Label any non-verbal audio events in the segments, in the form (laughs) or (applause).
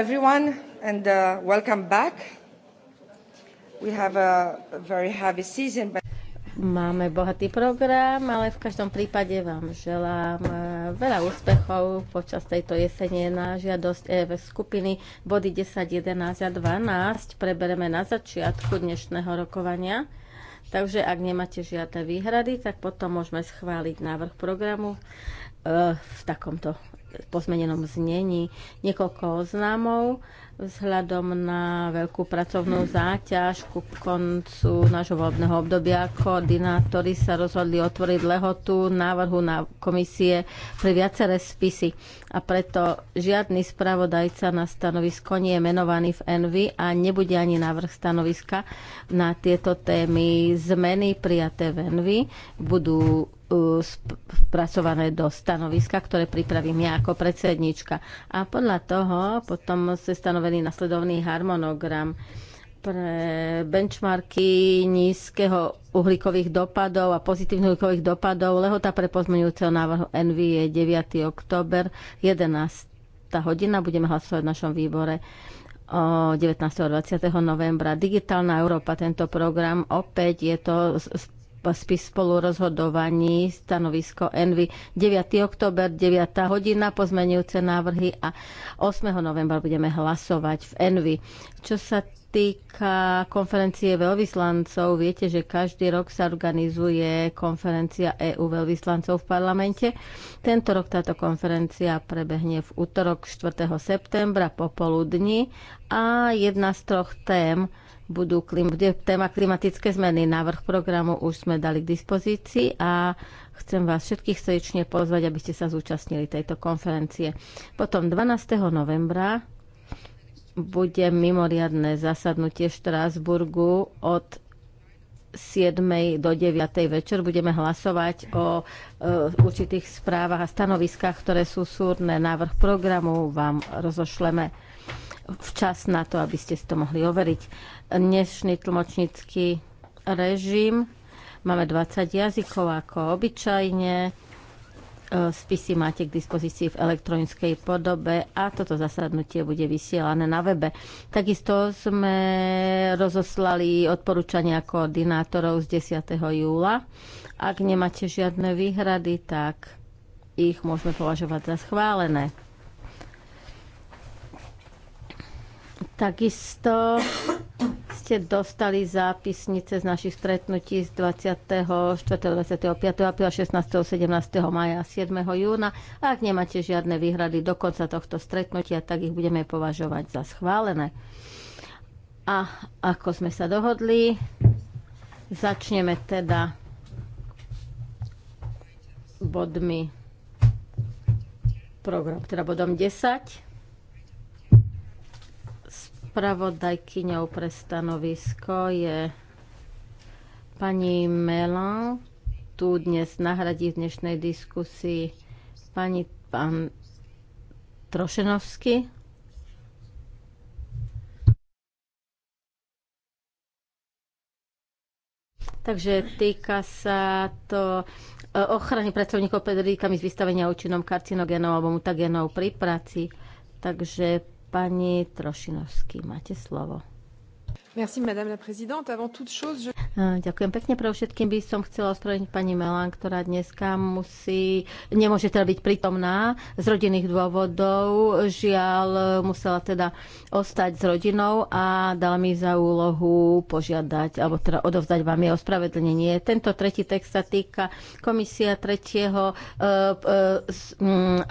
everyone and uh, welcome back. We have a very heavy season, but... Máme bohatý program, ale v každom prípade vám želám uh, veľa úspechov počas tejto jesene na žiadosť EV skupiny. Body 10, 11 a 12 prebereme na začiatku dnešného rokovania. Takže ak nemáte žiadne výhrady, tak potom môžeme schváliť návrh programu uh, v takomto pozmenenom znení. Niekoľko oznámov vzhľadom na veľkú pracovnú záťaž ku koncu nášho voľbného obdobia. Koordinátori sa rozhodli otvoriť lehotu návrhu na komisie pre viaceré spisy a preto žiadny spravodajca na stanovisko nie je menovaný v NV a nebude ani návrh stanoviska na tieto témy. Zmeny prijaté v Envy budú Eh, spracované do stanoviska, ktoré pripravím ja ako predsednička. A podľa toho potom sa stanovený nasledovný harmonogram pre benchmarky nízkeho uhlíkových dopadov a pozitívnych uhlíkových dopadov. Lehota pre pozmeňujúceho návrhu NV je 9. október 11. hodina. Budeme hlasovať v našom výbore o 19. a 20. novembra. Digitálna Európa, tento program, opäť je to spis spolu rozhodovaní, stanovisko Envy 9. október, 9. hodina, pozmenujúce návrhy a 8. novembra budeme hlasovať v Envy. Čo sa týka konferencie veľvyslancov, viete, že každý rok sa organizuje konferencia EU veľvyslancov v parlamente. Tento rok táto konferencia prebehne v útorok 4. septembra popoludní a jedna z troch tém budú klim, bude téma klimatické zmeny. Návrh programu už sme dali k dispozícii a chcem vás všetkých srdečne pozvať, aby ste sa zúčastnili tejto konferencie. Potom 12. novembra bude mimoriadne zasadnutie v Štrásburgu od 7. do 9. večer budeme hlasovať o e, určitých správach a stanoviskách, ktoré sú súrne. Návrh programu vám rozošleme včas na to, aby ste si to mohli overiť dnešný tlmočnícky režim. Máme 20 jazykov ako obyčajne. E, spisy máte k dispozícii v elektronickej podobe a toto zasadnutie bude vysielané na webe. Takisto sme rozoslali odporúčania koordinátorov z 10. júla. Ak nemáte žiadne výhrady, tak ich môžeme považovať za schválené. Takisto ste dostali zápisnice z našich stretnutí z 24. 25. apríla, 16. 17. maja a 7. júna. A ak nemáte žiadne výhrady do konca tohto stretnutia, tak ich budeme považovať za schválené. A ako sme sa dohodli, začneme teda bodmi program, teda bodom 10 Spravodajkyňou pre stanovisko je pani Melan. Tu dnes nahradí v dnešnej diskusii pani pán Trošenovský. Takže týka sa to e, ochrany pracovníkov pred rizikami z vystavenia účinnom karcinogénov alebo mutagenov pri práci. Takže Pani Trošinovský, máte slovo. Merci, madame la présidente. Avant toute chose, je... Ďakujem pekne. Pre všetkým by som chcela ospravedlniť pani Melan, ktorá dneska musí, nemôže teda byť prítomná z rodinných dôvodov. Žiaľ, musela teda ostať s rodinou a dala mi za úlohu požiadať, alebo teda odovzdať vám jej ospravedlnenie. Tento tretí text sa týka komisia tretieho uh, uh, s, um,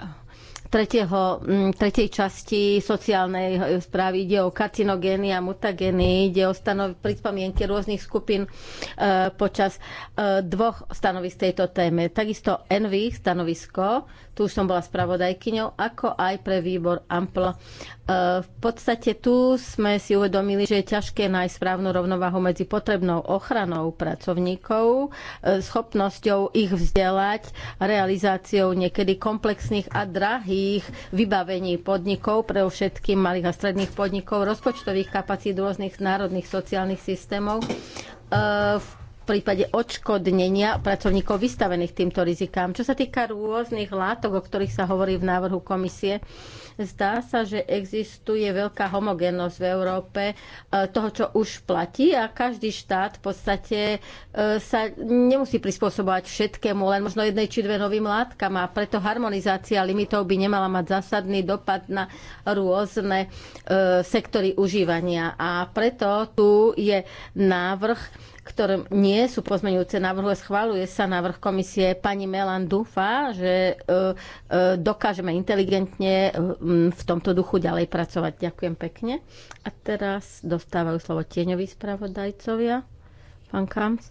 tretieho, mm, tretej časti sociálnej správy ide o karcinogény a mutagény, ide o stanov, pripomienky rôznych skupín e, počas e, dvoch stanovisk tejto téme. Takisto NV stanovisko tu už som bola spravodajkyňou, ako aj pre výbor AMPL. E, v podstate tu sme si uvedomili, že je ťažké nájsť správnu rovnováhu medzi potrebnou ochranou pracovníkov, e, schopnosťou ich vzdelať, realizáciou niekedy komplexných a drahých vybavení podnikov, pre všetkým malých a stredných podnikov, rozpočtových kapacít rôznych národných sociálnych systémov e, v prípade odškodnenia pracovníkov vystavených týmto rizikám. Čo sa týka rôznych látok, o ktorých sa hovorí v návrhu komisie, zdá sa, že existuje veľká homogénnosť v Európe e, toho, čo už platí a každý štát v podstate e, sa nemusí prispôsobovať všetkému, len možno jednej či dve novým látkam a preto harmonizácia limitov by nemala mať zásadný dopad na rôzne e, sektory užívania. A preto tu je návrh ktorým nie sú pozmeňujúce návrhy, schváluje sa návrh komisie. Pani Melan dúfa, že e, e, dokážeme inteligentne e, v tomto duchu ďalej pracovať. Ďakujem pekne. A teraz dostávajú slovo tieňoví spravodajcovia. Pán Kams.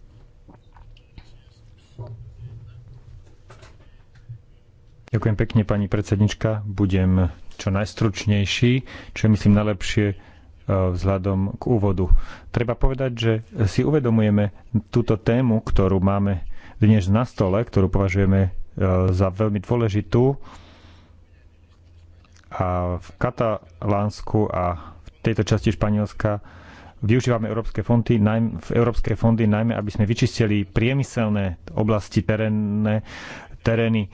Ďakujem pekne, pani predsednička. Budem čo najstručnejší, čo je myslím najlepšie E, vzhľadom k úvodu. Treba povedať, že si uvedomujeme túto tému, ktorú máme dnes na stole, ktorú považujeme e, za veľmi dôležitú. A v Katalánsku a v tejto časti Španielska využívame európske fondy, najmä, európske fondy najmä, aby sme vyčistili priemyselné oblasti, terénne, terény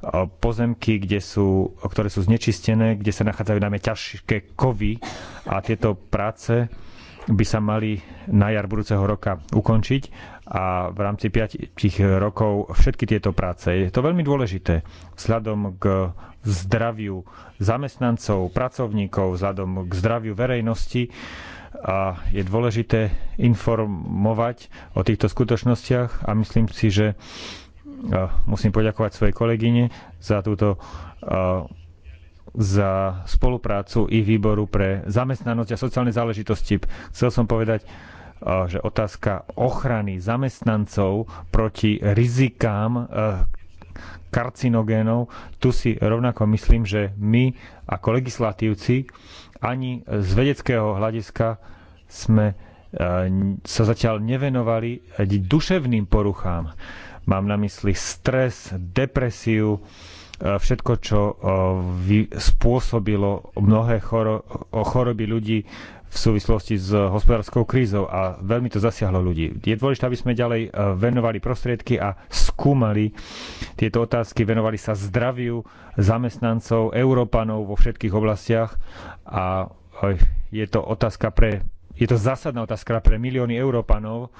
E, pozemky, kde sú, ktoré sú znečistené, kde sa nachádzajú najmä ťažké kovy a tieto práce by sa mali na jar budúceho roka ukončiť a v rámci 5 rokov všetky tieto práce. Je to veľmi dôležité vzhľadom k zdraviu zamestnancov, pracovníkov, vzhľadom k zdraviu verejnosti a je dôležité informovať o týchto skutočnostiach a myslím si, že musím poďakovať svojej kolegyne za túto za spoluprácu i výboru pre zamestnanosť a sociálne záležitosti. Chcel som povedať, že otázka ochrany zamestnancov proti rizikám karcinogénov, tu si rovnako myslím, že my ako legislatívci ani z vedeckého hľadiska sme sa zatiaľ nevenovali duševným poruchám Mám na mysli stres, depresiu, e, všetko, čo e, spôsobilo mnohé choro- choroby ľudí v súvislosti s hospodárskou krízou a veľmi to zasiahlo ľudí. Je dôležité, aby sme ďalej e, venovali prostriedky a skúmali tieto otázky, venovali sa zdraviu zamestnancov, Európanov vo všetkých oblastiach a je to otázka pre, je to zásadná otázka pre milióny Európanov,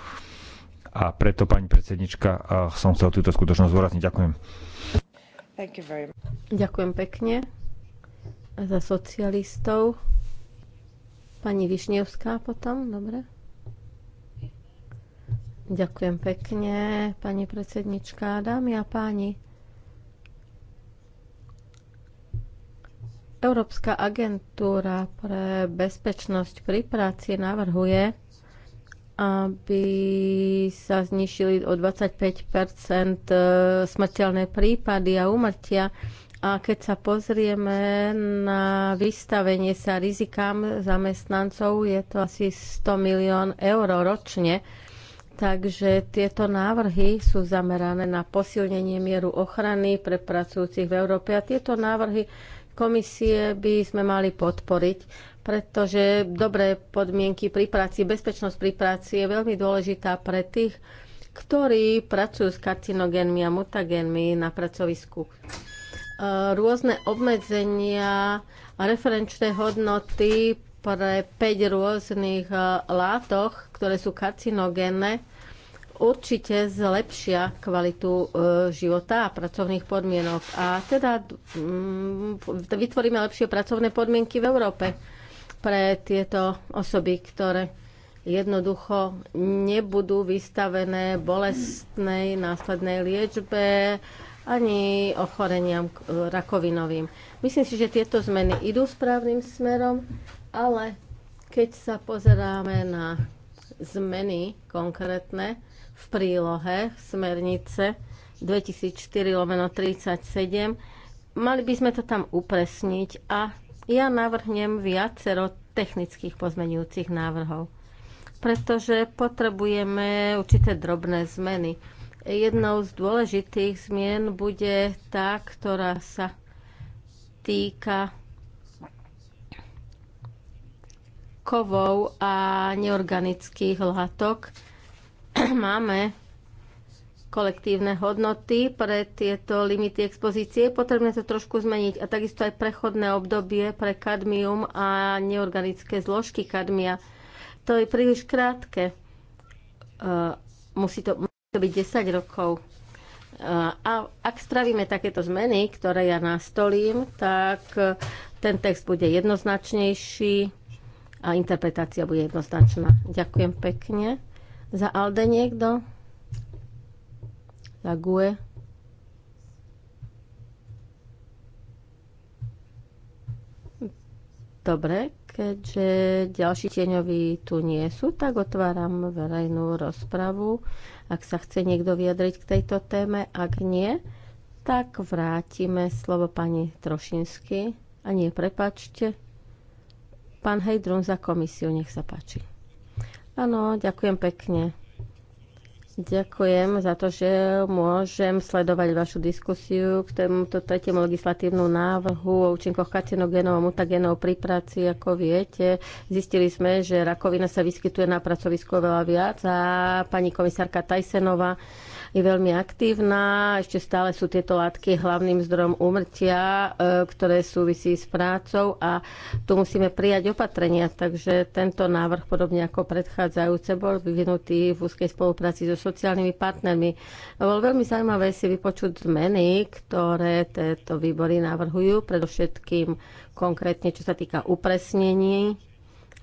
a preto, pani predsednička, som chcel túto skutočnosť zvorazniť. Ďakujem. Ďakujem pekne a za socialistov. Pani Višňovská potom, dobre. Ďakujem pekne, pani predsednička, dámy a páni. Európska agentúra pre bezpečnosť pri práci navrhuje aby sa znišili o 25 e, smrteľné prípady a umrtia. A keď sa pozrieme na vystavenie sa rizikám zamestnancov, je to asi 100 milión eur ročne. Takže tieto návrhy sú zamerané na posilnenie mieru ochrany pre pracujúcich v Európe a tieto návrhy komisie by sme mali podporiť pretože dobré podmienky pri práci, bezpečnosť pri práci je veľmi dôležitá pre tých, ktorí pracujú s karcinogénmi a mutagénmi na pracovisku. E, rôzne obmedzenia a referenčné hodnoty pre 5 rôznych e, látok, ktoré sú karcinogénne, určite zlepšia kvalitu e, života a pracovných podmienok. A teda mm, vytvoríme lepšie pracovné podmienky v Európe pre tieto osoby, ktoré jednoducho nebudú vystavené bolestnej následnej liečbe ani ochoreniam rakovinovým. Myslím si, že tieto zmeny idú správnym smerom, ale keď sa pozeráme na zmeny konkrétne v prílohe smernice 2004-37, mali by sme to tam upresniť a ja navrhnem viacero technických pozmenujúcich návrhov, pretože potrebujeme určité drobné zmeny. Jednou z dôležitých zmien bude tá, ktorá sa týka kovov a neorganických látok. (clears throat) Máme kolektívne hodnoty pre tieto limity expozície. Je potrebné to trošku zmeniť a takisto aj prechodné obdobie pre kadmium a neorganické zložky kadmia. To je príliš krátke. E, musí, to, musí to byť 10 rokov. E, a ak spravíme takéto zmeny, ktoré ja nastolím, tak e, ten text bude jednoznačnejší a interpretácia bude jednoznačná. Ďakujem pekne. Za Alde niekto? la GUE. Dobre, keďže ďalší tieňoví tu nie sú, tak otváram verejnú rozpravu. Ak sa chce niekto vyjadriť k tejto téme, ak nie, tak vrátime slovo pani Trošinsky. A nie, prepačte. Pán Hejdrun za komisiu, nech sa páči. Áno, ďakujem pekne. Ďakujem za to, že môžem sledovať vašu diskusiu k tomuto tretiemu legislatívnu návrhu o účinkoch karcinogénov a mutagenov pri práci. Ako viete, zistili sme, že rakovina sa vyskytuje na pracovisku veľa viac a pani komisárka Tajsenová je veľmi aktívna. Ešte stále sú tieto látky hlavným zdrojom úmrtia, e, ktoré súvisí s prácou a tu musíme prijať opatrenia. Takže tento návrh, podobne ako predchádzajúce, bol vyvinutý v úzkej spolupráci so sociálnymi partnermi. Bolo veľmi zaujímavé si vypočuť zmeny, ktoré tieto výbory navrhujú, predovšetkým konkrétne čo sa týka upresnení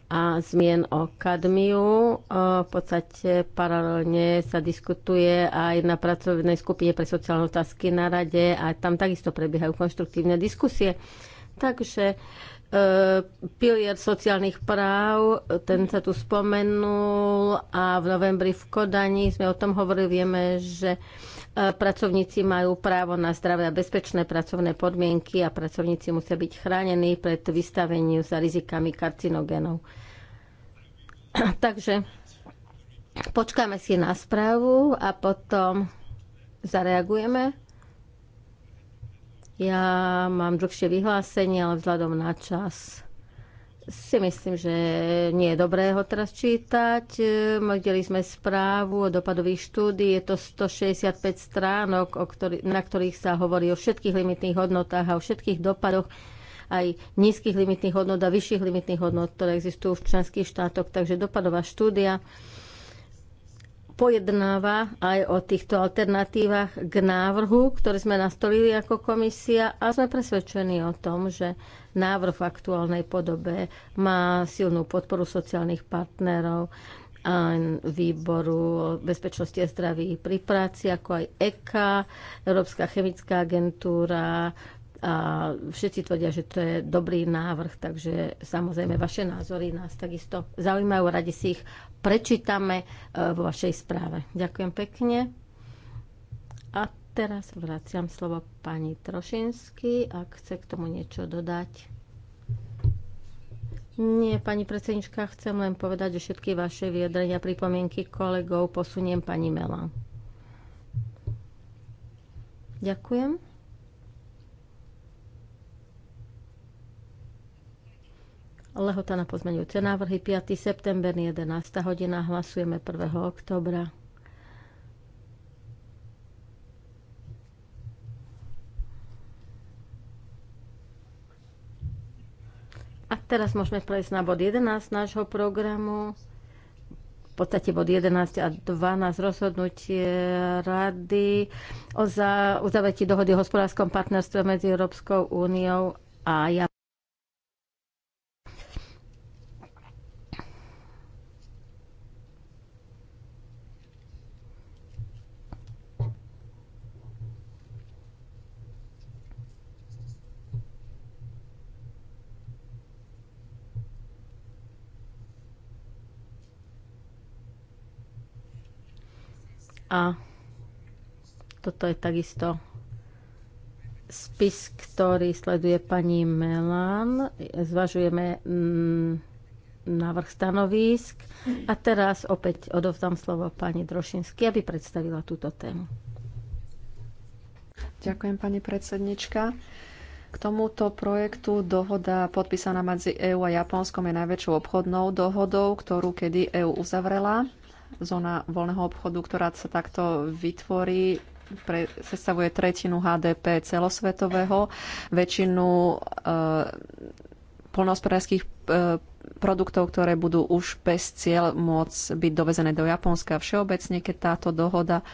a zmien o kadmiu. V podstate paralelne sa diskutuje aj na pracovnej skupine pre sociálne otázky na rade a tam takisto prebiehajú konštruktívne diskusie. Takže e, pilier sociálnych práv, ten sa tu spomenul a v novembri v Kodani sme o tom hovorili, vieme, že E, pracovníci majú právo na zdravé a bezpečné pracovné podmienky a pracovníci musia byť chránení pred vystavením za rizikami karcinogénov. (clears throat) Takže počkáme si na správu a potom zareagujeme. Ja mám dlhšie vyhlásenie, ale vzhľadom na čas si myslím, že nie je dobré ho teraz čítať. E, videli sme správu o dopadových štúdí, je to 165 stránok, ktorý, na ktorých sa hovorí o všetkých limitných hodnotách a o všetkých dopadoch aj nízkych limitných hodnot a vyšších limitných hodnot, ktoré existujú v členských štátoch. Takže dopadová štúdia pojednáva aj o týchto alternatívach k návrhu, ktoré sme nastolili ako komisia a sme presvedčení o tom, že Návrh v aktuálnej podobe má silnú podporu sociálnych partnerov a výboru bezpečnosti a zdraví pri práci, ako aj EKA, Európska chemická agentúra, a všetci tvrdia, že to je dobrý návrh, takže samozrejme vaše názory nás takisto zaujímajú, radi si ich prečítame eh, vo vašej správe. Ďakujem pekne teraz vraciam slovo pani Trošinsky, ak chce k tomu niečo dodať. Nie, pani predsednička, chcem len povedať, že všetky vaše vyjadrenia, pripomienky kolegov posuniem pani Mela. Ďakujem. Lehota na pozmeňujúce návrhy 5. september 11. hodina. Hlasujeme 1. oktobra. A teraz môžeme prejsť na bod 11 nášho programu. V podstate bod 11 a 12 rozhodnutie rady o uzavetí dohody o hospodárskom partnerstve medzi Európskou úniou a Japonskou. A toto je takisto spis, ktorý sleduje pani Melan. Zvažujeme mm, návrh stanovísk. A teraz opäť odovzdám slovo pani Drošinsky, aby predstavila túto tému. Ďakujem, pani predsednička. K tomuto projektu dohoda podpísaná medzi EÚ a Japonskom je najväčšou obchodnou dohodou, ktorú kedy EÚ uzavrela zóna voľného obchodu, ktorá sa takto vytvorí, pre, sestavuje tretinu HDP celosvetového, väčšinu e, polnohospodárských e, produktov, ktoré budú už bez cieľ môcť byť dovezené do Japonska. Všeobecne, keď táto dohoda e,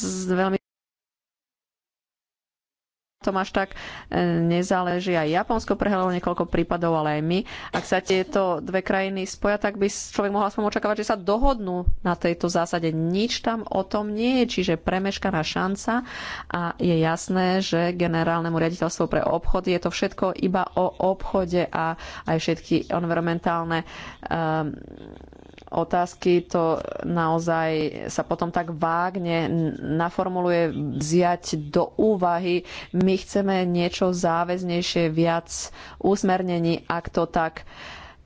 veľmi tom až tak e, nezáleží. Aj Japonsko prehralo niekoľko prípadov, ale aj my. Ak sa tieto dve krajiny spoja, tak by človek mohol aspoň očakávať, že sa dohodnú na tejto zásade. Nič tam o tom nie je, čiže premeškaná šanca a je jasné, že generálnemu riaditeľstvu pre obchod je to všetko iba o obchode a aj všetky environmentálne um, otázky, to naozaj sa potom tak vágne naformuluje vziať do úvahy. My chceme niečo záväznejšie, viac úsmernení. Ak to tak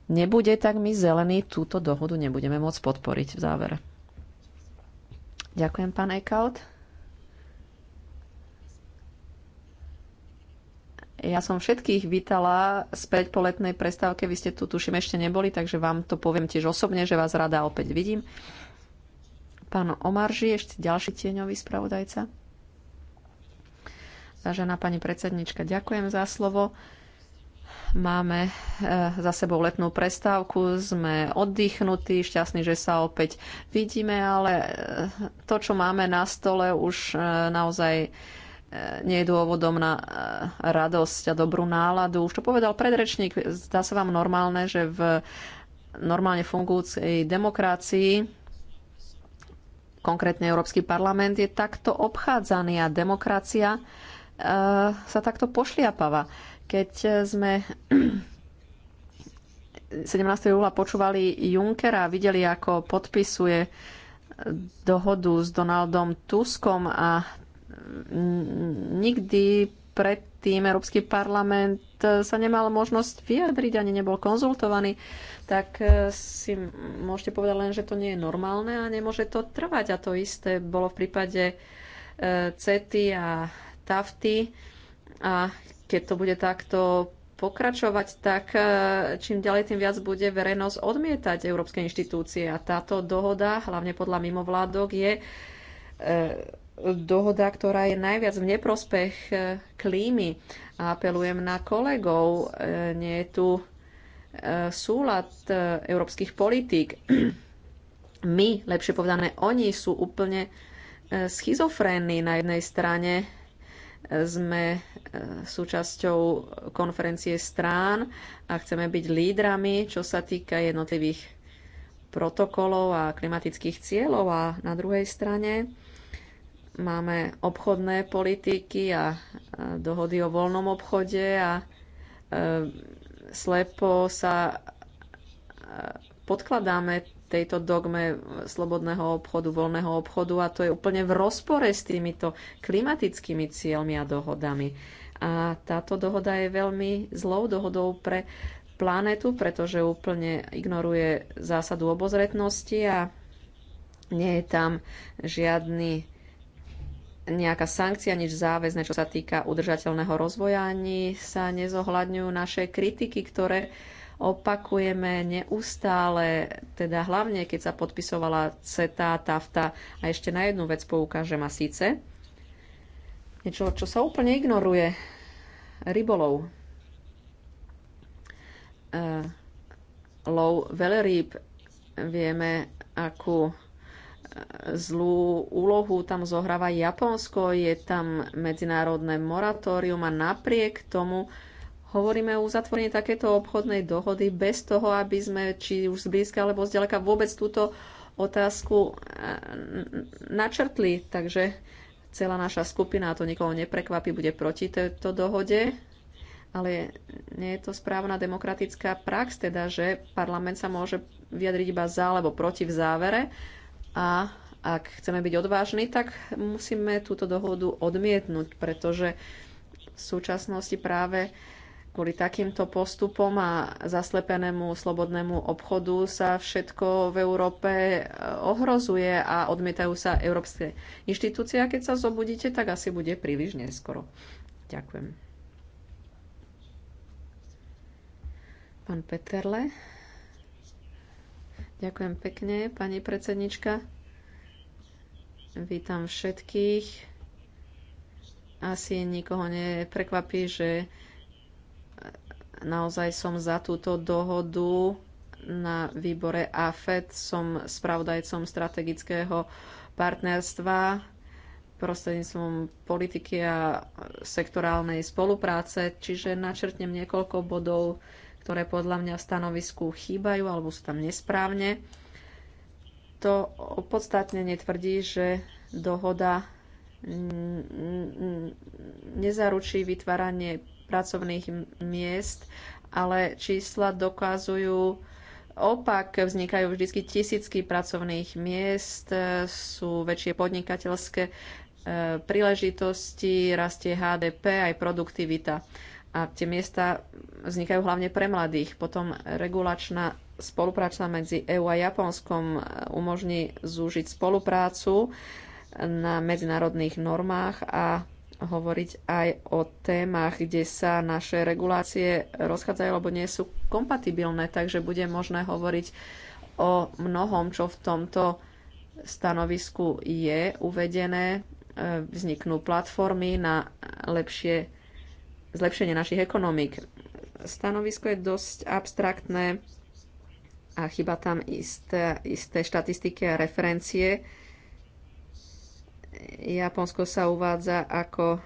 nebude, tak my zelení túto dohodu nebudeme môcť podporiť v závere. Ďakujem, pán Eckhout. Ja som všetkých vítala späť po letnej prestávke. Vy ste tu, tuším, ešte neboli, takže vám to poviem tiež osobne, že vás rada opäť vidím. Pán Omarži, ešte ďalší tieňový spravodajca. Vážená pani predsednička, ďakujem za slovo. Máme eh, za sebou letnú prestávku, sme oddychnutí, šťastní, že sa opäť vidíme, ale eh, to, čo máme na stole, už eh, naozaj E, nie je dôvodom na e, radosť a dobrú náladu. Už to povedal predrečník, zdá sa vám normálne, že v normálne fungujúcej demokracii, konkrétne Európsky parlament, je takto obchádzaný a demokracia e, sa takto pošliapava. Keď sme 17. (clears throat) júla počúvali Junckera a videli, ako podpisuje dohodu s Donaldom Tuskom a nikdy predtým Európsky parlament sa nemal možnosť vyjadriť, ani nebol konzultovaný, tak eh, si môžete povedať len, že to nie je normálne a nemôže to trvať. A to isté bolo v prípade eh, CETY a TAFTY. A keď to bude takto pokračovať, tak eh, čím ďalej, tým viac bude verejnosť odmietať európske inštitúcie. A táto dohoda, hlavne podľa mimovládok, je dohoda, ktorá je najviac v neprospech e, klímy. A apelujem na kolegov, e, nie je tu e, súlad európskych politík. (clears throat) My, lepšie povedané, oni sú úplne schizofrénni. Na jednej strane sme súčasťou konferencie strán a chceme byť lídrami, čo sa týka jednotlivých protokolov a klimatických cieľov a na druhej strane Máme obchodné politiky a dohody o voľnom obchode a e, slepo sa e, podkladáme tejto dogme slobodného obchodu, voľného obchodu a to je úplne v rozpore s týmito klimatickými cieľmi a dohodami. A táto dohoda je veľmi zlou dohodou pre planetu, pretože úplne ignoruje zásadu obozretnosti a nie je tam žiadny nejaká sankcia, nič záväzne, čo sa týka udržateľného rozvoja, ani sa nezohľadňujú naše kritiky, ktoré opakujeme neustále, teda hlavne keď sa podpisovala CETA, TAFTA a ešte na jednu vec poukážem a síce niečo, čo sa úplne ignoruje, rybolov. E, low veľa rýb vieme, akú zlú úlohu tam zohráva Japonsko, je tam medzinárodné moratórium a napriek tomu hovoríme o uzatvorení takéto obchodnej dohody bez toho, aby sme či už zblízka alebo zďaleka vôbec túto otázku eh, načrtli. Takže celá naša skupina, a to nikoho neprekvapí, bude proti tejto dohode. Ale nie je to správna demokratická prax, teda že parlament sa môže vyjadriť iba za alebo proti v závere a ak chceme byť odvážni, tak musíme túto dohodu odmietnúť, pretože v súčasnosti práve kvôli takýmto postupom a zaslepenému slobodnému obchodu sa všetko v Európe e, ohrozuje a odmietajú sa európske inštitúcie. A keď sa zobudíte, tak asi bude príliš neskoro. Ďakujem. Pán Peterle. Ďakujem pekne, pani predsednička. Vítam všetkých. Asi nikoho neprekvapí, že naozaj som za túto dohodu na výbore AFED. Som spravodajcom strategického partnerstva prostredníctvom politiky a sektorálnej spolupráce, čiže načrtnem niekoľko bodov, ktoré podľa mňa v stanovisku chýbajú alebo sú tam nesprávne. To podstatne netvrdí, že dohoda nezaručí vytváranie pracovných miest, ale čísla dokazujú opak. Vznikajú vždy tisícky pracovných miest, sú väčšie podnikateľské e, príležitosti, rastie HDP aj produktivita. A tie miesta vznikajú hlavne pre mladých. Potom regulačná spolupráca medzi EÚ a Japonskom umožní zúžiť spoluprácu na medzinárodných normách a hovoriť aj o témach, kde sa naše regulácie rozchádzajú alebo nie sú kompatibilné, takže bude možné hovoriť o mnohom, čo v tomto stanovisku je uvedené. E, vzniknú platformy na lepšie zlepšenie našich ekonomík. Stanovisko je dosť abstraktné a chyba tam isté, isté štatistiky a referencie. Japonsko sa uvádza ako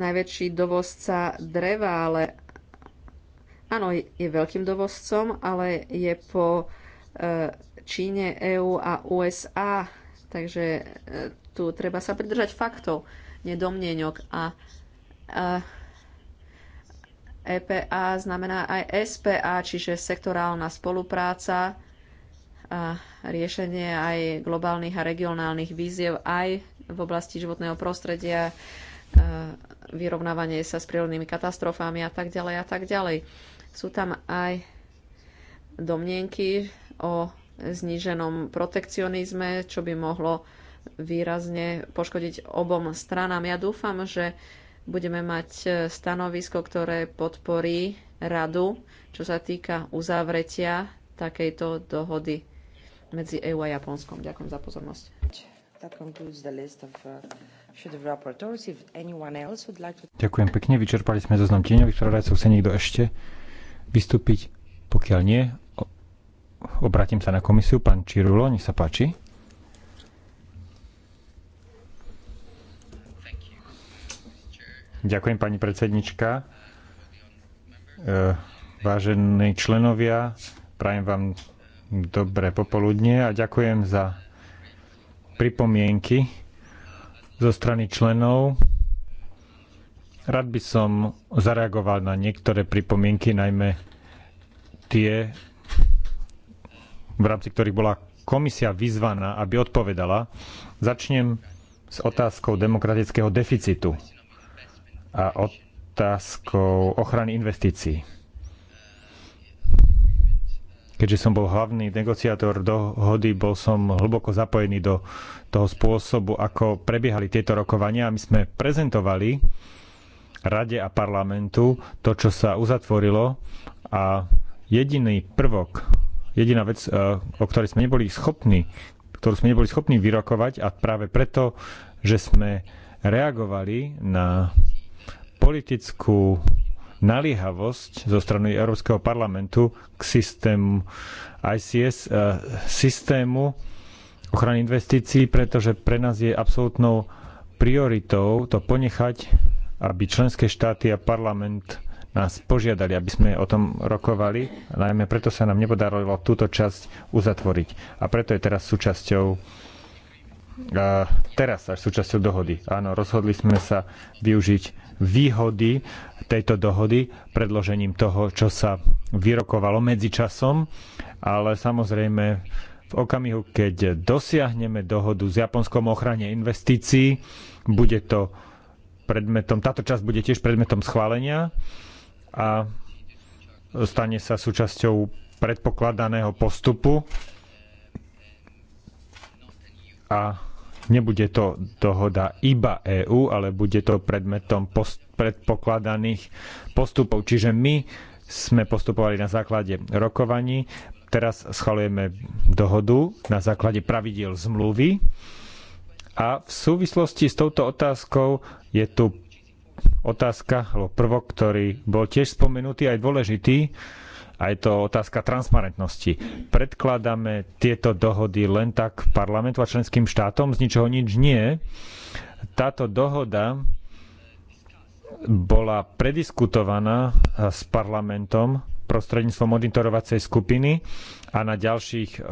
najväčší dovozca dreva, ale áno, je veľkým dovozcom, ale je po e, Číne, EÚ a USA. Takže e, tu treba sa pridržať faktov, nedomnienok a, a e, EPA znamená aj SPA, čiže sektorálna spolupráca a riešenie aj globálnych a regionálnych víziev aj v oblasti životného prostredia, e, vyrovnávanie sa s prírodnými katastrofami a tak ďalej a tak ďalej. Sú tam aj domnienky o zníženom protekcionizme, čo by mohlo výrazne poškodiť obom stranám. Ja dúfam, že budeme mať e, stanovisko, ktoré podporí radu, čo sa týka uzavretia takejto dohody medzi EU a Japonskom. Ďakujem za pozornosť. Uh, Ďakujem pekne, vyčerpali sme zoznam tieňových spravodajcov. Chce niekto ešte vystúpiť? Pokiaľ nie, obratím sa na komisiu. Pán Čirulo, nech sa páči. Ďakujem, pani predsednička. E, vážení členovia, prajem vám dobré popoludne a ďakujem za pripomienky zo strany členov. Rád by som zareagoval na niektoré pripomienky, najmä tie, v rámci ktorých bola komisia vyzvaná, aby odpovedala. Začnem s otázkou demokratického deficitu a otázkou ochrany investícií. Keďže som bol hlavný negociátor dohody, bol som hlboko zapojený do toho spôsobu, ako prebiehali tieto rokovania my sme prezentovali Rade a parlamentu to, čo sa uzatvorilo a jediný prvok, jediná vec, e, o ktorej sme neboli schopní, ktorú sme neboli schopní vyrokovať a práve preto, že sme reagovali na politickú naliehavosť zo strany Európskeho parlamentu k systému ICS, e, systému ochrany investícií, pretože pre nás je absolútnou prioritou to ponechať, aby členské štáty a parlament nás požiadali, aby sme o tom rokovali, najmä preto sa nám nepodarilo túto časť uzatvoriť. A preto je teraz súčasťou e, teraz až súčasťou dohody. Áno, rozhodli sme sa využiť výhody tejto dohody predložením toho, čo sa vyrokovalo medzičasom, ale samozrejme v okamihu, keď dosiahneme dohodu s Japonskom ochrane investícií, bude to predmetom, táto časť bude tiež predmetom schválenia a stane sa súčasťou predpokladaného postupu a Nebude to dohoda iba EÚ, ale bude to predmetom post- predpokladaných postupov. Čiže my sme postupovali na základe rokovaní, teraz schvalujeme dohodu na základe pravidiel zmluvy a v súvislosti s touto otázkou je tu otázka, alebo prvok, ktorý bol tiež spomenutý aj dôležitý, a je to otázka transparentnosti. Predkladáme tieto dohody len tak parlamentu a členským štátom, z ničoho nič nie. Táto dohoda bola prediskutovaná eh, s parlamentom prostredníctvom monitorovacej skupiny a na ďalších eh,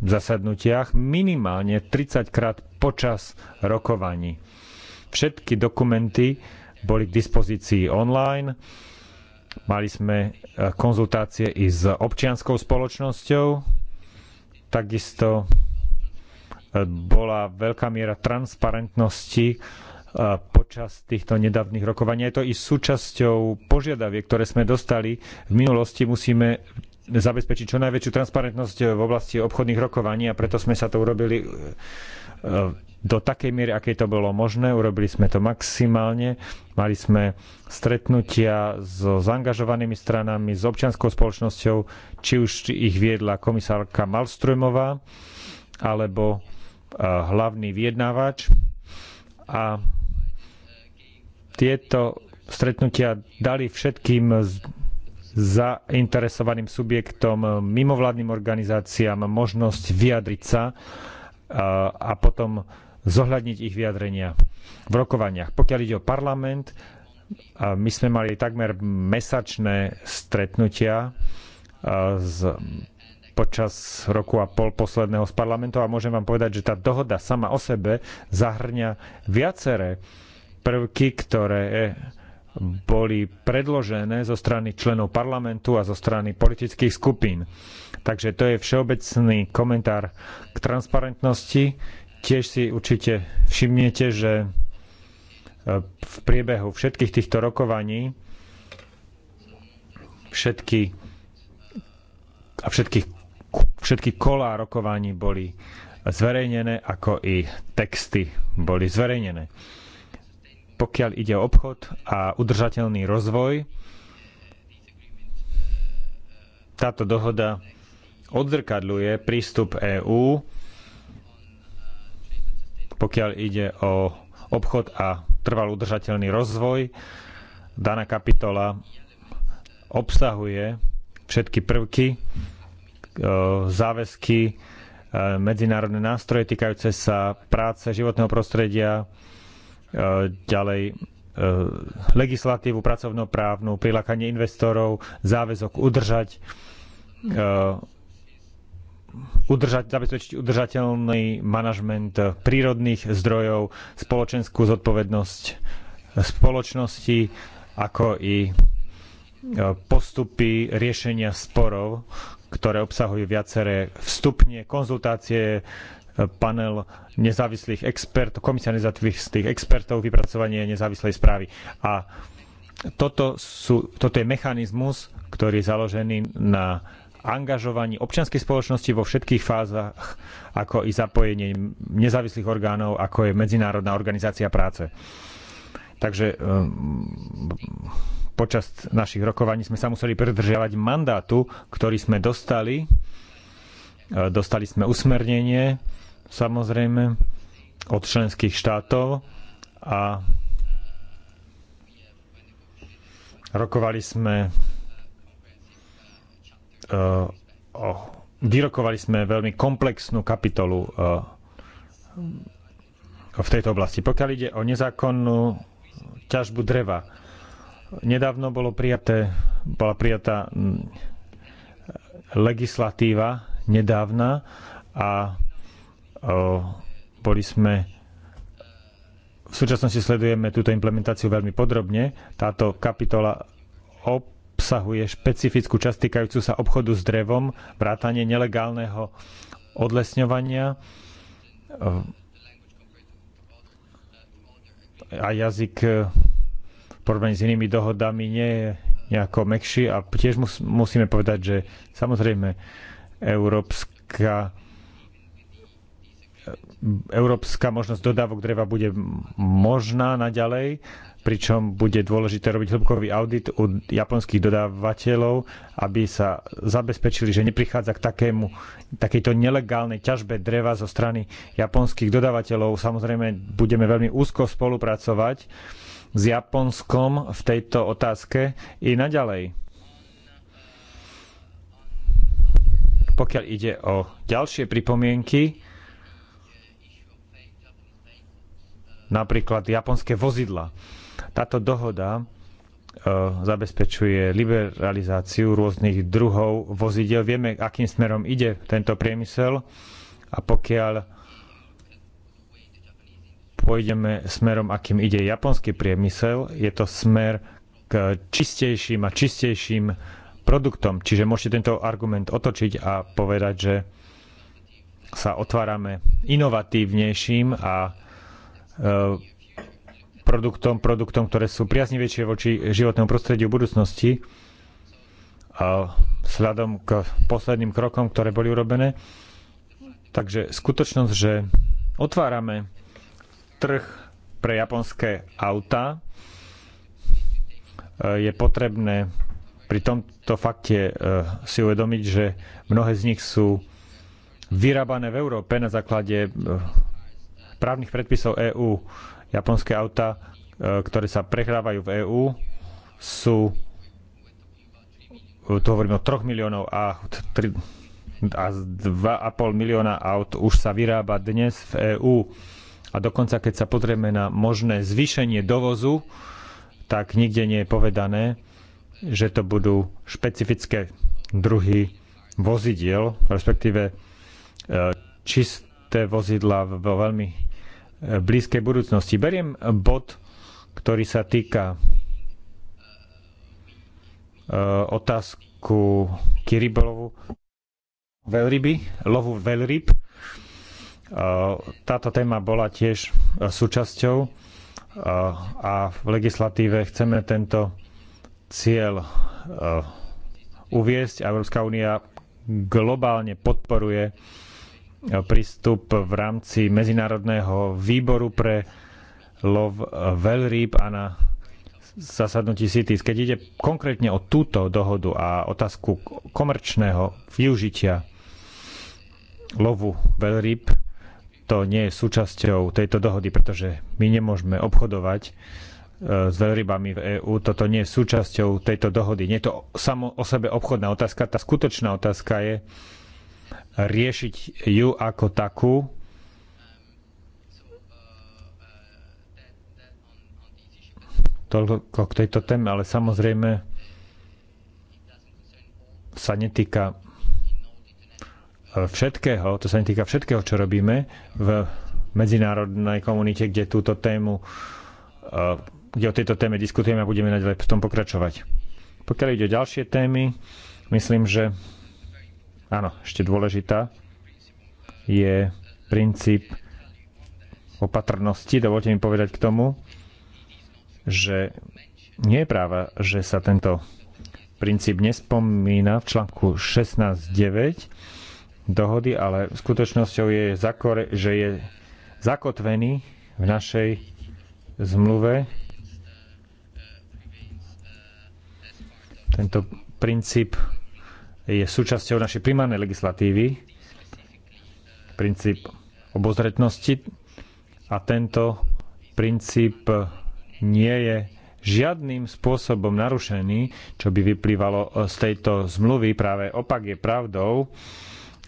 zasadnutiach minimálne 30 krát počas rokovaní. Všetky dokumenty boli k dispozícii online Mali sme e, konzultácie i s občianskou spoločnosťou. Takisto e, bola veľká miera transparentnosti e, počas týchto nedávnych rokovaní. Je to i súčasťou požiadaviek, ktoré sme dostali v minulosti. Musíme zabezpečiť čo najväčšiu transparentnosť v oblasti obchodných rokovaní a preto sme sa to urobili do takej miery, aké to bolo možné. Urobili sme to maximálne. Mali sme stretnutia so zaangažovanými stranami, s občianskou spoločnosťou, či už ich viedla komisárka Malströmová, alebo eh, hlavný vyjednávač. A tieto stretnutia dali všetkým zainteresovaným subjektom, mimovládnym organizáciám možnosť vyjadriť sa eh, a potom zohľadniť ich vyjadrenia v rokovaniach. Pokiaľ ide o parlament, my sme mali takmer mesačné stretnutia z, počas roku a pol posledného z parlamentu a môžem vám povedať, že tá dohoda sama o sebe zahrňa viaceré prvky, ktoré boli predložené zo strany členov parlamentu a zo strany politických skupín. Takže to je všeobecný komentár k transparentnosti Tiež si určite všimnete, že e, v priebehu všetkých týchto rokovaní všetky a všetky, všetky kolá rokovaní boli zverejnené, ako i texty boli zverejnené. Pokiaľ ide o obchod a udržateľný rozvoj, táto dohoda odzrkadľuje prístup EÚ pokiaľ ide o obchod a trval udržateľný rozvoj, daná kapitola obsahuje všetky prvky, e, záväzky, e, medzinárodné nástroje týkajúce sa práce, životného prostredia, e, ďalej legislatívu pracovnoprávnu, prilákanie investorov, záväzok udržať udržať, zabezpečiť udržateľný manažment prírodných zdrojov, spoločenskú zodpovednosť spoločnosti, ako i e, postupy riešenia sporov, ktoré obsahujú viaceré vstupne, konzultácie, e, panel nezávislých expertov, komisia nezávislých expertov, vypracovanie nezávislej správy. A toto, sú, toto je mechanizmus, ktorý je založený na angažovaní občianskej spoločnosti vo všetkých fázach, ako i zapojenie nezávislých orgánov, ako je Medzinárodná organizácia práce. Takže ehm, počas našich rokovaní sme sa museli pridržiavať mandátu, ktorý sme dostali. E, dostali sme usmernenie, samozrejme, od členských štátov a rokovali sme Eh, vyrokovali sme veľmi komplexnú kapitolu eh, v tejto oblasti. Pokiaľ ide o nezákonnú ťažbu dreva, nedávno bolo prijaté, bola prijatá mm, legislatíva nedávna a eh, boli sme v súčasnosti sledujeme túto implementáciu veľmi podrobne. Táto kapitola ob, obsahuje špecifickú časť týkajúcu sa obchodu s drevom, vrátanie nelegálneho odlesňovania eh, a jazyk eh, porovnaní s inými dohodami nie je nejako mekší a tiež musíme povedať, že samozrejme európska európska možnosť dodávok dreva bude možná naďalej, pričom bude dôležité robiť hĺbkový audit u japonských dodávateľov, aby sa zabezpečili, že neprichádza k takému, takejto nelegálnej ťažbe dreva zo strany japonských dodávateľov. Samozrejme, budeme veľmi úzko spolupracovať s Japonskom v tejto otázke i naďalej. Pokiaľ ide o ďalšie pripomienky, napríklad japonské vozidla. Táto dohoda e, zabezpečuje liberalizáciu rôznych druhov vozidel. Vieme, akým smerom ide tento priemysel a pokiaľ pôjdeme smerom, akým ide japonský priemysel, je to smer k čistejším a čistejším produktom. Čiže môžete tento argument otočiť a povedať, že sa otvárame inovatívnejším a E, produktom, produktom, ktoré sú priaznivejšie voči životnému prostrediu v budúcnosti. A vzhľadom k posledným krokom, ktoré boli urobené. Takže skutočnosť, že otvárame trh pre japonské auta, e, je potrebné pri tomto fakte e, si uvedomiť, že mnohé z nich sú vyrábané v Európe na základe právnych predpisov EÚ. Japonské auta, e, ktoré sa prehrávajú v EÚ, sú e, tu hovoríme o 3 miliónov a, 3, a 2,5 milióna aut už sa vyrába dnes v EÚ. A dokonca, keď sa pozrieme na možné zvýšenie dovozu, tak nikde nie je povedané, že to budú špecifické druhy vozidiel, respektíve e, čisté vozidla vo veľmi blízkej budúcnosti. Beriem bod, ktorý sa týka e, otázku Kiribolovu veľryby, lovu veľryb. E, táto téma bola tiež e, súčasťou a v legislatíve chceme tento cieľ uviesť. Európska únia globálne podporuje prístup v rámci Medzinárodného výboru pre lov veľrýb a na zasadnutí CITES. Keď ide konkrétne o túto dohodu a otázku komerčného využitia lovu veľrýb, to nie je súčasťou tejto dohody, pretože my nemôžeme obchodovať e, s veľrybami v EÚ. Toto nie je súčasťou tejto dohody. Nie je to samo o sebe obchodná otázka. Tá skutočná otázka je, riešiť ju ako takú. Toľko k tejto téme, ale samozrejme sa netýka e, všetkého, to sa netýka všetkého, čo robíme v medzinárodnej komunite, kde túto tému, e, kde o tejto téme diskutujeme a budeme naďalej v tom pokračovať. Pokiaľ ide o ďalšie témy, myslím, že Áno, ešte dôležitá je princíp opatrnosti. Dovolte mi povedať k tomu, že nie je práva, že sa tento princíp nespomína v článku 16.9 dohody, ale skutočnosťou je, že je zakotvený v našej zmluve tento princíp je súčasťou našej primárnej legislatívy, princíp obozretnosti a tento princíp nie je žiadnym spôsobom narušený, čo by vyplývalo z tejto zmluvy. Práve opak je pravdou.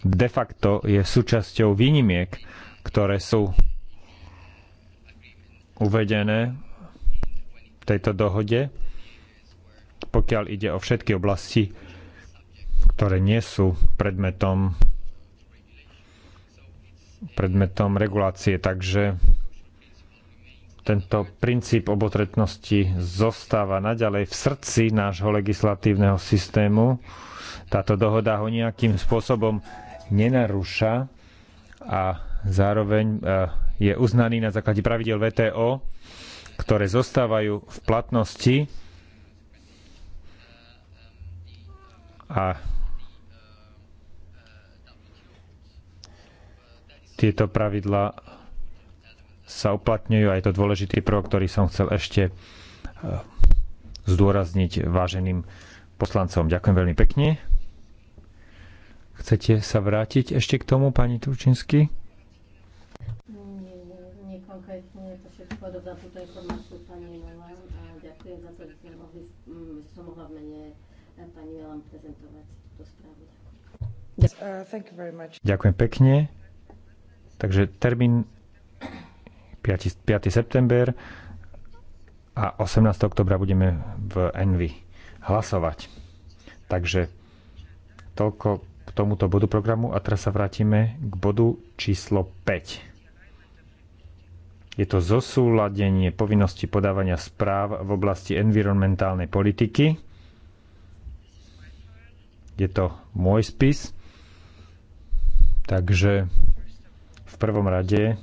De facto je súčasťou výnimiek, ktoré sú uvedené v tejto dohode, pokiaľ ide o všetky oblasti ktoré nie sú predmetom predmetom regulácie. Takže tento princíp obotretnosti zostáva naďalej v srdci nášho legislatívneho systému. Táto dohoda ho nejakým spôsobom nenarúša a zároveň e, je uznaný na základe pravidel VTO, ktoré zostávajú v platnosti a tieto pravidla sa uplatňujú a je to dôležitý prvok, ktorý som chcel ešte e, zdôrazniť váženým poslancom. Ďakujem veľmi pekne. Chcete sa vrátiť ešte k tomu, pani Turčinsky? Nie, nie konkrétne, to všetko dodá túto informáciu pani Milan a ďakujem za to, že sme mohli, mm, som mohla v mene e, pani Milan prezentovať túto správu. Ďakujem. Uh, Ďakujem pekne. Takže termín 5. 5. september a 18. oktobra budeme v Envy hlasovať. Takže toľko k tomuto bodu programu a teraz sa vrátime k bodu číslo 5. Je to zosúladenie povinnosti podávania správ v oblasti environmentálnej politiky. Je to môj spis, takže prvom rade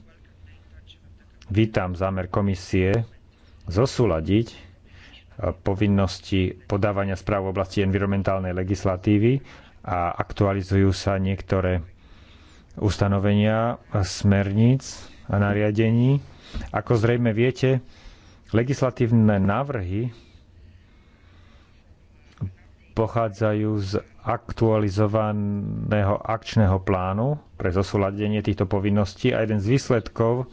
vítam zámer komisie zosúladiť e, povinnosti podávania správ v oblasti environmentálnej legislatívy a aktualizujú sa niektoré ustanovenia smerníc a nariadení. Ako zrejme viete, legislatívne návrhy pochádzajú z aktualizovaného akčného plánu pre zosúladenie týchto povinností a jeden z výsledkov e,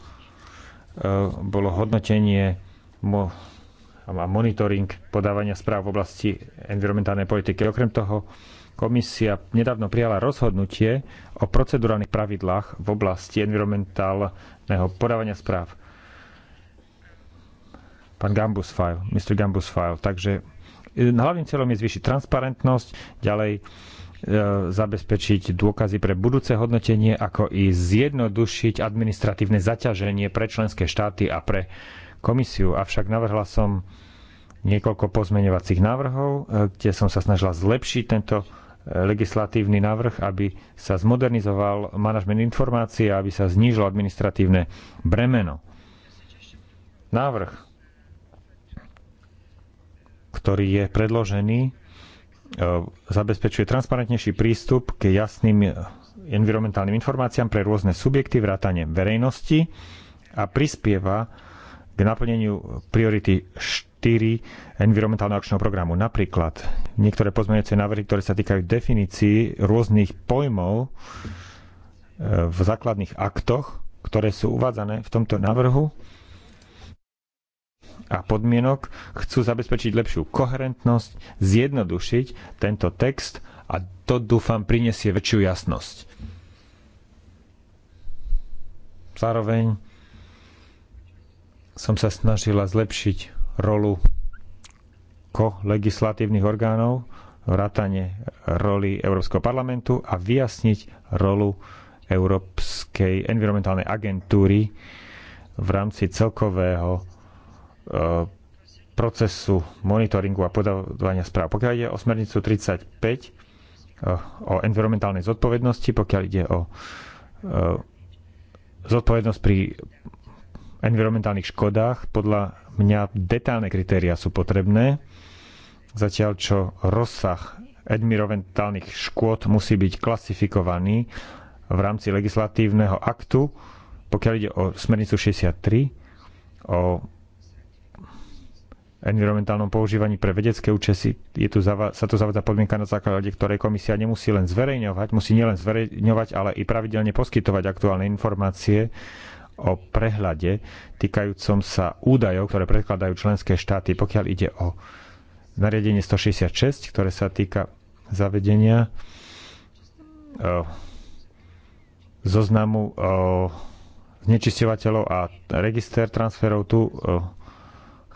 bolo hodnotenie a monitoring podávania správ v oblasti environmentálnej politiky. Okrem toho, komisia nedávno prijala rozhodnutie o procedurálnych pravidlách v oblasti environmentálneho podávania správ. Pán Gambus File, Mr. Gambus File. Takže Hlavným cieľom je zvýšiť transparentnosť, ďalej e, zabezpečiť dôkazy pre budúce hodnotenie, ako i zjednodušiť administratívne zaťaženie pre členské štáty a pre komisiu. Avšak navrhla som niekoľko pozmeňovacích návrhov, e, kde som sa snažila zlepšiť tento e, legislatívny návrh, aby sa zmodernizoval manažment informácií a aby sa znížilo administratívne bremeno. Návrh ktorý je predložený, e, zabezpečuje transparentnejší prístup k jasným e, environmentálnym informáciám pre rôzne subjekty, vrátane verejnosti a prispieva k naplneniu priority 4 environmentálneho akčného programu. Napríklad niektoré pozmeňujúce návrhy, ktoré sa týkajú definícií rôznych pojmov e, v základných aktoch, ktoré sú uvádzané v tomto návrhu, a podmienok chcú zabezpečiť lepšiu koherentnosť, zjednodušiť tento text a to dúfam prinesie väčšiu jasnosť. Zároveň som sa snažila zlepšiť rolu ko-legislatívnych orgánov, vrátane roli Európskeho parlamentu a vyjasniť rolu Európskej environmentálnej agentúry v rámci celkového Eh, procesu monitoringu a podávania správ. Pokiaľ ide o smernicu 35 eh, o environmentálnej zodpovednosti, pokiaľ ide o eh, zodpovednosť pri environmentálnych škodách, podľa mňa detálne kritéria sú potrebné, zatiaľ čo rozsah environmentálnych škôd musí byť klasifikovaný v rámci legislatívneho aktu, pokiaľ ide o smernicu 63 o environmentálnom používaní pre vedecké účesy. je tu zava- sa tu zavádza podmienka na základe, ktorej komisia nemusí len zverejňovať, musí nielen zverejňovať, ale i pravidelne poskytovať aktuálne informácie o prehľade týkajúcom sa údajov, ktoré predkladajú členské štáty, pokiaľ ide o nariadenie 166, ktoré sa týka zavedenia o, e, zoznamu o, e, znečisťovateľov a register transferov tu o, e,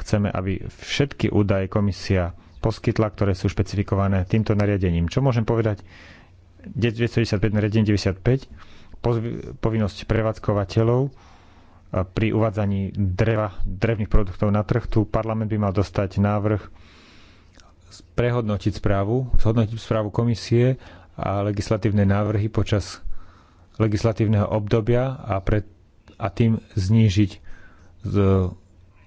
Chceme, aby všetky údaje komisia poskytla, ktoré sú špecifikované týmto nariadením. Čo môžem povedať? 995 nariadenie 95 povinnosť prevádzkovateľov pri uvádzaní dreva, drevných produktov na trh. Tu parlament by mal dostať návrh prehodnotiť správu, zhodnotiť správu komisie a legislatívne návrhy počas legislatívneho obdobia a, pre, a tým znížiť z,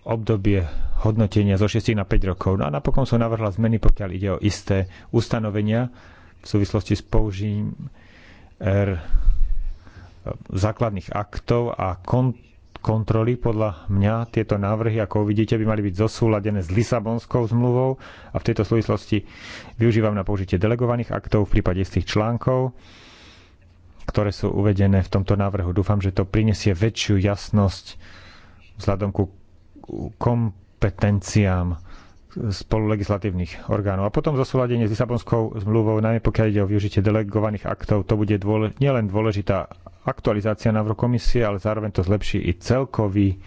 obdobie hodnotenia zo 6 na 5 rokov. No a napokon som navrhla zmeny, pokiaľ ide o isté ustanovenia v súvislosti s použím R er, základných aktov a kont- kontroly. Podľa mňa tieto návrhy, ako uvidíte, by mali byť zosúladené s Lisabonskou zmluvou a v tejto súvislosti využívam na použitie delegovaných aktov v prípade istých článkov, ktoré sú uvedené v tomto návrhu. Dúfam, že to prinesie väčšiu jasnosť vzhľadom ku kompetenciám spolulegislatívnych orgánov. A potom zosúladenie s Lisabonskou zmluvou, najmä pokiaľ ide o využitie delegovaných aktov, to bude dôle, nielen dôležitá aktualizácia návrhu komisie, ale zároveň to zlepší i celkový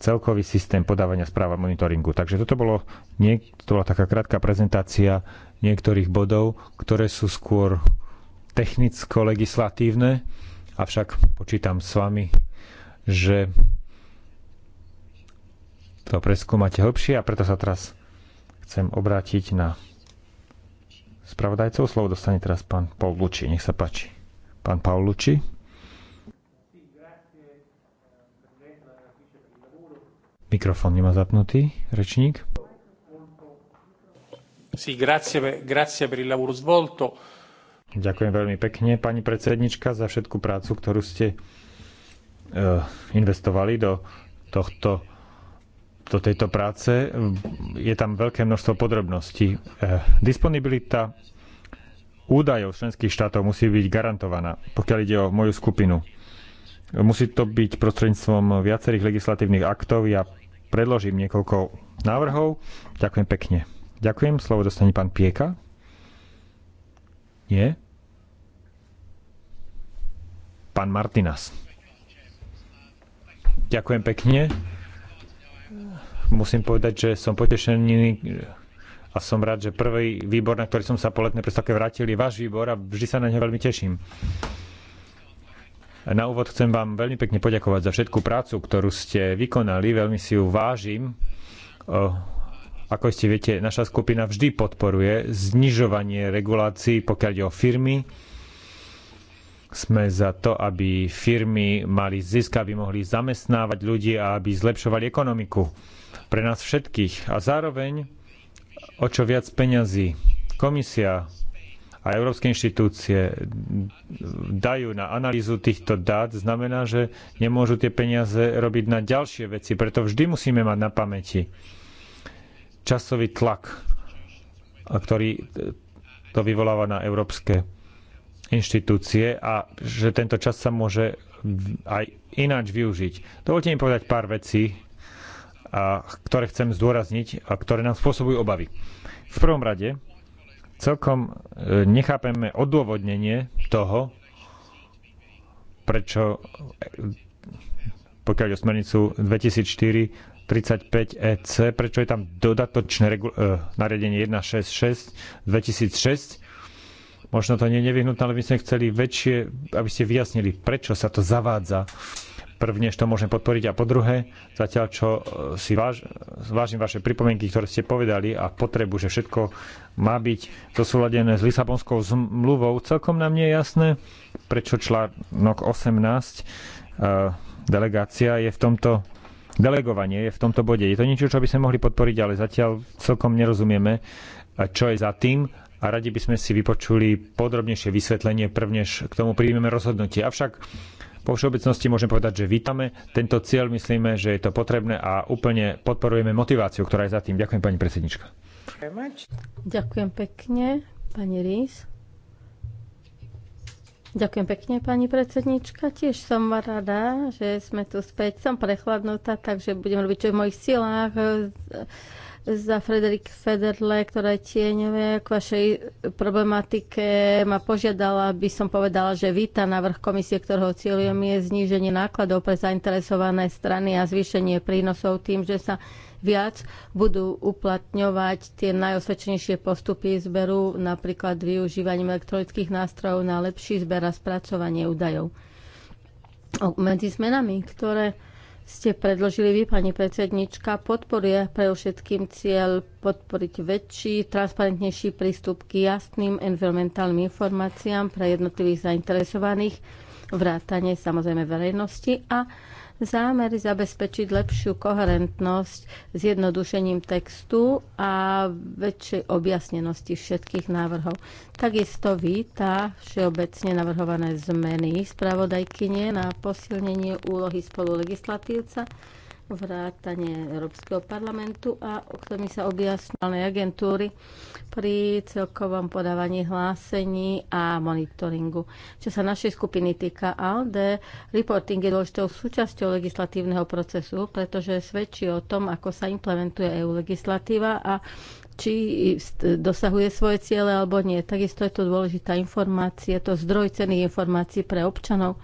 celkový systém podávania správ a monitoringu. Takže toto bolo, niek- to bola taká krátka prezentácia niektorých bodov, ktoré sú skôr technicko-legislatívne, avšak počítam s vami, že to preskúmate hlbšie a preto sa teraz chcem obrátiť na spravodajcov. Slovo dostane teraz pán Paulucci. Nech sa páči. Pán Paulucci. Mikrofón nemá zapnutý, rečník. Sì, grazie, grazie per il lavoro svolto. Ďakujem veľmi pekne, pani predsednička, za všetku prácu, ktorú ste eh, investovali do tohto do tejto práce. Je tam veľké množstvo podrobností. E, disponibilita údajov členských štátov musí byť garantovaná, pokiaľ ide o moju skupinu. Musí to byť prostredníctvom viacerých legislatívnych aktov. Ja predložím niekoľko návrhov. Ďakujem pekne. Ďakujem. Slovo dostane pán Pieka. Nie? Pán Martinas. Ďakujem pekne. Musím povedať, že som potešený a som rád, že prvý výbor, na ktorý som sa po letnej predstavke vrátil, je váš výbor a vždy sa na neho veľmi teším. Na úvod chcem vám veľmi pekne poďakovať za všetkú prácu, ktorú ste vykonali, veľmi si ju vážim. Ako ste viete, naša skupina vždy podporuje znižovanie regulácií, pokiaľ ide o firmy. Sme za to, aby firmy mali zisk, aby mohli zamestnávať ľudí a aby zlepšovali ekonomiku pre nás všetkých. A zároveň o čo viac peňazí komisia a európske inštitúcie dajú na analýzu týchto dát, znamená, že nemôžu tie peniaze robiť na ďalšie veci. Preto vždy musíme mať na pamäti časový tlak, ktorý eh, to vyvoláva na európske inštitúcie a že tento čas sa môže aj ináč využiť. Dovolte mi povedať pár vecí a ktoré chcem zdôrazniť a ktoré nám spôsobujú obavy. V prvom rade celkom e, nechápeme odôvodnenie toho, prečo e, pokiaľ o smernicu 2004 35 EC, prečo je tam dodatočné e, nariadenie 166 2006. Možno to nie je nevyhnutné, ale by sme chceli väčšie, aby ste vyjasnili, prečo sa to zavádza prvne, to môžem podporiť a po druhé, zatiaľ čo e, si váž, vážim vaše pripomienky, ktoré ste povedali a potrebu, že všetko má byť zosúladené s Lisabonskou zmluvou, celkom nám nie je jasné, prečo článok 18 e, delegácia je v tomto delegovanie je v tomto bode. Je to niečo, čo by sme mohli podporiť, ale zatiaľ celkom nerozumieme, čo je za tým a radi by sme si vypočuli podrobnejšie vysvetlenie, prvnež k tomu príjmeme rozhodnutie. Avšak po všeobecnosti môžem povedať, že vítame tento cieľ, myslíme, že je to potrebné a úplne podporujeme motiváciu, ktorá je za tým. Ďakujem, pani predsednička. Ďakujem pekne, pani Rís. Ďakujem pekne, pani predsednička. Tiež som rada, že sme tu späť. Som prechladnutá, takže budem robiť čo v mojich silách za Frederik Federle, ktorá je tieňové k vašej problematike, ma požiadala, aby som povedala, že víta návrh komisie, ktorého cieľom je zníženie nákladov pre zainteresované strany a zvýšenie prínosov tým, že sa viac budú uplatňovať tie najosvedčenejšie postupy zberu, napríklad využívaním elektronických nástrojov na lepší zber a spracovanie údajov. Medzi zmenami, ktoré ste predložili vy, pani predsednička, podporuje pre všetkým cieľ podporiť väčší, transparentnejší prístup k jasným environmentálnym informáciám pre jednotlivých zainteresovaných, vrátane samozrejme verejnosti a zámer zabezpečiť lepšiu koherentnosť s jednodušením textu a väčšej objasnenosti všetkých návrhov. Takisto víta všeobecne navrhované zmeny spravodajkyne na posilnenie úlohy spolulegislatívca legislatívca vrátanie Európskeho parlamentu a ktorými sa objasňované agentúry pri celkovom podávaní hlásení a monitoringu. Čo sa našej skupiny týka ALD, reporting je dôležitou súčasťou legislatívneho procesu, pretože svedčí o tom, ako sa implementuje EU legislatíva a či dosahuje svoje ciele alebo nie. Takisto je to dôležitá informácia, je to zdroj cených informácií pre občanov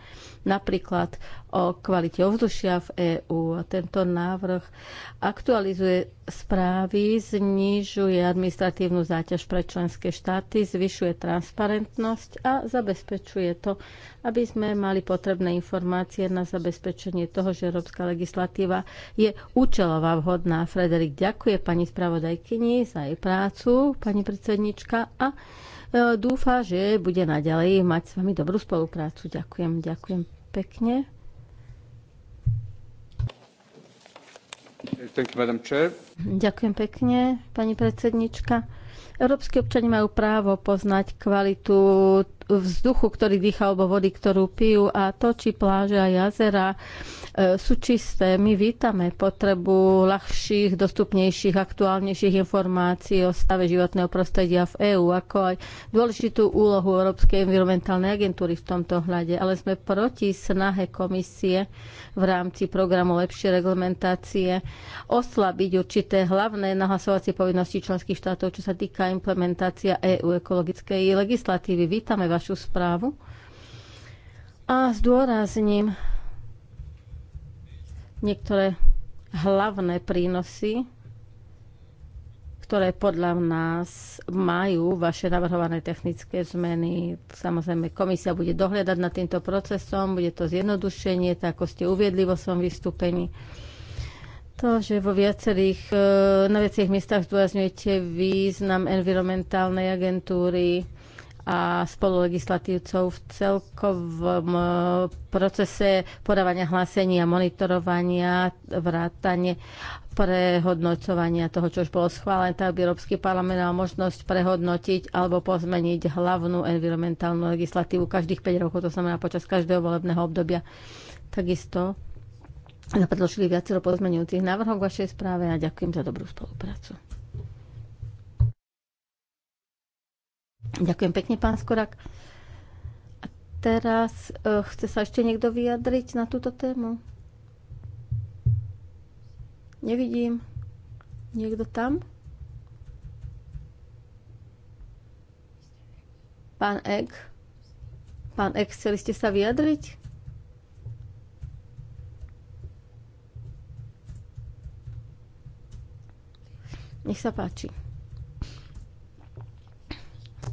napríklad o kvalite ovzdušia v EÚ. Tento návrh aktualizuje správy, znižuje administratívnu záťaž pre členské štáty, zvyšuje transparentnosť a zabezpečuje to, aby sme mali potrebné informácie na zabezpečenie toho, že európska legislatíva je účelová vhodná. Frederik ďakuje pani spravodajkyni za jej prácu, pani predsednička a E, dúfa, že bude naďalej mať s vami dobrú spoluprácu. Ďakujem, ďakujem pekne. You, ďakujem pekne, pani predsednička. Európsky občania majú právo poznať kvalitu vzduchu, ktorý dýcha, alebo vody, ktorú pijú a to, či pláže a jazera E, sú čisté. My vítame potrebu ľahších, dostupnejších, aktuálnejších informácií o stave životného prostredia v EÚ, ako aj dôležitú úlohu Európskej environmentálnej agentúry v tomto hľade. Ale sme proti snahe komisie v rámci programu lepšie reglementácie oslabiť určité hlavné nahlasovacie povinnosti členských štátov, čo sa týka implementácia EÚ ekologickej legislatívy. Vítame vašu správu a zdôrazním, niektoré hlavné prínosy, ktoré podľa nás majú vaše navrhované technické zmeny. Samozrejme, komisia bude dohľadať nad týmto procesom, bude to zjednodušenie, tak ako ste uviedli vo svojom vystúpení. To, že vo viacerých, e, na viacerých miestach zdôrazňujete význam environmentálnej agentúry, a spolulegislatívcov v celkovom e, procese podávania hlásenia, monitorovania, vrátanie prehodnocovania toho, čo už bolo schválené, tak by Európsky parlament mal možnosť prehodnotiť alebo pozmeniť hlavnú environmentálnu legislatívu každých 5 rokov, to znamená počas každého volebného obdobia. Takisto predložili viacero pozmenujúcich návrhov k vašej správe a ďakujem za dobrú spoluprácu. Ďakujem pekne, pán Skorak. A teraz e, chce sa ešte niekto vyjadriť na túto tému? Nevidím. Niekto tam? Pán Ek? Pán Ek, chceli ste sa vyjadriť? Nech sa páči.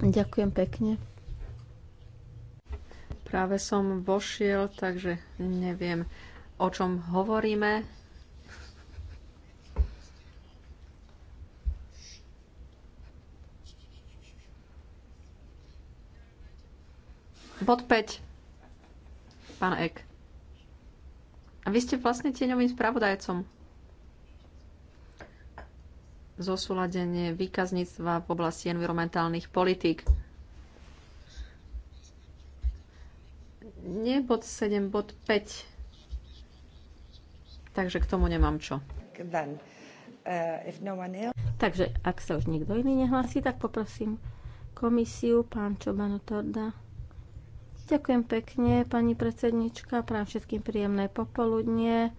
Ďakujem pekne. Práve som vošiel, takže neviem, o čom hovoríme. Bod 5. Pán Ek. A vy ste vlastne tieňovým spravodajcom zosúladenie výkazníctva v oblasti environmentálnych politík. Nie bod 7, bod 5. Takže k tomu nemám čo. Then, uh, no else... Takže ak sa už nikto iný nehlasí, tak poprosím komisiu, pán Čobano Torda. Ďakujem pekne, pani predsednička. prám všetkým príjemné popoludnie.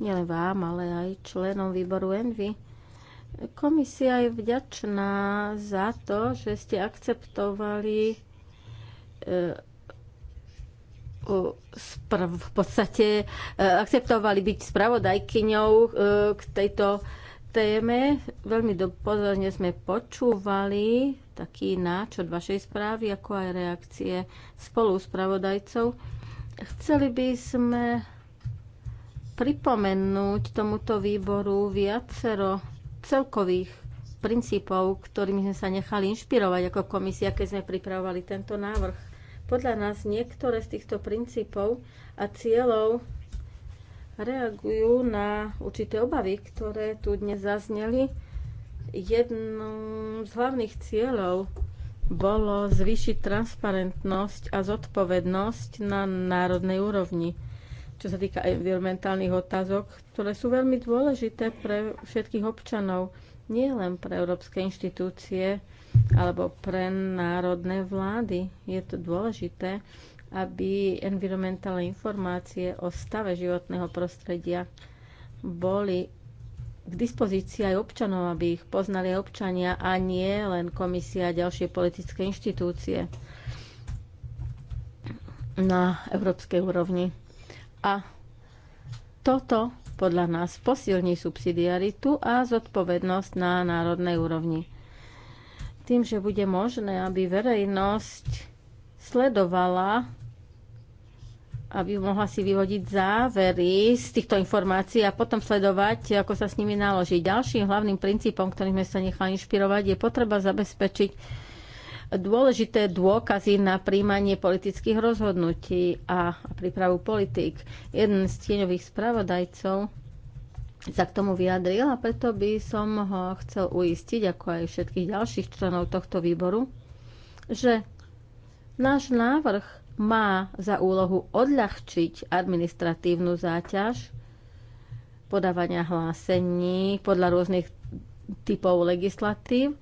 Nielen vám, ale aj členom výboru Envy. Komisia je vďačná za to, že ste akceptovali e, v podstate e, akceptovali byť spravodajkyňou e, k tejto téme. Veľmi pozorne sme počúvali taký od vašej správy, ako aj reakcie spolu spravodajcov. Chceli by sme pripomenúť tomuto výboru viacero celkových princípov, ktorými sme sa nechali inšpirovať ako komisia, keď sme pripravovali tento návrh. Podľa nás niektoré z týchto princípov a cieľov reagujú na určité obavy, ktoré tu dnes zazneli. Jedným z hlavných cieľov bolo zvýšiť transparentnosť a zodpovednosť na národnej úrovni čo sa týka environmentálnych otázok, ktoré sú veľmi dôležité pre všetkých občanov, nie len pre európske inštitúcie alebo pre národné vlády. Je to dôležité, aby environmentálne informácie o stave životného prostredia boli k dispozícii aj občanov, aby ich poznali občania a nie len komisia a ďalšie politické inštitúcie na európskej úrovni a toto podľa nás posilní subsidiaritu a zodpovednosť na národnej úrovni. Tým, že bude možné, aby verejnosť sledovala, aby mohla si vyvodiť závery z týchto informácií a potom sledovať, ako sa s nimi naloží. Ďalším hlavným princípom, ktorým sme sa nechali inšpirovať, je potreba zabezpečiť dôležité dôkazy na príjmanie politických rozhodnutí a prípravu politík. Jeden z tieňových spravodajcov sa k tomu vyjadril a preto by som ho chcel uistiť, ako aj všetkých ďalších členov tohto výboru, že náš návrh má za úlohu odľahčiť administratívnu záťaž podávania hlásení podľa rôznych typov legislatív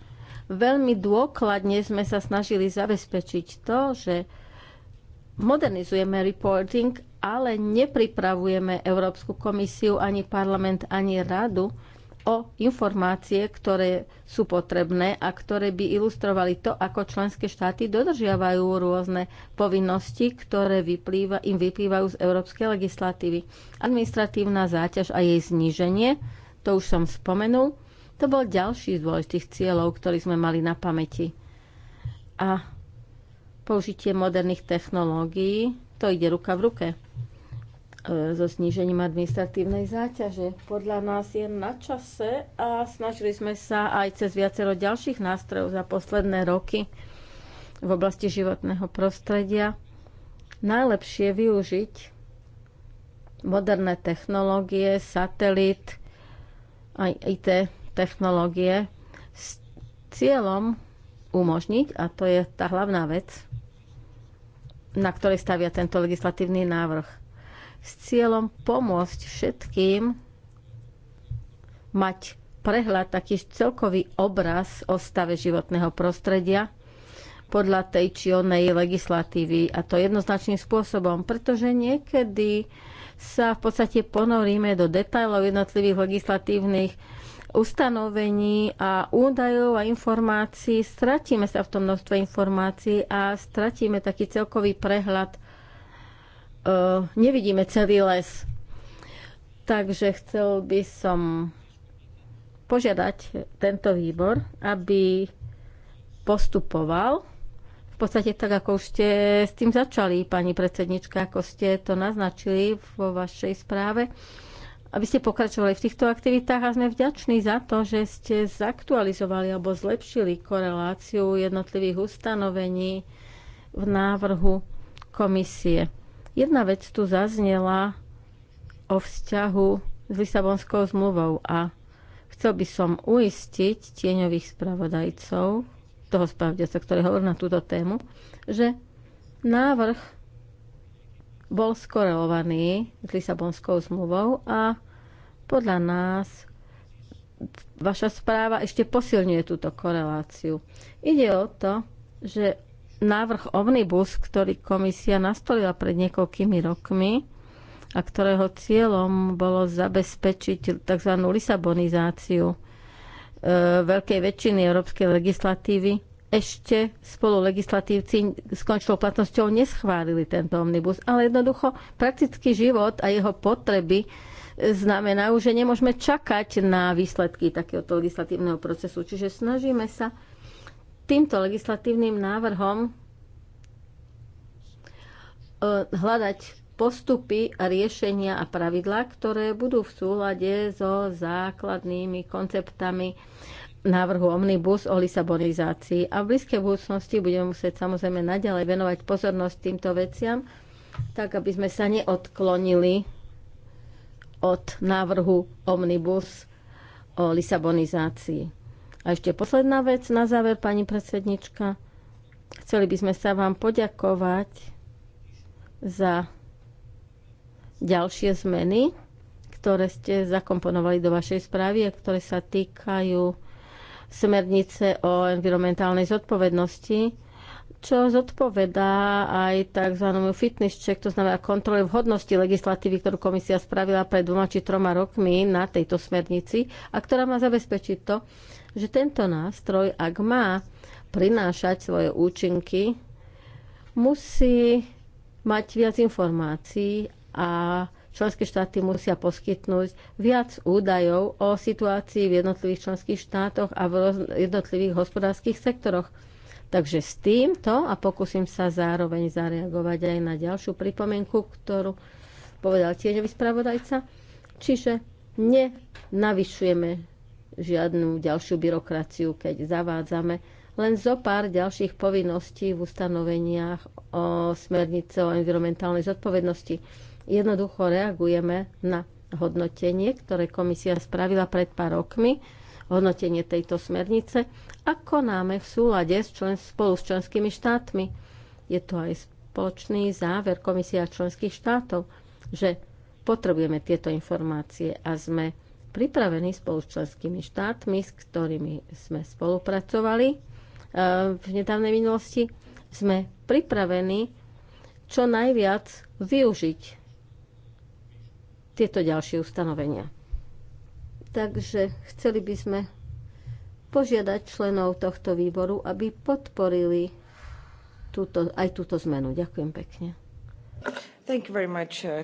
Veľmi dôkladne sme sa snažili zabezpečiť to, že modernizujeme reporting, ale nepripravujeme Európsku komisiu, ani parlament, ani radu o informácie, ktoré sú potrebné a ktoré by ilustrovali to, ako členské štáty dodržiavajú rôzne povinnosti, ktoré vyplýva, im vyplývajú z európskej legislatívy. Administratívna záťaž a jej zníženie, to už som spomenul. To bol ďalší z dôležitých cieľov, ktorý sme mali na pamäti. A použitie moderných technológií, to ide ruka v ruke e, so znížením administratívnej záťaže. Podľa nás je na čase a snažili sme sa aj cez viacero ďalších nástrojov za posledné roky v oblasti životného prostredia najlepšie využiť moderné technológie, satelit, aj IT technológie s cieľom umožniť, a to je tá hlavná vec, na ktorej stavia tento legislatívny návrh, s cieľom pomôcť všetkým mať prehľad, taký celkový obraz o stave životného prostredia podľa tej či onej legislatívy. A to jednoznačným spôsobom, pretože niekedy sa v podstate ponoríme do detajlov jednotlivých legislatívnych ustanovení a údajov a informácií, stratíme sa v tom množstve informácií a stratíme taký celkový prehľad. E, nevidíme celý les. Takže chcel by som požiadať tento výbor, aby postupoval v podstate tak, ako už ste s tým začali, pani predsednička, ako ste to naznačili vo vašej správe aby ste pokračovali v týchto aktivitách a sme vďační za to, že ste zaktualizovali alebo zlepšili koreláciu jednotlivých ustanovení v návrhu komisie. Jedna vec tu zaznela o vzťahu s Lisabonskou zmluvou a chcel by som uistiť tieňových spravodajcov, toho spravodajca, ktorý hovorí na túto tému, že návrh bol skorelovaný s Lisabonskou zmluvou a podľa nás vaša správa ešte posilňuje túto koreláciu. Ide o to, že návrh Omnibus, ktorý komisia nastolila pred niekoľkými rokmi a ktorého cieľom bolo zabezpečiť tzv. lisabonizáciu e, veľkej väčšiny európskej legislatívy, ešte spolu legislatívci s končnou platnosťou neschválili tento omnibus, ale jednoducho praktický život a jeho potreby znamenajú, že nemôžeme čakať na výsledky takéhoto legislatívneho procesu. Čiže snažíme sa týmto legislatívnym návrhom e, hľadať postupy a riešenia a pravidlá, ktoré budú v súlade so základnými konceptami návrhu Omnibus o lisabonizácii a v blízkej budúcnosti budeme musieť samozrejme naďalej venovať pozornosť týmto veciam, tak aby sme sa neodklonili od návrhu Omnibus o lisabonizácii. A ešte posledná vec na záver, pani predsednička. Chceli by sme sa vám poďakovať za ďalšie zmeny, ktoré ste zakomponovali do vašej správy a ktoré sa týkajú smernice o environmentálnej zodpovednosti, čo zodpovedá aj tzv. fitness check, to znamená kontrole vhodnosti legislatívy, ktorú komisia spravila pred dvoma či troma rokmi na tejto smernici a ktorá má zabezpečiť to, že tento nástroj, ak má prinášať svoje účinky, musí mať viac informácií a Členské štáty musia poskytnúť viac údajov o situácii v jednotlivých členských štátoch a v jednotlivých hospodárskych sektoroch. Takže s týmto a pokúsim sa zároveň zareagovať aj na ďalšiu pripomienku, ktorú povedal tieňový spravodajca. Čiže nenavyšujeme žiadnu ďalšiu byrokraciu, keď zavádzame len zo pár ďalších povinností v ustanoveniach o smernice o environmentálnej zodpovednosti. Jednoducho reagujeme na hodnotenie, ktoré komisia spravila pred pár rokmi, hodnotenie tejto smernice a konáme v súlade s člen, spolu s členskými štátmi. Je to aj spoločný záver komisia členských štátov, že potrebujeme tieto informácie a sme pripravení spolu s členskými štátmi, s ktorými sme spolupracovali e, v nedávnej minulosti, sme pripravení čo najviac využiť tieto ďalšie ustanovenia. Takže chceli by sme požiadať členov tohto výboru, aby podporili túto, aj túto zmenu. Ďakujem pekne. Thank you very much, uh,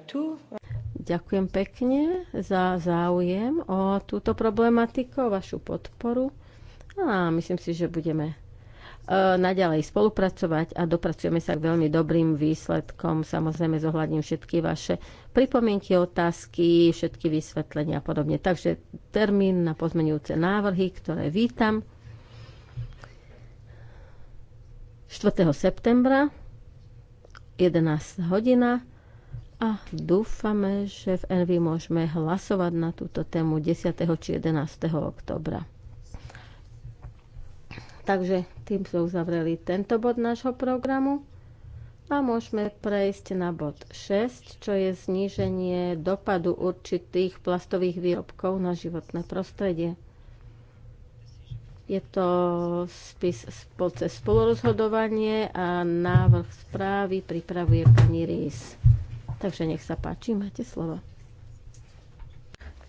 Ďakujem pekne za záujem o túto problematiku, vašu podporu a myslím si, že budeme E, naďalej spolupracovať a dopracujeme sa k veľmi dobrým výsledkom. Samozrejme zohľadním všetky vaše pripomienky, otázky, všetky vysvetlenia a podobne. Takže termín na pozmenujúce návrhy, ktoré vítam. 4. septembra 11 hodina a dúfame, že v Envy môžeme hlasovať na túto tému 10. či 11. oktobra. Takže tým sme uzavreli tento bod nášho programu a môžeme prejsť na bod 6, čo je zníženie dopadu určitých plastových výrobkov na životné prostredie. Je to spis cez spolurozhodovanie a návrh správy pripravuje pani Rís. Takže nech sa páči, máte slovo.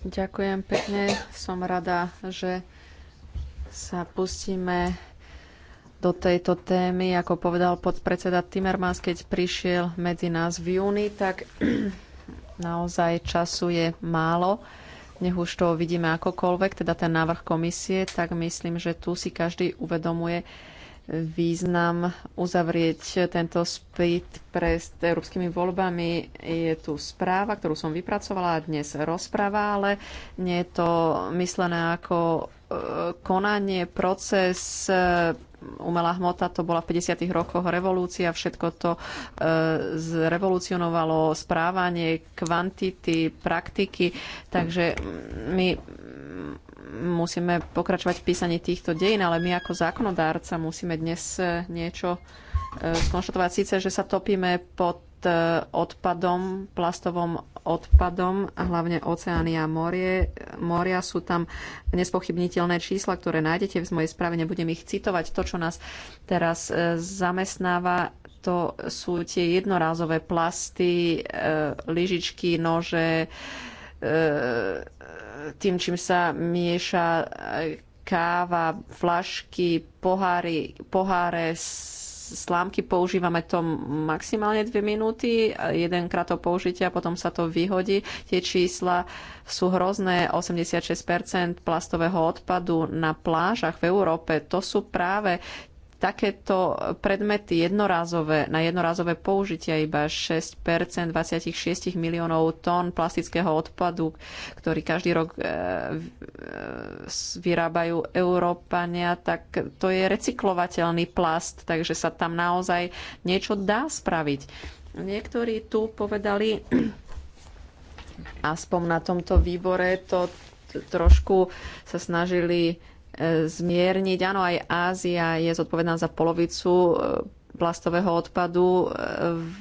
Ďakujem pekne. Som rada, že sa pustíme do tejto témy. Ako povedal podpredseda Timmermans, keď prišiel medzi nás v júni, tak (clears throat) naozaj času je málo. Nech už to vidíme akokoľvek, teda ten návrh komisie, tak myslím, že tu si každý uvedomuje význam uzavrieť tento split pred európskymi voľbami. Je tu správa, ktorú som vypracovala dnes rozpráva, ale nie je to myslené ako E, konanie, proces, e, umelá hmota, to bola v 50. rokoch revolúcia, všetko to e, zrevolucionovalo správanie, kvantity, praktiky, takže my musíme pokračovať v písaní týchto dejín, ale my ako zákonodárca musíme dnes niečo skonštatovať. Síce, že sa topíme pod odpadom, plastovom odpadom, a hlavne oceány a morie. Moria sú tam nespochybniteľné čísla, ktoré nájdete v mojej správe, nebudem ich citovať. To, čo nás teraz e, zamestnáva, to sú tie jednorázové plasty, e, lyžičky, nože, e, tým, čím sa mieša káva, flašky, poháry, poháre, slámky používame to maximálne dve minúty, jedenkrát to použite a potom sa to vyhodí. Tie čísla sú hrozné, 86% plastového odpadu na plážach v Európe. To sú práve takéto predmety jednorázové, na jednorázové použitia iba 6 26 miliónov tón plastického odpadu, ktorý každý rok e, e, vyrábajú Európania, tak to je recyklovateľný plast, takže sa tam naozaj niečo dá spraviť. Niektorí tu povedali, (clears throat) aspoň na tomto výbore, to trošku sa snažili zmierniť. Áno, aj Ázia je zodpovedná za polovicu e, plastového odpadu e, v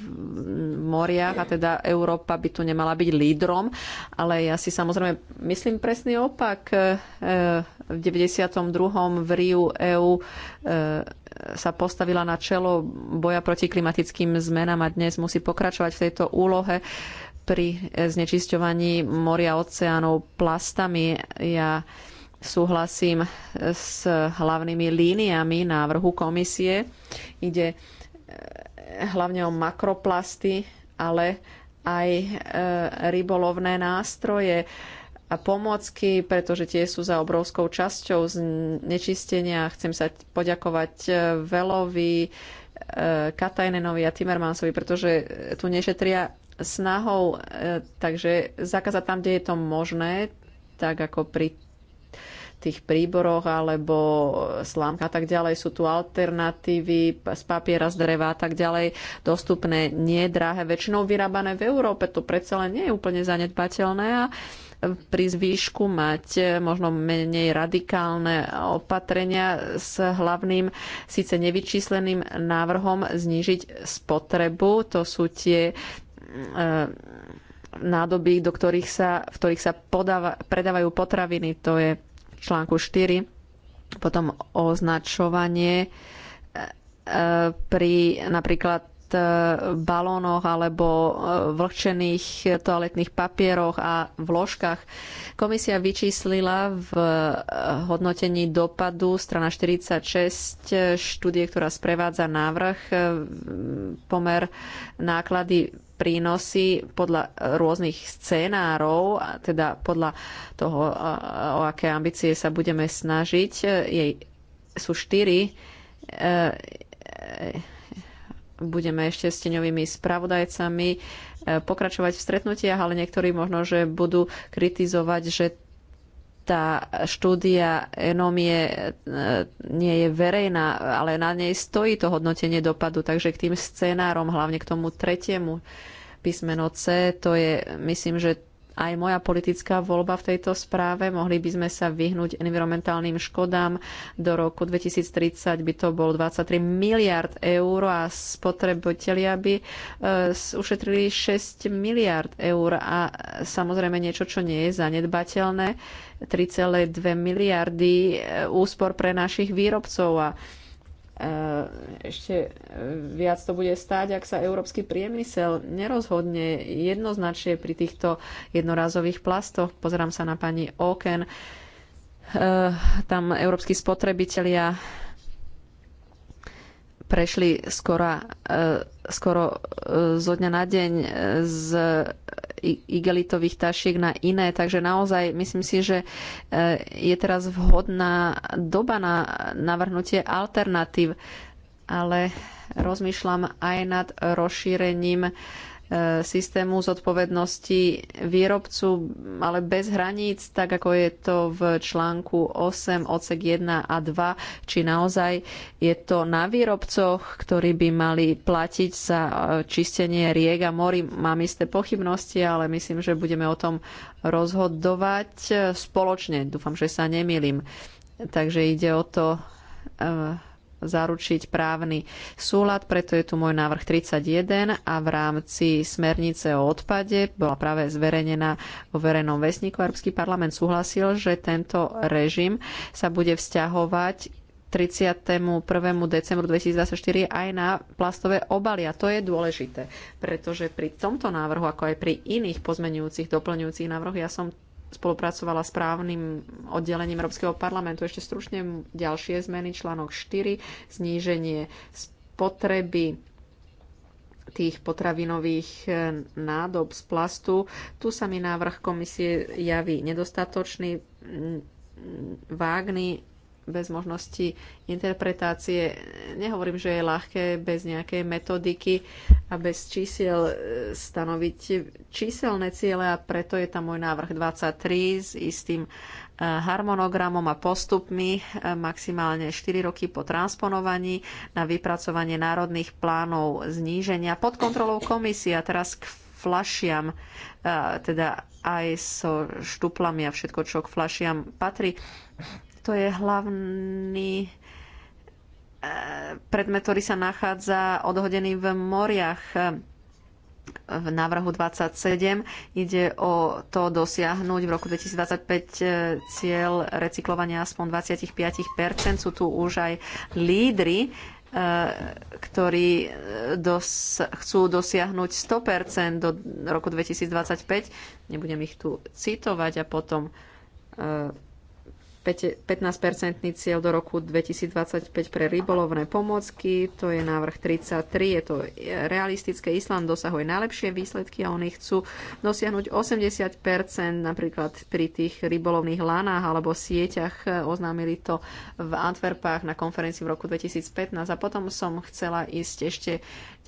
moriach a teda Európa by tu nemala byť lídrom, ale ja si samozrejme myslím presný opak. E, v 92. v Riu EU sa postavila na čelo boja proti klimatickým zmenám a dnes musí pokračovať v tejto úlohe pri znečisťovaní moria oceánov plastami. Ja Súhlasím e, s hlavnými líniami návrhu komisie. Ide e, hlavne o makroplasty, ale aj e, rybolovné nástroje a pomocky, pretože tie sú za obrovskou časťou znečistenia. Chcem sa poďakovať Velovi, Katajnenovi a Timmermansovi, pretože tu nešetria snahou, takže zakázať tam, kde je to možné, tak ako pri tých príboroch alebo slámka a tak ďalej. Sú tu alternatívy z papiera, z dreva a tak ďalej dostupné, nie drahé, väčšinou vyrábané v Európe. To predsa len nie je úplne zanedbateľné a pri zvýšku mať možno menej radikálne opatrenia s hlavným, síce nevyčísleným návrhom znížiť spotrebu. To sú tie eh, nádoby, do ktorých sa, v ktorých sa podáva, predávajú potraviny. To je článku 4, potom označovanie e, e, pri napríklad e, balónoch alebo vlhčených toaletných papieroch a vložkách. Komisia vyčíslila v hodnotení dopadu strana 46 štúdie, ktorá sprevádza návrh pomer náklady prínosy podľa rôznych scenárov, teda podľa toho, o aké ambície sa budeme snažiť. E, jej sú štyri. E, e, budeme ešte s teňovými spravodajcami pokračovať v stretnutiach, ale niektorí možno, že budú kritizovať, že tá štúdia enomie e, nie je verejná, ale na nej stojí to hodnotenie dopadu, takže k tým scenárom, hlavne k tomu tretiemu písmeno C, to je, myslím, že aj moja politická voľba v tejto správe. Mohli by sme sa vyhnúť environmentálnym škodám. Do roku 2030 by to bol 23 miliard eur a spotrebitelia by e, ušetrili 6 miliard eur a samozrejme niečo, čo nie je zanedbateľné. 3,2 miliardy e, úspor pre našich výrobcov a E, ešte e, viac to bude stáť, ak sa európsky priemysel nerozhodne jednoznačne pri týchto jednorazových plastoch. Pozerám sa na pani Oken. E, tam európsky spotrebitelia prešli e, skoro, skoro e, zo dňa na deň e, z igelitových tašiek na iné. Takže naozaj myslím si, že je teraz vhodná doba na navrhnutie alternatív, ale rozmýšľam aj nad rozšírením E, systému zodpovednosti výrobcu, ale bez hraníc, tak ako je to v článku 8, odsek 1 a 2, či naozaj je to na výrobcoch, ktorí by mali platiť za e, čistenie riek a mori. Mám isté pochybnosti, ale myslím, že budeme o tom rozhodovať e, spoločne. Dúfam, že sa nemýlim. Takže ide o to zaručiť právny súlad, preto je tu môj návrh 31 a v rámci smernice o odpade bola práve zverejnená vo verejnom vesníku. Európsky parlament súhlasil, že tento režim sa bude vzťahovať 31. decembru 2024 aj na plastové obaly. A to je dôležité, pretože pri tomto návrhu, ako aj pri iných pozmenujúcich, doplňujúcich návrhoch, ja som spolupracovala s právnym oddelením Európskeho parlamentu. Ešte stručne ďalšie zmeny, článok 4, zníženie spotreby tých potravinových e, nádob z plastu. Tu sa mi návrh komisie javí nedostatočný, vágny bez možnosti interpretácie. Nehovorím, že je ľahké bez nejakej metodiky a bez čísiel e, stanoviť číselné ciele a preto je tam môj návrh 23 s istým e, harmonogramom a postupmi e, maximálne 4 roky po transponovaní na vypracovanie národných plánov zníženia pod kontrolou komisie a teraz k flašiam, teda aj so štuplami a všetko, čo k flašiam patrí. To je hlavný e, predmet, ktorý sa nachádza odhodený v moriach e, v návrhu 27. Ide o to dosiahnuť v roku 2025 e, cieľ recyklovania aspoň 25 Sú tu už aj lídry, ktorí dos- chcú dosiahnuť 100% do roku 2025. Nebudem ich tu citovať a potom 15-percentný cieľ do roku 2025 pre rybolovné pomocky, to je návrh 33, je to realistické, Island dosahuje najlepšie výsledky a oni chcú dosiahnuť 80 napríklad pri tých rybolovných lanách alebo sieťach, oznámili to v Antwerpách na konferencii v roku 2015 a potom som chcela ísť ešte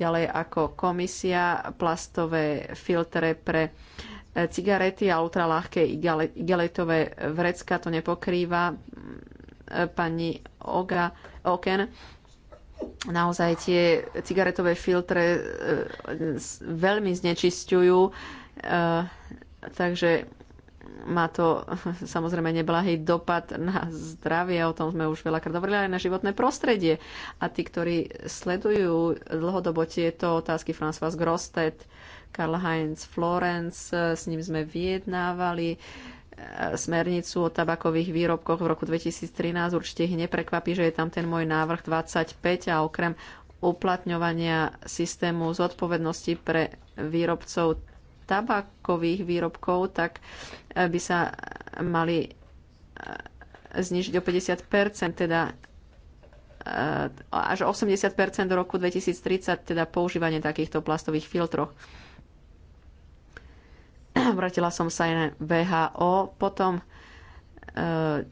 ďalej ako komisia plastové filtre pre cigarety a ultraľahké igeletové vrecka to nepokrýva mm, pani Oga Oken. Naozaj tie cigaretové filtre e, veľmi znečisťujú, e, takže má to (laughs) samozrejme neblahý dopad na zdravie, o tom sme už veľakrát hovorili, aj na životné prostredie. A tí, ktorí sledujú dlhodobo tieto otázky, François Grostet, Karl Heinz Florence, s ním sme vyjednávali e, smernicu o tabakových výrobkoch v roku 2013. Určite ich neprekvapí, že je tam ten môj návrh 25 a okrem uplatňovania systému zodpovednosti pre výrobcov tabakových výrobkov, tak e, by sa e, mali znižiť o 50 teda až 80 do roku 2030, teda používanie takýchto plastových filtroch. (clears throat) Vrátila som sa aj na VHO, potom e,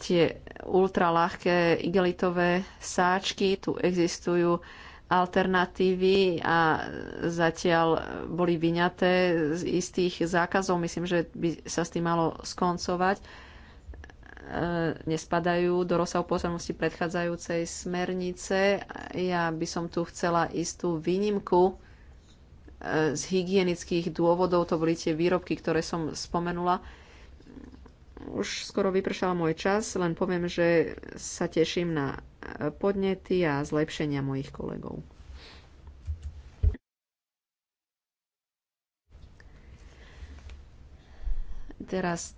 tie ultraľahké igelitové sáčky, tu existujú alternatívy a zatiaľ boli vyňaté z istých zákazov. Myslím, že by sa s tým malo skoncovať. E, nespadajú do rozsahu pozornosti predchádzajúcej smernice. Ja by som tu chcela istú výnimku z hygienických dôvodov, to boli tie výrobky, ktoré som spomenula. Už skoro vypršal môj čas, len poviem, že sa teším na podnety a zlepšenia mojich kolegov. Teraz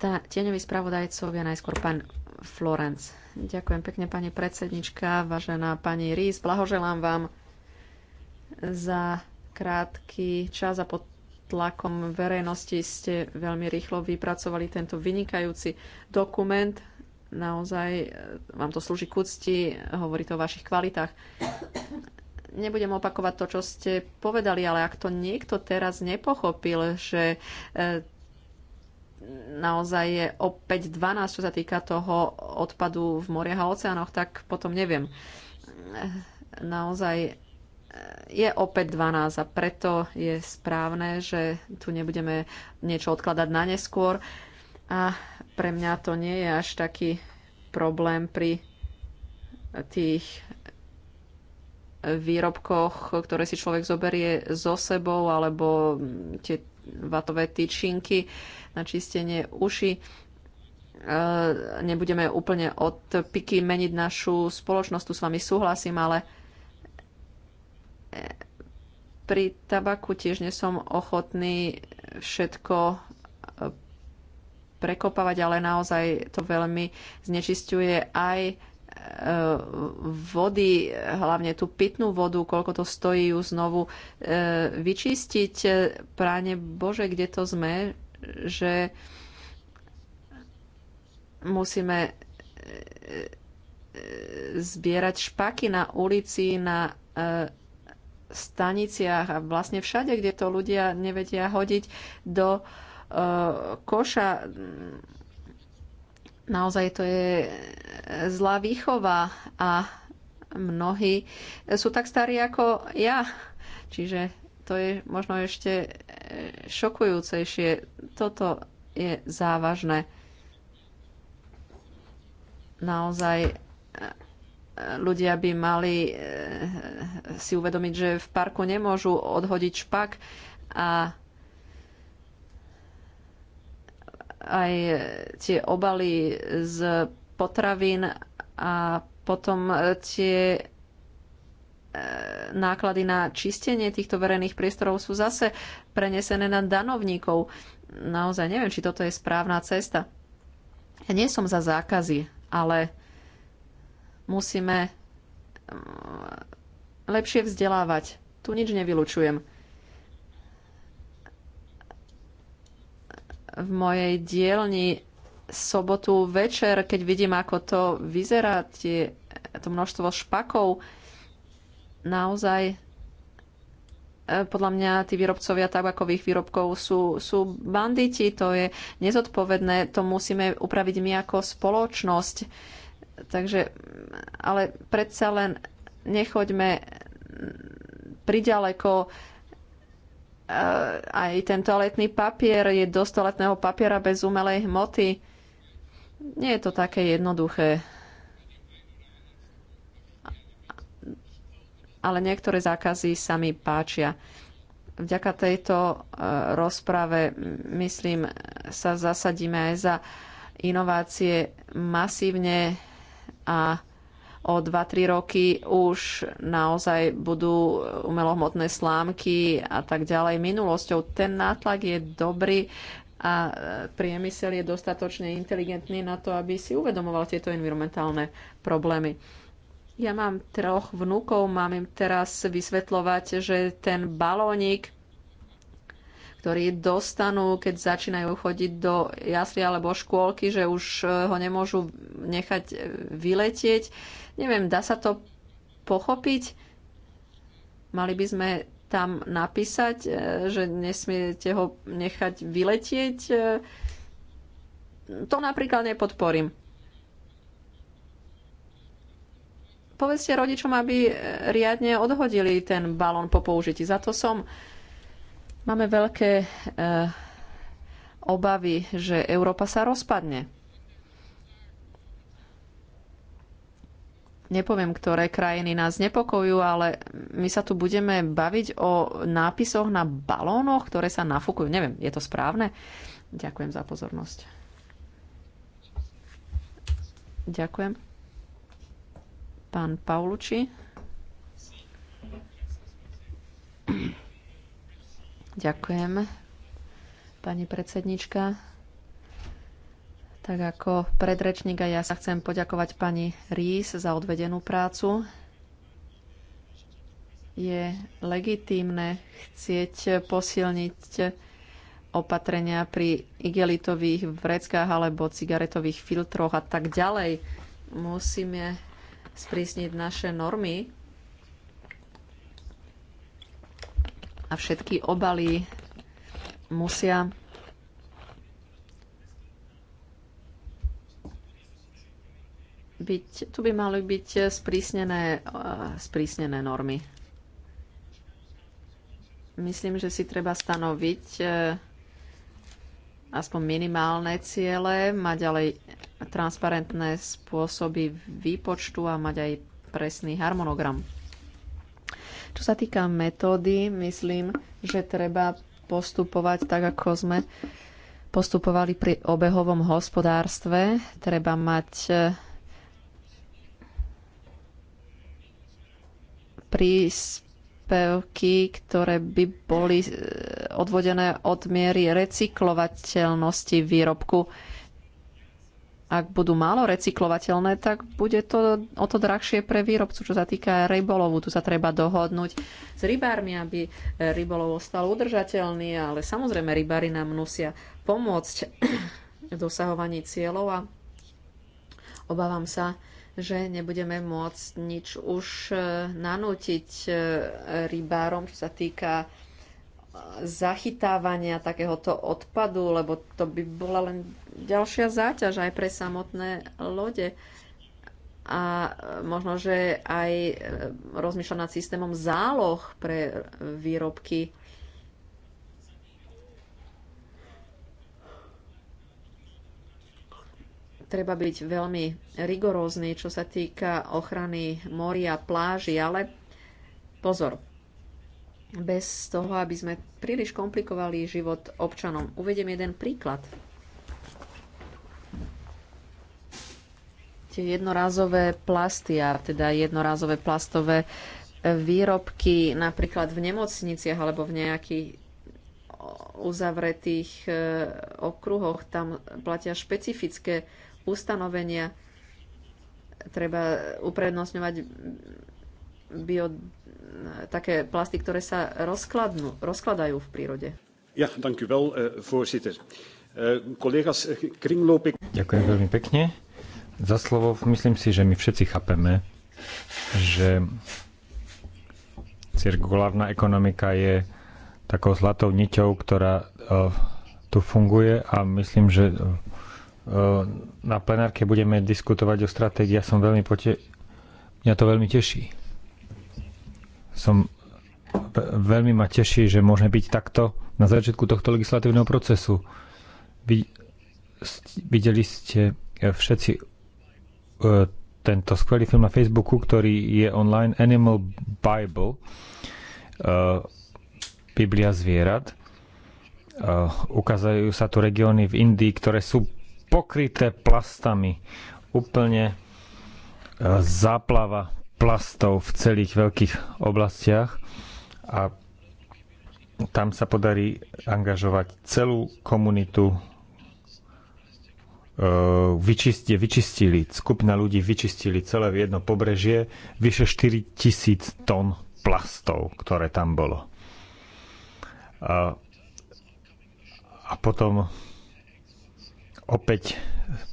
tá, tieňový je najskôr pán Florenc. Ďakujem pekne, pani predsednička, vážená pani Rís, blahoželám vám za krátky čas a pod tlakom verejnosti ste veľmi rýchlo vypracovali tento vynikajúci dokument. Naozaj e, vám to slúži k úcti, hovorí to o vašich kvalitách. Nebudem opakovať to, čo ste povedali, ale ak to niekto teraz nepochopil, že e, naozaj je opäť 12, čo sa týka toho odpadu v moriach a oceánoch, tak potom neviem. E, naozaj je opäť 12 a preto je správne, že tu nebudeme niečo odkladať na neskôr. A pre mňa to nie je až taký problém pri tých výrobkoch, ktoré si človek zoberie so sebou, alebo tie vatové tyčinky na čistenie uši. E, nebudeme úplne od piky meniť našu spoločnosť, tu s vami súhlasím, ale pri tabaku tiež nie som ochotný všetko eh, prekopávať, ale naozaj to veľmi znečisťuje aj eh, vody, hlavne tú pitnú vodu, koľko to stojí ju znovu eh, vyčistiť. Práne Bože, kde to sme, že musíme zbierať špaky na ulici, na staniciach a vlastne všade, kde to ľudia nevedia hodiť do e, koša. Naozaj to je zlá výchova a mnohí sú tak starí ako ja. Čiže to je možno ešte e, šokujúcejšie. Toto je závažné. Naozaj e, ľudia by mali eh, si uvedomiť, že v parku nemôžu odhodiť špak a aj tie obaly z potravín a potom tie eh, náklady na čistenie týchto verejných priestorov sú zase prenesené na danovníkov. Naozaj neviem, či toto je správna cesta. Ja nie som za zákazy, ale Musíme mm, lepšie vzdelávať. Tu nič nevylučujem. V mojej dielni sobotu večer, keď vidím, ako to vyzerá, tie, to množstvo špakov, naozaj e, podľa mňa tí výrobcovia tabakových výrobkov sú, sú banditi, to je nezodpovedné, to musíme upraviť my ako spoločnosť Takže, ale predsa len nechoďme priďaleko eh, aj ten toaletný papier je dosť toaletného papiera bez umelej hmoty. Nie je to také jednoduché. Ale niektoré zákazy sa mi páčia. Vďaka tejto eh, rozprave, myslím, sa zasadíme aj za inovácie masívne a o 2-3 roky už naozaj budú umelohmotné slámky a tak ďalej minulosťou. Ten nátlak je dobrý a e, priemysel je dostatočne inteligentný na to, aby si uvedomoval tieto environmentálne problémy. Ja mám troch vnúkov, mám im teraz vysvetľovať, že ten balónik ktorí dostanú, keď začínajú chodiť do jasli alebo škôlky, že už e, ho nemôžu nechať e, vyletieť. Neviem, dá sa to pochopiť? Mali by sme tam napísať, e, že nesmiete ho nechať vyletieť? To napríklad nepodporím. Povedzte rodičom, aby riadne odhodili ten balón po použití. Za to som Máme veľké eh, obavy, že Európa sa rozpadne. nepoviem, ktoré krajiny nás nepokojujú, ale my sa tu budeme baviť o nápisoch na balónoch, ktoré sa nafúkujú. Neviem, je to správne? Ďakujem za pozornosť. Ďakujem. Pán Pauluči. Ďakujem, pani predsednička. Tak ako predrečník a ja sa chcem poďakovať pani Rís za odvedenú prácu. Je legitímne chcieť posilniť opatrenia pri igelitových vreckách alebo cigaretových filtroch a tak ďalej. Musíme sprísniť naše normy a všetky obaly musia byť, tu by mali byť sprísnené, eh, sprísnené normy. Myslím, že si treba stanoviť eh, aspoň minimálne ciele, mať ďalej transparentné spôsoby výpočtu a mať aj presný harmonogram. Čo sa týka metódy, myslím, že treba postupovať tak, ako sme postupovali pri obehovom hospodárstve. Treba mať eh, príspevky, ktoré by boli eh, odvodené od miery recyklovateľnosti výrobku ak budú málo recyklovateľné, tak bude to o to drahšie pre výrobcu, čo sa týka rybolovu. Tu sa treba dohodnúť s rybármi, aby rybolov ostal udržateľný, ale samozrejme rybári nám musia pomôcť v dosahovaní cieľov a obávam sa, že nebudeme môcť nič už eh, nanútiť eh, rybárom, čo sa týka zachytávania takéhoto odpadu, lebo to by bola len ďalšia záťaž aj pre samotné lode. A e, možno, že aj e, rozmýšľa nad systémom záloh pre e, výrobky. Treba byť veľmi rigorózny, čo sa týka ochrany moria, pláži, ale pozor, bez toho, aby sme príliš komplikovali život občanom. Uvediem jeden príklad. Tie jednorázové plasty, a teda jednorázové plastové e, výrobky napríklad v nemocniciach alebo v nejakých uzavretých e, okruhoch, tam platia špecifické ustanovenia. Treba uprednostňovať bio, také plasty, ktoré sa rozkladnú, rozkladajú v prírode. Ja, dank u wel, eh, voorzitter. Kolegas, eh, eh, Ďakujem veľmi pekne za slovo. Myslím si, že my všetci chápeme, že cirkulárna ekonomika je takou zlatou niťou, ktorá tu funguje a myslím, že na plenárke budeme diskutovať o stratégii. Ja som veľmi pote... Mňa to veľmi teší som veľmi ma teší, že môžeme byť takto na začiatku tohto legislatívneho procesu. Vy, videli ste e, všetci e, tento skvelý film na Facebooku, ktorý je online Animal Bible, e, Biblia zvierat. Ukazajú sa tu regióny v Indii, ktoré sú pokryté plastami. Úplne záplava plastov v celých veľkých oblastiach a tam sa podarí angažovať celú komunitu. E, Vyčistie, vyčistili, skupina ľudí vyčistili celé jedno pobrežie vyše 4 tisíc tón plastov, ktoré tam bolo. A, a potom opäť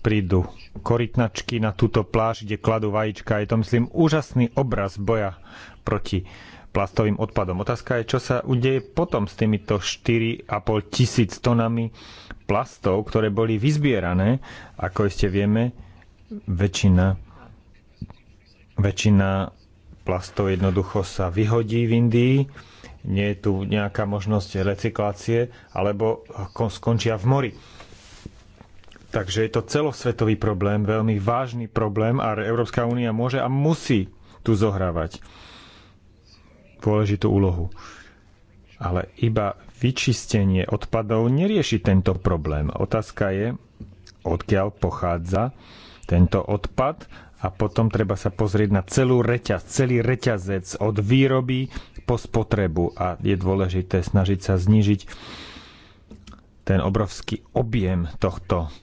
prídu korytnačky na túto pláž, kde kladú vajíčka. Je to, myslím, úžasný obraz boja proti plastovým odpadom. Otázka je, čo sa udeje potom s týmito 4,5 tisíc tonami plastov, ktoré boli vyzbierané. Ako ste vieme, väčšina, väčšina plastov jednoducho sa vyhodí v Indii. Nie je tu nejaká možnosť recyklácie, alebo skončia v mori. Takže je to celosvetový problém, veľmi vážny problém a Európska únia môže a musí tu zohrávať dôležitú úlohu. Ale iba vyčistenie odpadov nerieši tento problém. Otázka je, odkiaľ pochádza tento odpad a potom treba sa pozrieť na celú reťaz, celý reťazec od výroby po spotrebu a je dôležité snažiť sa znižiť ten obrovský objem tohto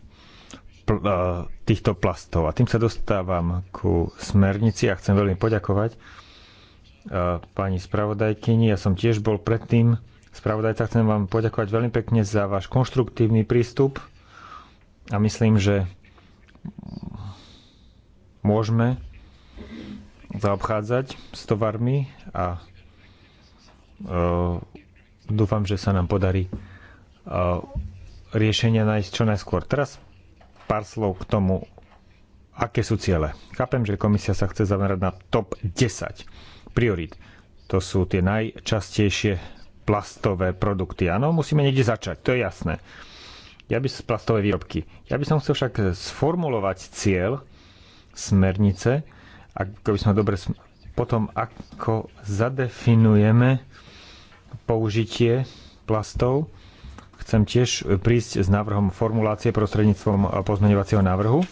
pl- týchto plastov. A tým sa dostávam ku smernici a chcem veľmi poďakovať pani spravodajkyni. Ja som tiež bol predtým spravodajca. Chcem vám poďakovať veľmi pekne za váš konštruktívny prístup a myslím, že môžeme zaobchádzať s tovarmi a uh, dúfam, že sa nám podarí uh, riešenia nájsť čo najskôr. Teraz pár slov k tomu, aké sú ciele. Chápem, že komisia sa chce zamerať na top 10 priorit. To sú tie najčastejšie plastové produkty. Áno, musíme niekde začať, to je jasné. Ja by som plastové výrobky. Ja by som chcel však sformulovať cieľ smernice, ako by sme dobre potom ako zadefinujeme použitie plastov Chcem tiež prísť s návrhom formulácie prostredníctvom pozmeňovacieho návrhu.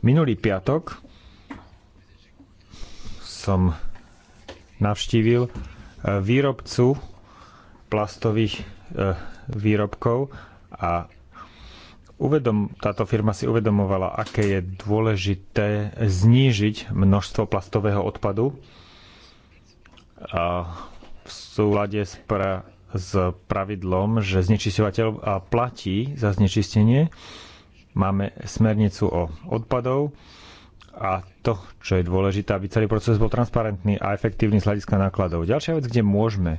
Minulý piatok som navštívil e, výrobcu plastových e, výrobkov a uvedom, táto firma si uvedomovala, aké je dôležité znížiť množstvo plastového odpadu a v súlade s pra, s pravidlom, že znečisťovateľ platí za znečistenie. Máme smernicu o odpadov a to, čo je dôležité, aby celý proces bol transparentný a efektívny z hľadiska nákladov. Ďalšia vec, kde môžeme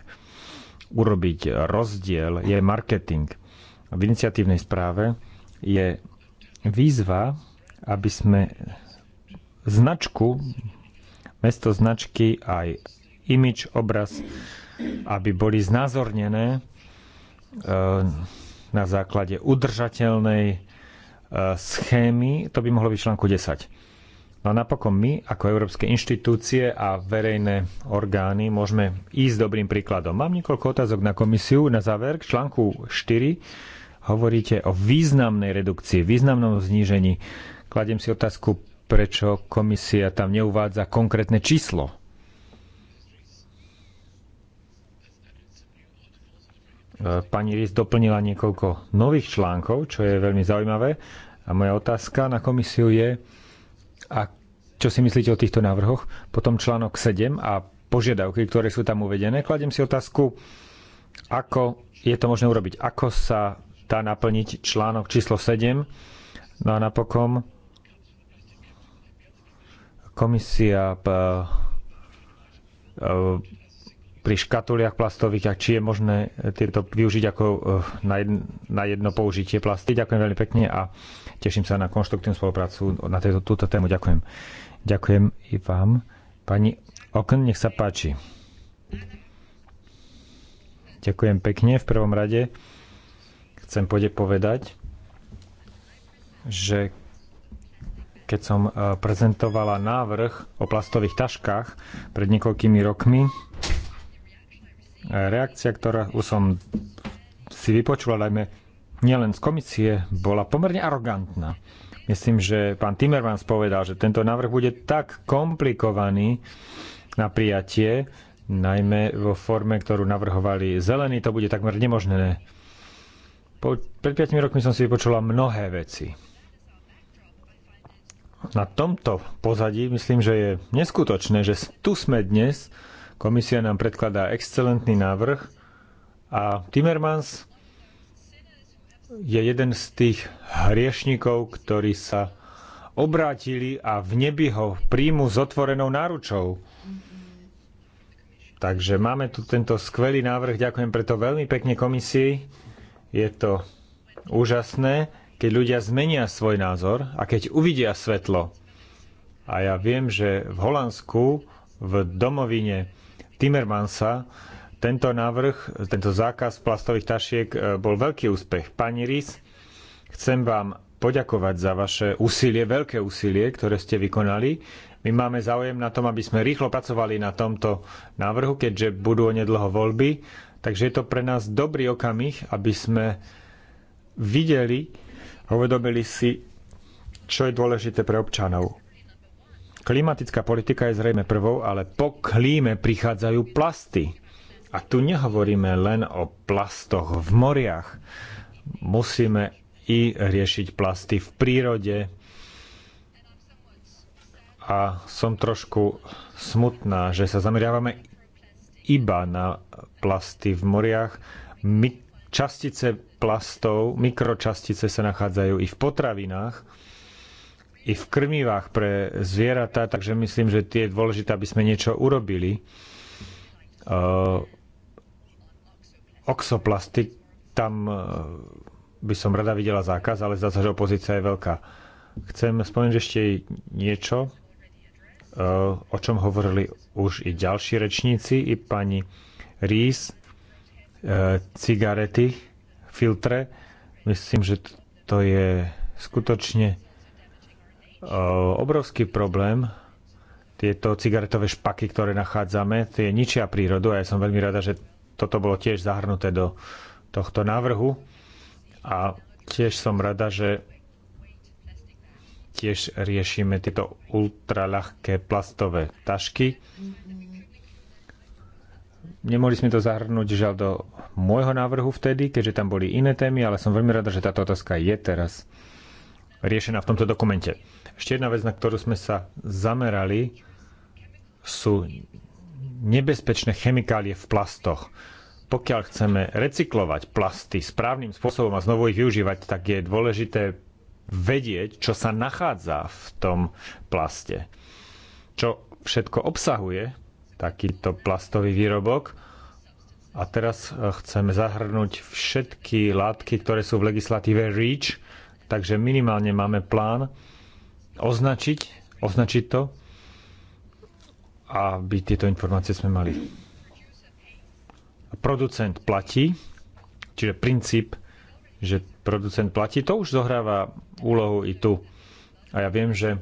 urobiť rozdiel, je marketing. V iniciatívnej správe je výzva, aby sme značku, mesto značky aj imič, obraz aby boli znázornené e, na základe udržateľnej e, schémy, to by mohlo byť článku 10. No a napokon my, ako európske inštitúcie a verejné orgány, môžeme ísť dobrým príkladom. Mám niekoľko otázok na komisiu. Na záver, k článku 4 hovoríte o významnej redukcii, významnom znížení. Kladiem si otázku, prečo komisia tam neuvádza konkrétne číslo E, pani Ries doplnila niekoľko nových článkov, čo je veľmi zaujímavé. A moja otázka na komisiu je, a čo si myslíte o týchto návrhoch? Potom článok 7 a požiadavky, ktoré sú tam uvedené. Kladem si otázku, ako je to možné urobiť? Ako sa dá naplniť článok číslo 7? No a napokon komisia e, e, pri škatuliach plastových a či je možné eh, tieto využiť ako eh, na jedno, na jedno použitie plasty. Ďakujem veľmi pekne a teším sa na konštruktívnu spoluprácu na tejto, túto tému. Ďakujem. Ďakujem i vám. Pani Okn, nech sa páči. Ďakujem pekne. V prvom rade chcem pôjde povedať, že keď som eh, prezentovala návrh o plastových taškách pred niekoľkými rokmi, reakcia, ktorá už som si vypočula, dajme, nielen z komisie, bola pomerne arogantná. Myslím, že pán Timmermans povedal, že tento návrh bude tak komplikovaný na prijatie, najmä vo forme, ktorú navrhovali zelení, to bude takmer nemožné. Po, pred 5 rokmi som si vypočula mnohé veci. Na tomto pozadí myslím, že je neskutočné, že tu sme dnes Komisia nám predkladá excelentný návrh a Timmermans je jeden z tých hriešnikov, ktorí sa obrátili a v nebi ho príjmu s otvorenou náručou. Takže máme tu tento skvelý návrh, ďakujem preto veľmi pekne komisii. Je to úžasné, keď ľudia zmenia svoj názor a keď uvidia svetlo. A ja viem, že v Holandsku, v domovine Timmermansa, tento návrh, tento zákaz plastových tašiek e, bol veľký úspech. Pani Ries, chcem vám poďakovať za vaše úsilie, veľké úsilie, ktoré ste vykonali. My máme záujem na tom, aby sme rýchlo pracovali na tomto návrhu, keďže budú onedlho voľby. Takže je to pre nás dobrý okamih, aby sme videli a uvedomili si, čo je dôležité pre občanov. Klimatická politika je zrejme prvou, ale po klíme prichádzajú plasty. A tu nehovoríme len o plastoch v moriach. Musíme i riešiť plasty v prírode. A som trošku smutná, že sa zameriavame iba na plasty v moriach. častice plastov, mikročastice sa nachádzajú i v potravinách i v krmivách pre zvieratá, takže myslím, že tie je dôležité, aby sme niečo urobili. Uh, eh, oxoplastik, tam uh, by som rada videla zákaz, ale zdá sa, že opozícia je veľká. Chcem spomenúť ešte niečo, uh, o čom hovorili už i ďalší rečníci, i pani Rees, uh, cigarety, filtre. Myslím, že to je skutočne obrovský problém. Tieto cigaretové špaky, ktoré nachádzame, tie ničia prírodu a ja som veľmi rada, že toto bolo tiež zahrnuté do tohto návrhu. A tiež som rada, že tiež riešime tieto ultraľahké plastové tašky. Nemohli sme to zahrnúť žiaľ do môjho návrhu vtedy, keďže tam boli iné témy, ale som veľmi rada, že táto otázka je teraz riešená v tomto dokumente. Ešte jedna vec, na ktorú sme sa zamerali, sú nebezpečné chemikálie v plastoch. Pokiaľ chceme recyklovať plasty správnym spôsobom a znovu ich využívať, tak je dôležité vedieť, čo sa nachádza v tom plaste. Čo všetko obsahuje takýto plastový výrobok. A teraz e, chceme zahrnúť všetky látky, ktoré sú v legislatíve REACH, takže minimálne máme plán, označiť, označiť to, aby tieto informácie sme mali. Producent platí, čiže princíp, že producent platí, to už zohráva úlohu i tu. A ja viem, že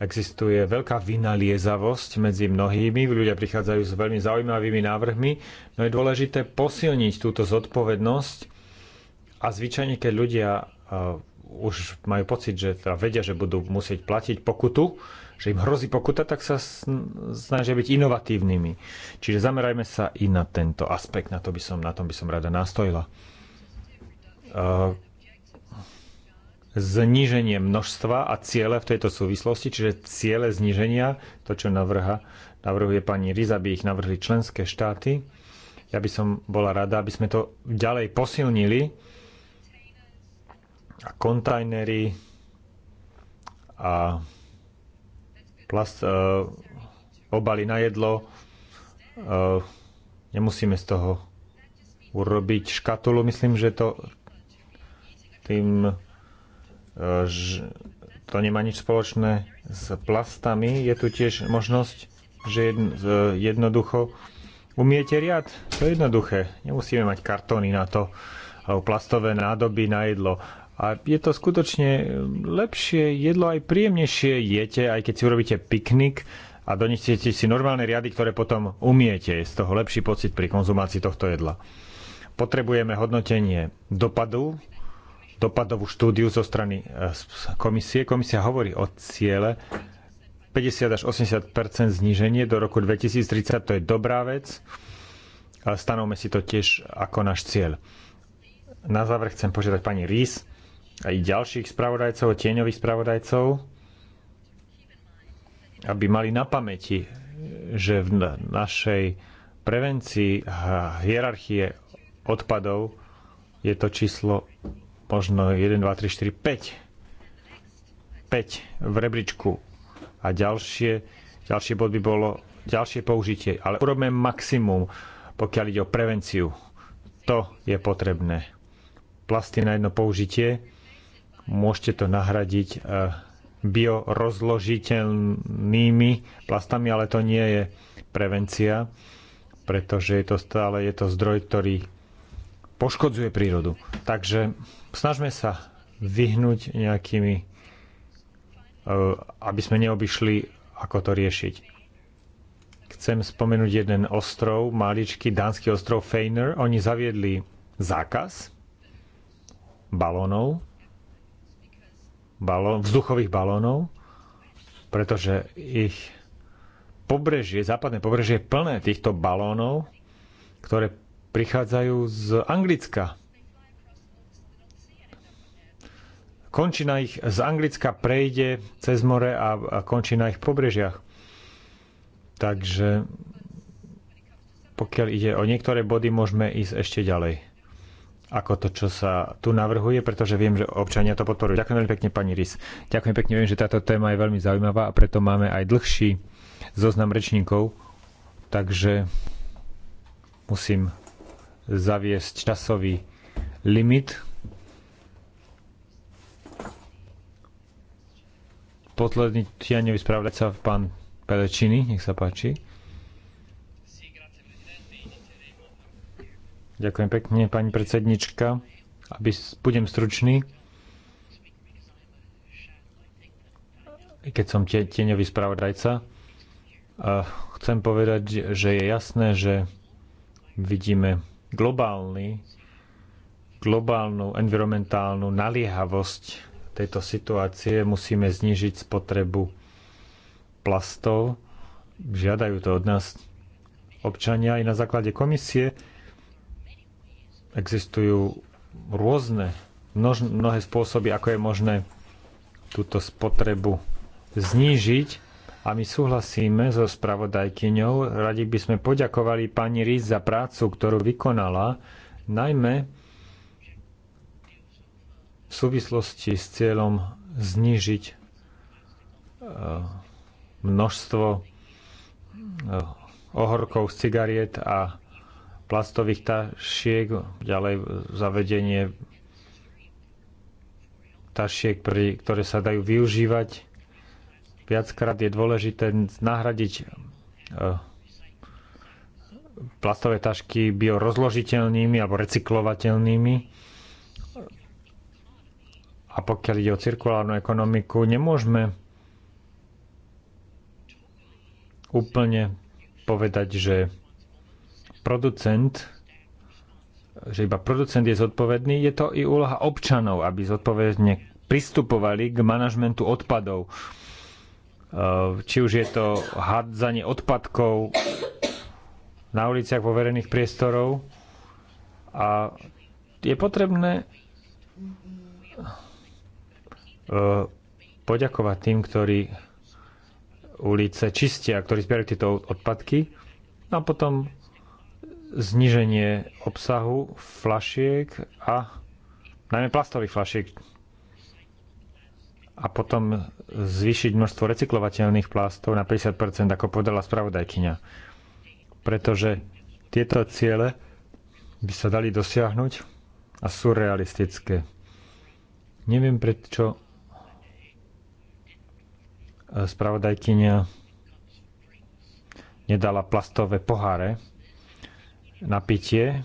existuje veľká vynaliezavosť medzi mnohými, ľudia prichádzajú s veľmi zaujímavými návrhmi, no je dôležité posilniť túto zodpovednosť a zvyčajne, keď ľudia eh, už majú pocit, že teda vedia, že budú musieť platiť pokutu, že im hrozí pokuta, tak sa snažia byť inovatívnymi. Čiže zamerajme sa i na tento aspekt, na, to by som, na tom by som rada nastojila. E, zníženie množstva a ciele v tejto súvislosti, čiže ciele zníženia, to čo navrha, navrhuje pani Riza, by ich navrhli členské štáty. Ja by som bola rada, aby sme to ďalej posilnili, a kontajnery a plast, uh, obaly na jedlo. Uh, nemusíme z toho urobiť škatulu. Myslím, že to tým, uh, ž, to nemá nič spoločné s plastami. Je tu tiež možnosť, že jedn, uh, jednoducho umiete riad. To je jednoduché. Nemusíme mať kartóny na to alebo plastové nádoby na jedlo. A je to skutočne eh, lepšie jedlo, aj príjemnejšie jete, aj keď si urobíte piknik a donesiete si normálne riady, ktoré potom umiete. Je z toho lepší pocit pri konzumácii tohto jedla. Potrebujeme hodnotenie dopadu, dopadovú štúdiu zo strany eh, komisie. Komisia hovorí o ciele 50 až 80 zníženie do roku 2030. To je dobrá vec. Stanovme si to tiež ako náš cieľ. Na záver chcem požiadať pani Rís, aj ďalších spravodajcov, tieňových spravodajcov, aby mali na pamäti, že v našej prevencii hierarchie odpadov je to číslo možno 1, 2, 3, 4, 5. 5 v rebríčku. A ďalšie, ďalší bod by bolo ďalšie použitie. Ale urobme maximum, pokiaľ ide o prevenciu. To je potrebné. Plasty na jedno použitie Môžete to nahradiť e, biorozložiteľnými plastami, ale to nie je prevencia, pretože je to stále je to zdroj, ktorý poškodzuje prírodu. Takže snažme sa vyhnúť nejakými, e, aby sme neobyšli, ako to riešiť. Chcem spomenúť jeden ostrov, maličký dánsky ostrov Feiner. Oni zaviedli zákaz balónov balón, vzduchových balónov, pretože ich pobrežie, západné pobrežie je plné týchto balónov, ktoré prichádzajú z Anglicka. Končina ich z Anglicka prejde cez more a, a končí na ich pobrežiach. Takže pokiaľ ide o niektoré body, môžeme ísť ešte ďalej ako to, čo sa tu navrhuje, pretože viem, že občania to podporujú. Ďakujem veľmi pekne, pani Rys. Ďakujem pekne, viem, že táto téma je veľmi zaujímavá a preto máme aj dlhší zoznam rečníkov, takže musím zaviesť časový limit. Posledný tiaňový spravodajca, pán Pelečiny, nech sa páči. Ďakujem pekne, pani predsednička. Aby budem stručný. Keď som tie, tieňový spravodajca, eh, chcem povedať, že je jasné, že vidíme globálny, globálnu environmentálnu naliehavosť tejto situácie. Musíme znižiť spotrebu plastov. Žiadajú to od nás občania aj na základe komisie Existujú rôzne, množ, mnohé spôsoby, ako je možné túto spotrebu znížiť a my súhlasíme so spravodajkyňou. Radi by sme poďakovali pani Rís za prácu, ktorú vykonala, najmä v súvislosti s cieľom znížiť e, množstvo e, ohorkov z cigariet a plastových tašiek, ďalej zavedenie tašiek, pri, ktoré sa dajú využívať. Viackrát je dôležité nahradiť e, plastové tašky biorozložiteľnými alebo recyklovateľnými. A pokiaľ ide o cirkulárnu ekonomiku, nemôžeme úplne povedať, že producent že iba producent je zodpovedný, je to i úloha občanov, aby zodpovedne pristupovali k manažmentu odpadov. E, či už je to hádzanie odpadkov na uliciach vo verejných priestorov. A je potrebné e, poďakovať tým, ktorí ulice čistia, ktorí zbierajú tieto odpadky. No a potom zniženie obsahu flašiek a najmä plastových flašiek a potom zvýšiť množstvo recyklovateľných plastov na 50%, ako povedala spravodajkyňa. Pretože tieto ciele by sa dali dosiahnuť a sú realistické. Neviem, prečo spravodajkyňa nedala plastové poháre napitie.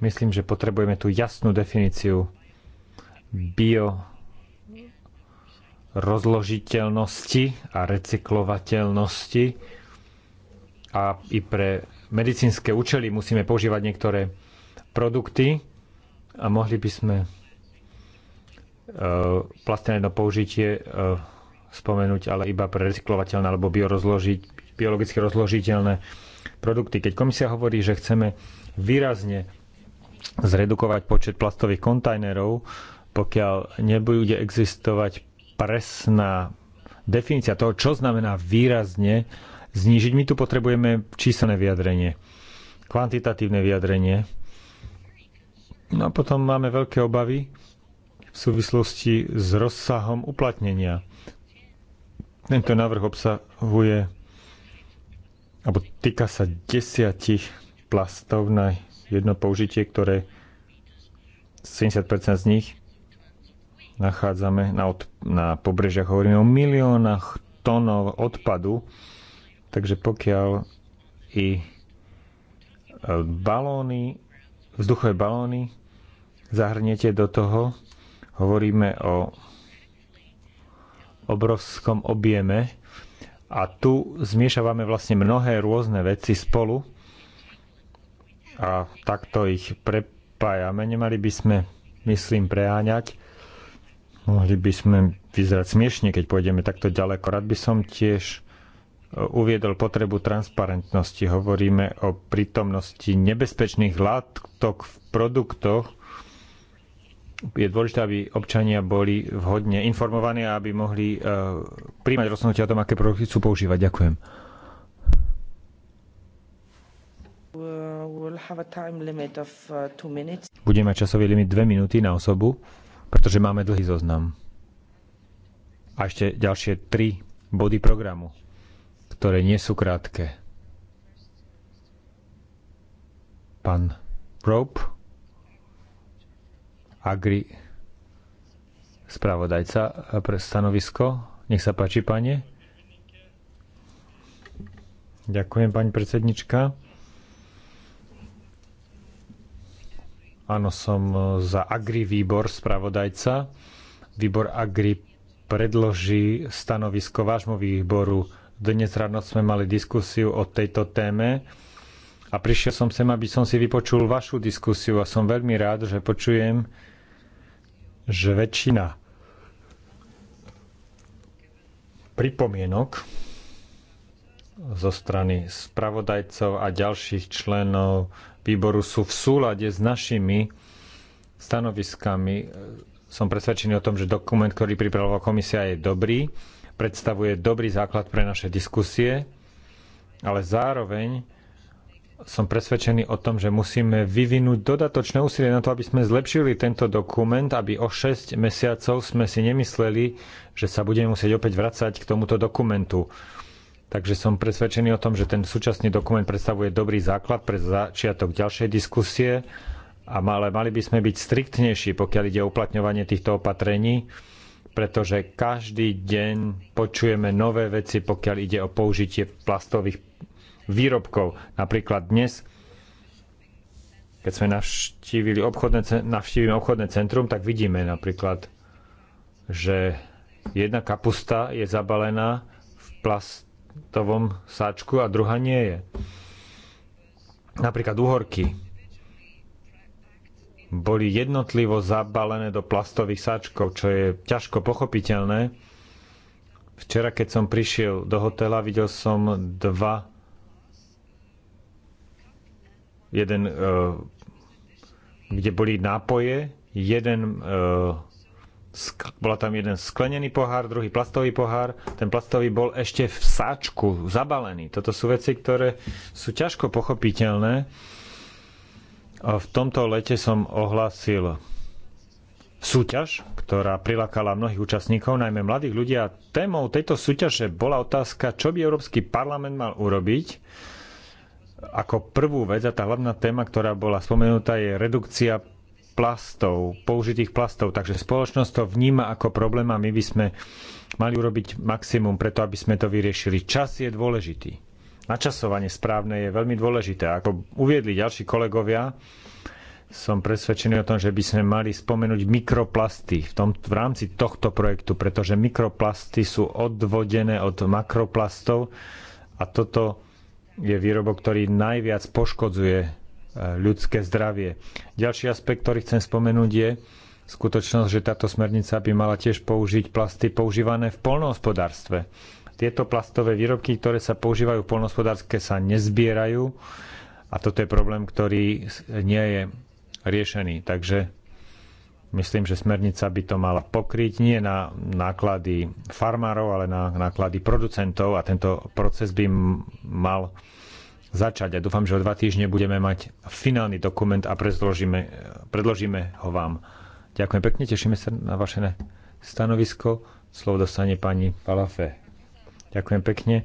Myslím, že potrebujeme tú jasnú definíciu bio rozložiteľnosti a recyklovateľnosti a i pre medicínske účely musíme používať niektoré produkty a mohli by sme uh, e, plastné na použitie uh, spomenúť, ale iba pre recyklovateľné alebo biorozložiť, biologicky rozložiteľné produkty. Keď komisia hovorí, že chceme výrazne zredukovať počet plastových kontajnerov, pokiaľ nebude existovať presná definícia toho, čo znamená výrazne znížiť. My tu potrebujeme číselné vyjadrenie, kvantitatívne vyjadrenie. No a potom máme veľké obavy v súvislosti s rozsahom uplatnenia. Tento návrh obsahuje alebo týka sa desiatich plastov na jedno použitie, ktoré 70% z nich nachádzame na, od, na pobrežiach. Hovoríme o miliónach tónov odpadu, takže pokiaľ i e, balóny, vzduchové balóny zahrniete do toho, hovoríme o obrovskom objeme a tu zmiešavame vlastne mnohé rôzne veci spolu a takto ich prepájame. Nemali by sme, myslím, preháňať. Mohli by sme vyzerať smiešne, keď pôjdeme takto ďaleko. Rád by som tiež e, uviedol potrebu transparentnosti. Hovoríme o prítomnosti nebezpečných látok v produktoch, je dôležité, aby občania boli vhodne informovaní a aby mohli uh, príjmať rozhodnutia o tom, aké produkty chcú používať. Ďakujem. Uh, Budeme mať časový limit 2 minúty na osobu, pretože máme dlhý zoznam. A ešte ďalšie tri body programu, ktoré nie sú krátke. Pán Rope. Agri, spravodajca pre stanovisko. Nech sa páči, pane. Ďakujem, pani predsednička. Áno, som za Agri výbor spravodajca. Výbor Agri predloží stanovisko vášmu výboru. Dnes ráno sme mali diskusiu o tejto téme a prišiel som sem, aby som si vypočul vašu diskusiu a som veľmi rád, že počujem, že väčšina pripomienok zo strany spravodajcov a ďalších členov výboru sú v súlade s našimi stanoviskami. Som presvedčený o tom, že dokument, ktorý pripravila komisia, je dobrý, predstavuje dobrý základ pre naše diskusie, ale zároveň som presvedčený o tom, že musíme vyvinúť dodatočné úsilie na to, aby sme zlepšili tento dokument, aby o 6 mesiacov sme si nemysleli, že sa budeme musieť opäť vracať k tomuto dokumentu. Takže som presvedčený o tom, že ten súčasný dokument predstavuje dobrý základ pre začiatok ďalšej diskusie, ale mali by sme byť striktnejší, pokiaľ ide o uplatňovanie týchto opatrení, pretože každý deň počujeme nové veci, pokiaľ ide o použitie plastových výrobkov. Napríklad dnes, keď sme navštívili obchodné, navštívili obchodné centrum, tak vidíme napríklad, že jedna kapusta je zabalená v plastovom sáčku a druhá nie je. Napríklad uhorky boli jednotlivo zabalené do plastových sáčkov, čo je ťažko pochopiteľné. Včera, keď som prišiel do hotela, videl som dva jeden, e, kde boli nápoje, jeden e, bola tam jeden sklenený pohár, druhý plastový pohár. Ten plastový bol ešte v sáčku, zabalený. Toto sú veci, ktoré sú ťažko pochopiteľné. A v tomto lete som ohlásil súťaž, ktorá prilákala mnohých účastníkov, najmä mladých ľudí. A témou tejto súťaže bola otázka, čo by Európsky parlament mal urobiť, ako prvú vec a tá hlavná téma, ktorá bola spomenutá, je redukcia plastov, použitých plastov. Takže spoločnosť to vníma ako problém a my by sme mali urobiť maximum preto, aby sme to vyriešili. Čas je dôležitý. Načasovanie správne je veľmi dôležité. Ako uviedli ďalší kolegovia, som presvedčený o tom, že by sme mali spomenúť mikroplasty v, tom, v rámci tohto projektu, pretože mikroplasty sú odvodené od makroplastov a toto je výrobok, ktorý najviac poškodzuje e, ľudské zdravie. Ďalší aspekt, ktorý chcem spomenúť, je skutočnosť, že táto smernica by mala tiež použiť plasty používané v polnohospodárstve. Tieto plastové výrobky, ktoré sa používajú v polnohospodárske, sa nezbierajú a toto je problém, ktorý nie je riešený. Takže Myslím, že smernica by to mala pokryť nie na náklady farmárov, ale na náklady producentov a tento proces by mal začať. A dúfam, že o dva týždne budeme mať finálny dokument a predložíme, predložíme ho vám. Ďakujem pekne, tešíme sa na vaše stanovisko. Slovo dostane pani Palafe. Ďakujem pekne.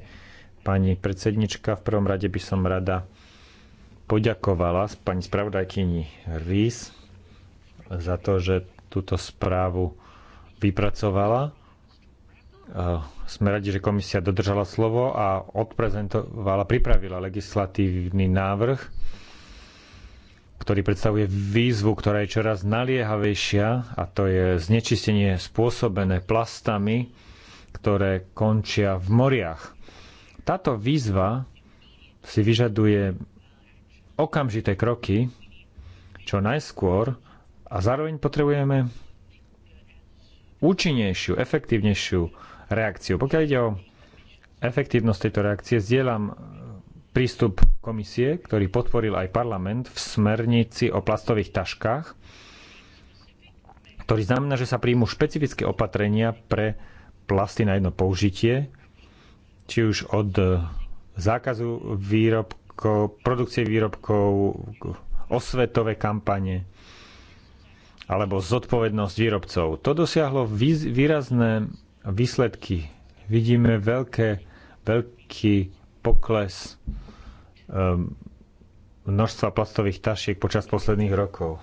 Pani predsednička, v prvom rade by som rada poďakovala pani spravodajkyni Rís za to, že túto správu vypracovala. E, sme radi, že komisia dodržala slovo a odprezentovala, pripravila legislatívny návrh, ktorý predstavuje výzvu, ktorá je čoraz naliehavejšia a to je znečistenie spôsobené plastami, ktoré končia v moriach. Táto výzva si vyžaduje okamžité kroky, čo najskôr, a zároveň potrebujeme účinnejšiu, efektívnejšiu reakciu. Pokiaľ ide o efektívnosť tejto reakcie, zdieľam e, prístup komisie, ktorý podporil aj parlament v smernici o plastových taškách, ktorý znamená, že sa príjmu špecifické opatrenia pre plasty na jedno použitie, či už od e, zákazu výrobkov, produkcie výrobkov, osvetové kampane alebo zodpovednosť výrobcov. To dosiahlo výrazné výsledky. Vidíme veľké, veľký pokles um, množstva plastových tašiek počas posledných rokov.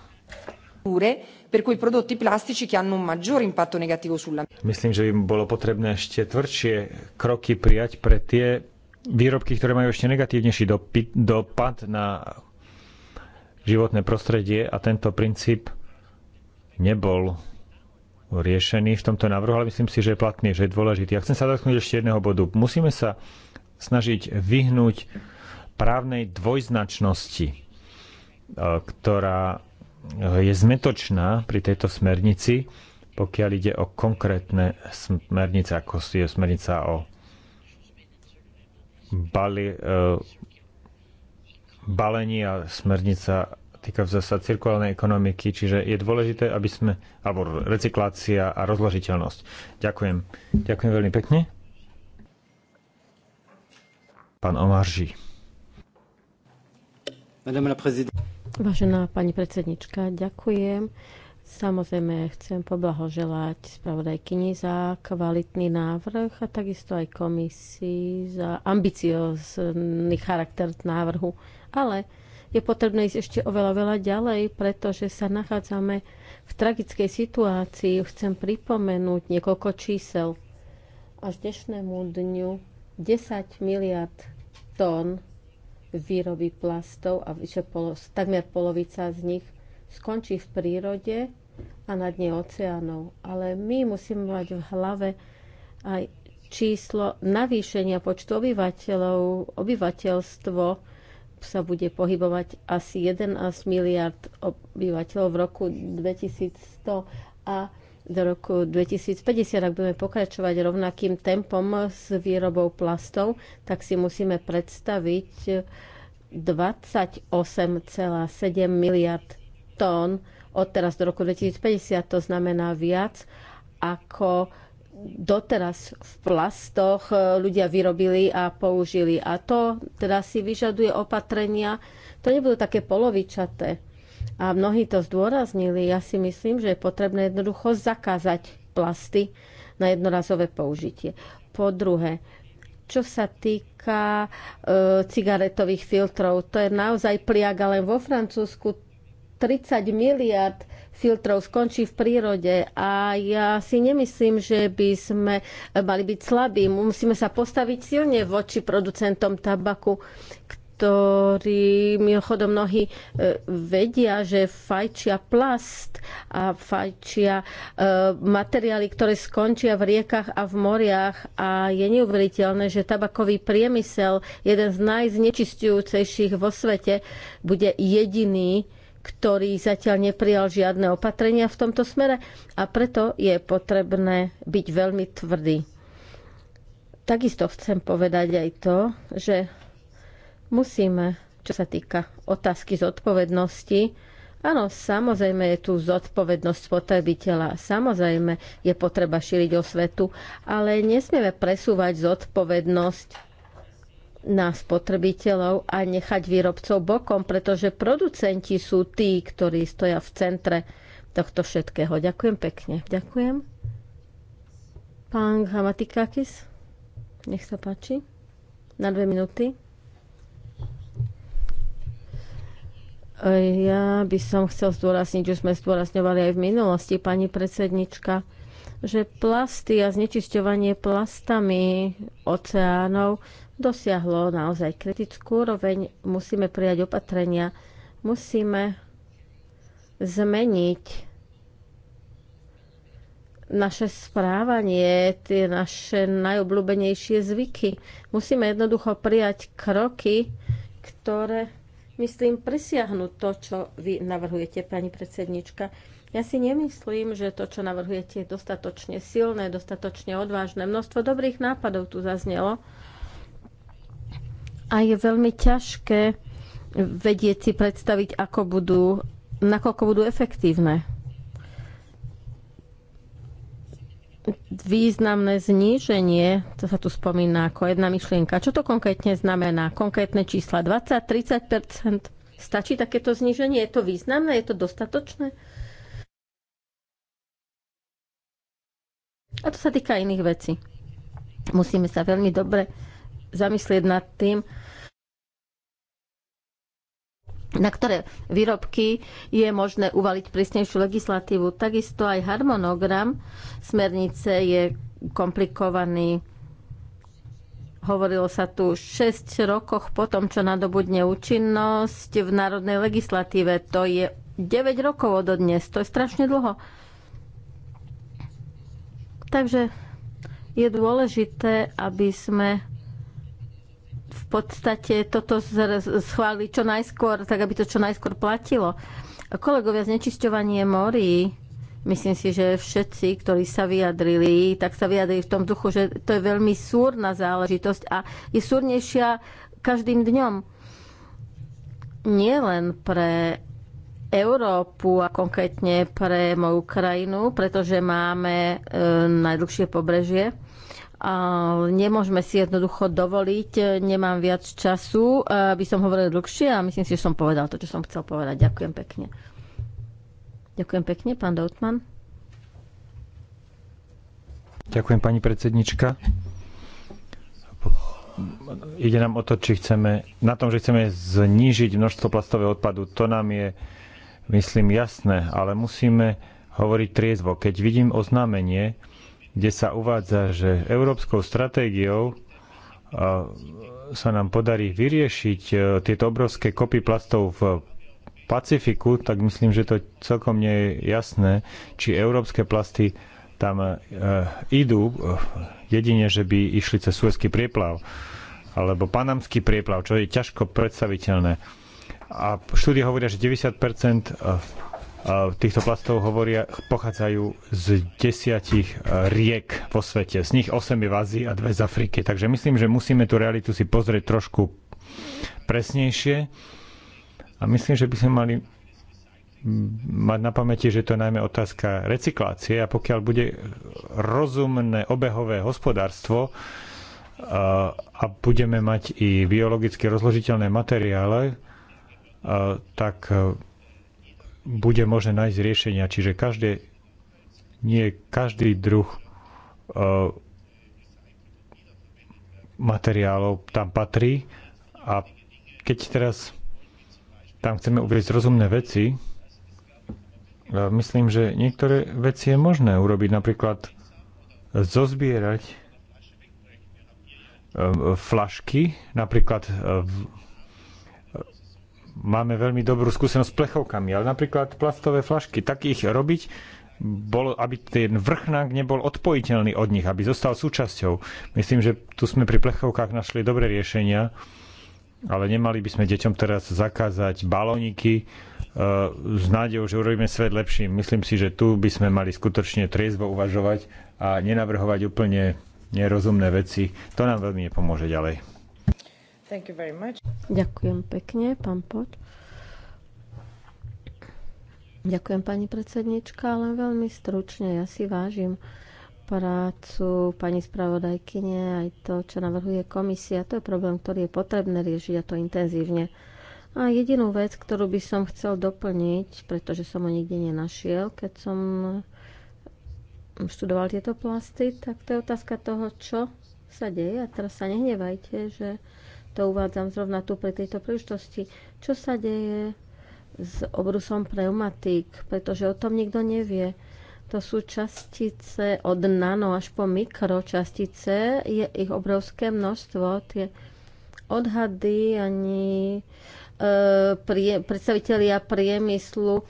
Myslím, že by bolo potrebné ešte tvrdšie kroky prijať pre tie výrobky, ktoré majú ešte negatívnejší dopad na životné prostredie a tento princíp nebol riešený v tomto návrhu, ale myslím si, že je platný, že je dôležitý. Ja chcem sa dotknúť ešte jedného bodu. Musíme sa snažiť vyhnúť právnej dvojznačnosti, e, ktorá je zmetočná pri tejto smernici, pokiaľ ide o konkrétne smernice, ako je smernica o bali, e, balení a smernica týka v cirkulárnej ekonomiky, čiže je dôležité, aby sme, alebo recyklácia a rozložiteľnosť. Ďakujem. Ďakujem veľmi pekne. Pán Omarži. Vážená pani predsednička, ďakujem. Samozrejme, chcem poblahoželať spravodajkyni za kvalitný návrh a takisto aj komisii za ambiciózny charakter návrhu. Ale je potrebné ísť ešte oveľa, veľa ďalej, pretože sa nachádzame v tragickej situácii. Chcem pripomenúť niekoľko čísel. Až dnešnému dňu 10 miliard tón výroby plastov a vyše polo, takmer polovica z nich skončí v prírode a na dne oceánov. Ale my musíme mať v hlave aj číslo navýšenia počtu obyvateľov, obyvateľstvo sa bude pohybovať asi 11 miliard obyvateľov v roku 2100 a do roku 2050, ak budeme pokračovať rovnakým tempom s výrobou plastov, tak si musíme predstaviť 28,7 miliard tón od teraz do roku 2050, to znamená viac ako doteraz v plastoch e, ľudia vyrobili a použili. A to teda si vyžaduje opatrenia. To nebudú také polovičaté. A mnohí to zdôraznili. Ja si myslím, že je potrebné jednoducho zakázať plasty na jednorazové použitie. Po druhé, čo sa týka e, cigaretových filtrov, to je naozaj pliaga len vo Francúzsku 30 miliard filtrov skončí v prírode a ja si nemyslím, že by sme mali byť slabí. Musíme sa postaviť silne voči producentom tabaku, ktorí mimochodom mnohí e, vedia, že fajčia plast a fajčia e, materiály, ktoré skončia v riekach a v moriach a je neuveriteľné, že tabakový priemysel, jeden z najznečistujúcejších vo svete, bude jediný, ktorý zatiaľ neprijal žiadne opatrenia v tomto smere a preto je potrebné byť veľmi tvrdý. Takisto chcem povedať aj to, že musíme, čo sa týka otázky zodpovednosti, áno, samozrejme je tu zodpovednosť spotrebiteľa, samozrejme je potreba šíriť osvetu, ale nesmieme presúvať zodpovednosť na spotrebiteľov a nechať výrobcov bokom, pretože producenti sú tí, ktorí stoja v centre tohto všetkého. Ďakujem pekne. Ďakujem. Pán Hamatikakis, nech sa páči. Na dve minúty. Ja by som chcel zdôrazniť, že sme zdôrazňovali aj v minulosti, pani predsednička, že plasty a znečisťovanie plastami oceánov dosiahlo naozaj kritickú úroveň, musíme prijať opatrenia, musíme zmeniť naše správanie, tie naše najobľúbenejšie zvyky. Musíme jednoducho prijať kroky, ktoré, myslím, prisiahnu to, čo vy navrhujete, pani predsednička. Ja si nemyslím, že to, čo navrhujete, je dostatočne silné, dostatočne odvážne. Množstvo dobrých nápadov tu zaznelo a je veľmi ťažké vedieť si predstaviť, ako budú, nakoľko budú efektívne. Významné zníženie, to sa tu spomína ako jedna myšlienka. Čo to konkrétne znamená? Konkrétne čísla 20, 30 Stačí takéto zníženie? Je to významné? Je to dostatočné? A to sa týka iných vecí. Musíme sa veľmi dobre zamyslieť nad tým, na ktoré výrobky je možné uvaliť prísnejšiu legislatívu. Takisto aj harmonogram smernice je komplikovaný. Hovorilo sa tu 6 rokoch po tom, čo nadobudne účinnosť v národnej legislatíve. To je 9 rokov od dnes. To je strašne dlho. Takže je dôležité, aby sme v podstate toto schváli čo najskôr, tak aby to čo najskôr platilo. Kolegovia, znečisťovanie morí, myslím si, že všetci, ktorí sa vyjadrili, tak sa vyjadrili v tom duchu, že to je veľmi súrna záležitosť a je súrnejšia každým dňom. Nie len pre Európu a konkrétne pre moju krajinu, pretože máme e, najdlhšie pobrežie, a nemôžeme si jednoducho dovoliť, e, nemám viac času, e, aby som hovoril dlhšie a myslím si, že som povedal to, čo som chcel povedať. Ďakujem pekne. Ďakujem pekne, pán Doutman. Ďakujem, pani predsednička. Ide nám o to, či chceme, na tom, že chceme znížiť množstvo plastového odpadu. To nám je, myslím, jasné, ale musíme hovoriť triezvo. Keď vidím oznámenie, kde sa uvádza, že európskou stratégiou sa nám podarí vyriešiť e, tieto obrovské kopy plastov v Pacifiku, tak myslím, že to celkom nie je jasné, či európske plasty tam e, idú, e, jedine, že by išli cez Suezký prieplav alebo Panamský prieplav, čo je ťažko predstaviteľné. A štúdie hovoria, že 90% týchto plastov hovoria, pochádzajú z desiatich e, riek vo svete. Z nich 8 je v Ázii a dve z Afriky. Takže myslím, že musíme tú realitu si pozrieť trošku presnejšie. A myslím, že by sme mali mať na pamäti, že to je najmä otázka recyklácie a pokiaľ bude rozumné obehové hospodárstvo e, a budeme mať i biologicky rozložiteľné materiály, e, tak bude možné nájsť riešenia. Čiže každé, nie každý druh e, materiálov tam patrí a keď teraz tam chceme uvieť rozumné veci, e, myslím, že niektoré veci je možné urobiť. Napríklad zozbierať e, flašky, napríklad máme veľmi dobrú skúsenosť s plechovkami, ale napríklad plastové flašky, tak ich robiť, bolo, aby ten vrchnák nebol odpojiteľný od nich, aby zostal súčasťou. Myslím, že tu sme pri plechovkách našli dobré riešenia, ale nemali by sme deťom teraz zakázať balóniky uh, s nádejou, že urobíme svet lepším. Myslím si, že tu by sme mali skutočne triezvo uvažovať a nenavrhovať úplne nerozumné veci. To nám veľmi nepomôže ďalej. Thank you very much. Ďakujem pekne, pán Poď. Ďakujem, pani predsednička, ale veľmi stručne. Ja si vážim prácu pani spravodajkyne, aj to, čo navrhuje komisia. To je problém, ktorý je potrebné riešiť a to intenzívne. A jedinú vec, ktorú by som chcel doplniť, pretože som ho nikde nenašiel, keď som študoval tieto plasty, tak to je otázka toho, čo sa deje. A teraz sa nehnevajte, že to uvádzam zrovna tu pri tejto príležitosti, čo sa deje s obrusom pneumatík, pretože o tom nikto nevie. To sú častice od nano až po mikročastice, je ich obrovské množstvo. Tie odhady ani E, prie, predstavitelia priemyslu e,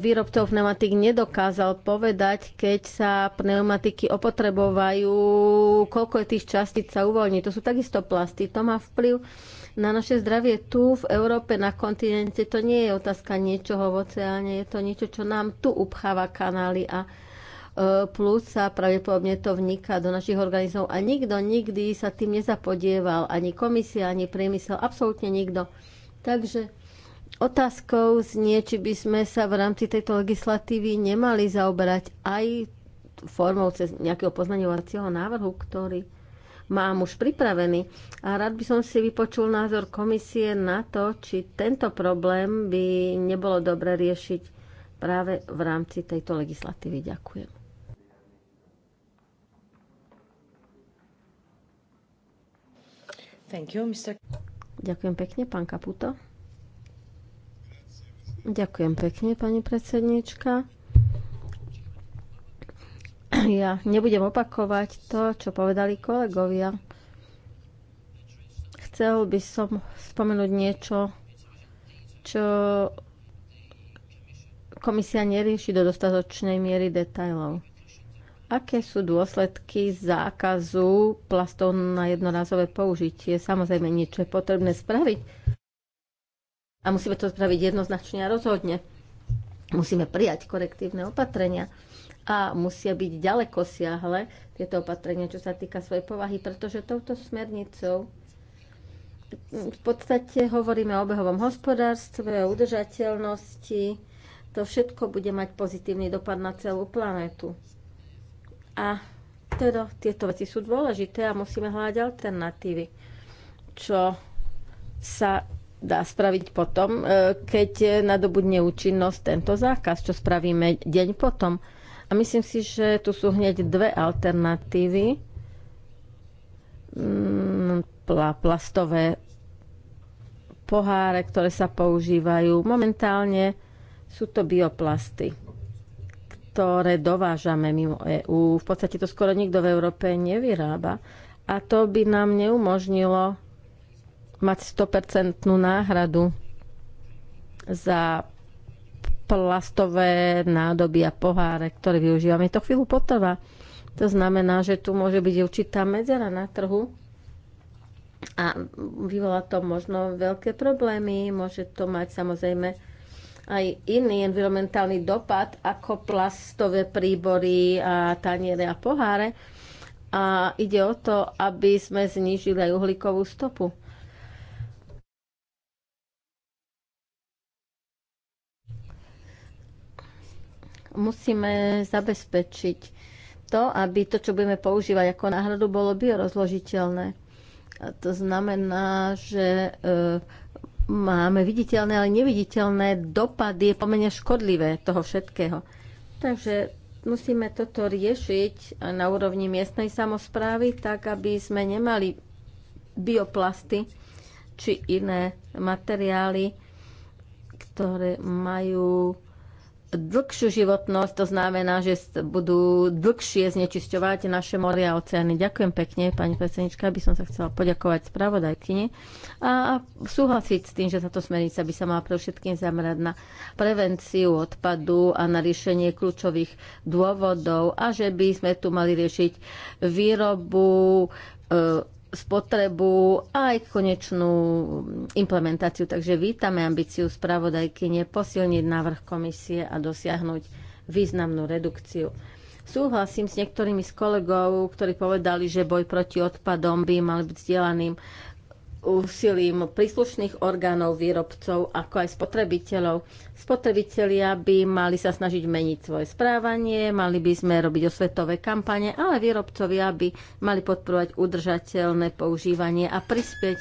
výrobcov pneumatik nedokázal povedať, keď sa pneumatiky opotrebovajú, koľko je tých častíc sa uvoľní. To sú takisto plasty. To má vplyv na naše zdravie tu v Európe, na kontinente. To nie je otázka niečoho v oceáne, je to niečo, čo nám tu upcháva kanály a e, plus sa pravdepodobne to vníka do našich organizmov a nikto nikdy sa tým nezapodieval, ani komisia, ani priemysel, absolútne nikto. Takže otázkou znie, či by sme sa v rámci tejto legislatívy nemali zaoberať aj formou cez nejakého poznaňovacieho návrhu, ktorý mám už pripravený. A rád by som si vypočul názor komisie na to, či tento problém by nebolo dobre riešiť práve v rámci tejto legislatívy. Ďakujem. Thank you, Mr. Ďakujem pekne, pán Kaputo. Ďakujem pekne, pani predsednička. Ja nebudem opakovať to, čo povedali kolegovia. Chcel by som spomenúť niečo, čo komisia nerieši do dostatočnej miery detajlov. Aké sú dôsledky zákazu plastov na jednorazové použitie? Samozrejme, niečo je potrebné spraviť. A musíme to spraviť jednoznačne a rozhodne. Musíme prijať korektívne opatrenia a musia byť ďaleko siahle tieto opatrenia, čo sa týka svojej povahy, pretože touto smernicou v podstate hovoríme o obehovom hospodárstve, o udržateľnosti. To všetko bude mať pozitívny dopad na celú planetu. A teda tieto veci sú dôležité a musíme hľadať alternatívy. Čo sa dá spraviť potom, e, keď nadobudne účinnosť tento zákaz, čo spravíme deň potom. A myslím si, že tu sú hneď dve alternatívy. Mm, plastové poháre, ktoré sa používajú momentálne, sú to bioplasty ktoré dovážame mimo EÚ. V podstate to skoro nikto v Európe nevyrába. A to by nám neumožnilo mať 100% náhradu za plastové nádoby a poháre, ktoré využívame. To chvíľu potrvá. To znamená, že tu môže byť určitá medzera na trhu a vyvolá to možno veľké problémy. Môže to mať samozrejme aj iný environmentálny dopad ako plastové príbory a taniere a poháre. A ide o to, aby sme znížili aj uhlíkovú stopu. Musíme zabezpečiť to, aby to, čo budeme používať ako náhradu, bolo biorozložiteľné. A to znamená, že e, máme viditeľné, ale neviditeľné dopady, je pomene škodlivé toho všetkého. Takže musíme toto riešiť na úrovni miestnej samozprávy, tak aby sme nemali bioplasty či iné materiály, ktoré majú dlhšiu životnosť, to znamená, že budú dlhšie znečisťovať naše moria a oceány. Ďakujem pekne, pani predsednička, by som sa chcela poďakovať spravodajkyni a súhlasiť s tým, že táto smernica by sa mala pre všetkým zamerať na prevenciu odpadu a na riešenie kľúčových dôvodov a že by sme tu mali riešiť výrobu e, spotrebu aj konečnú implementáciu. Takže vítame ambíciu spravodajkyne posilniť návrh komisie a dosiahnuť významnú redukciu. Súhlasím s niektorými z kolegov, ktorí povedali, že boj proti odpadom by mal byť vzdielaným úsilím príslušných orgánov, výrobcov, ako aj spotrebiteľov. Spotrebitelia by mali sa snažiť meniť svoje správanie, mali by sme robiť osvetové kampane, ale výrobcovia by mali podporovať udržateľné používanie a prispieť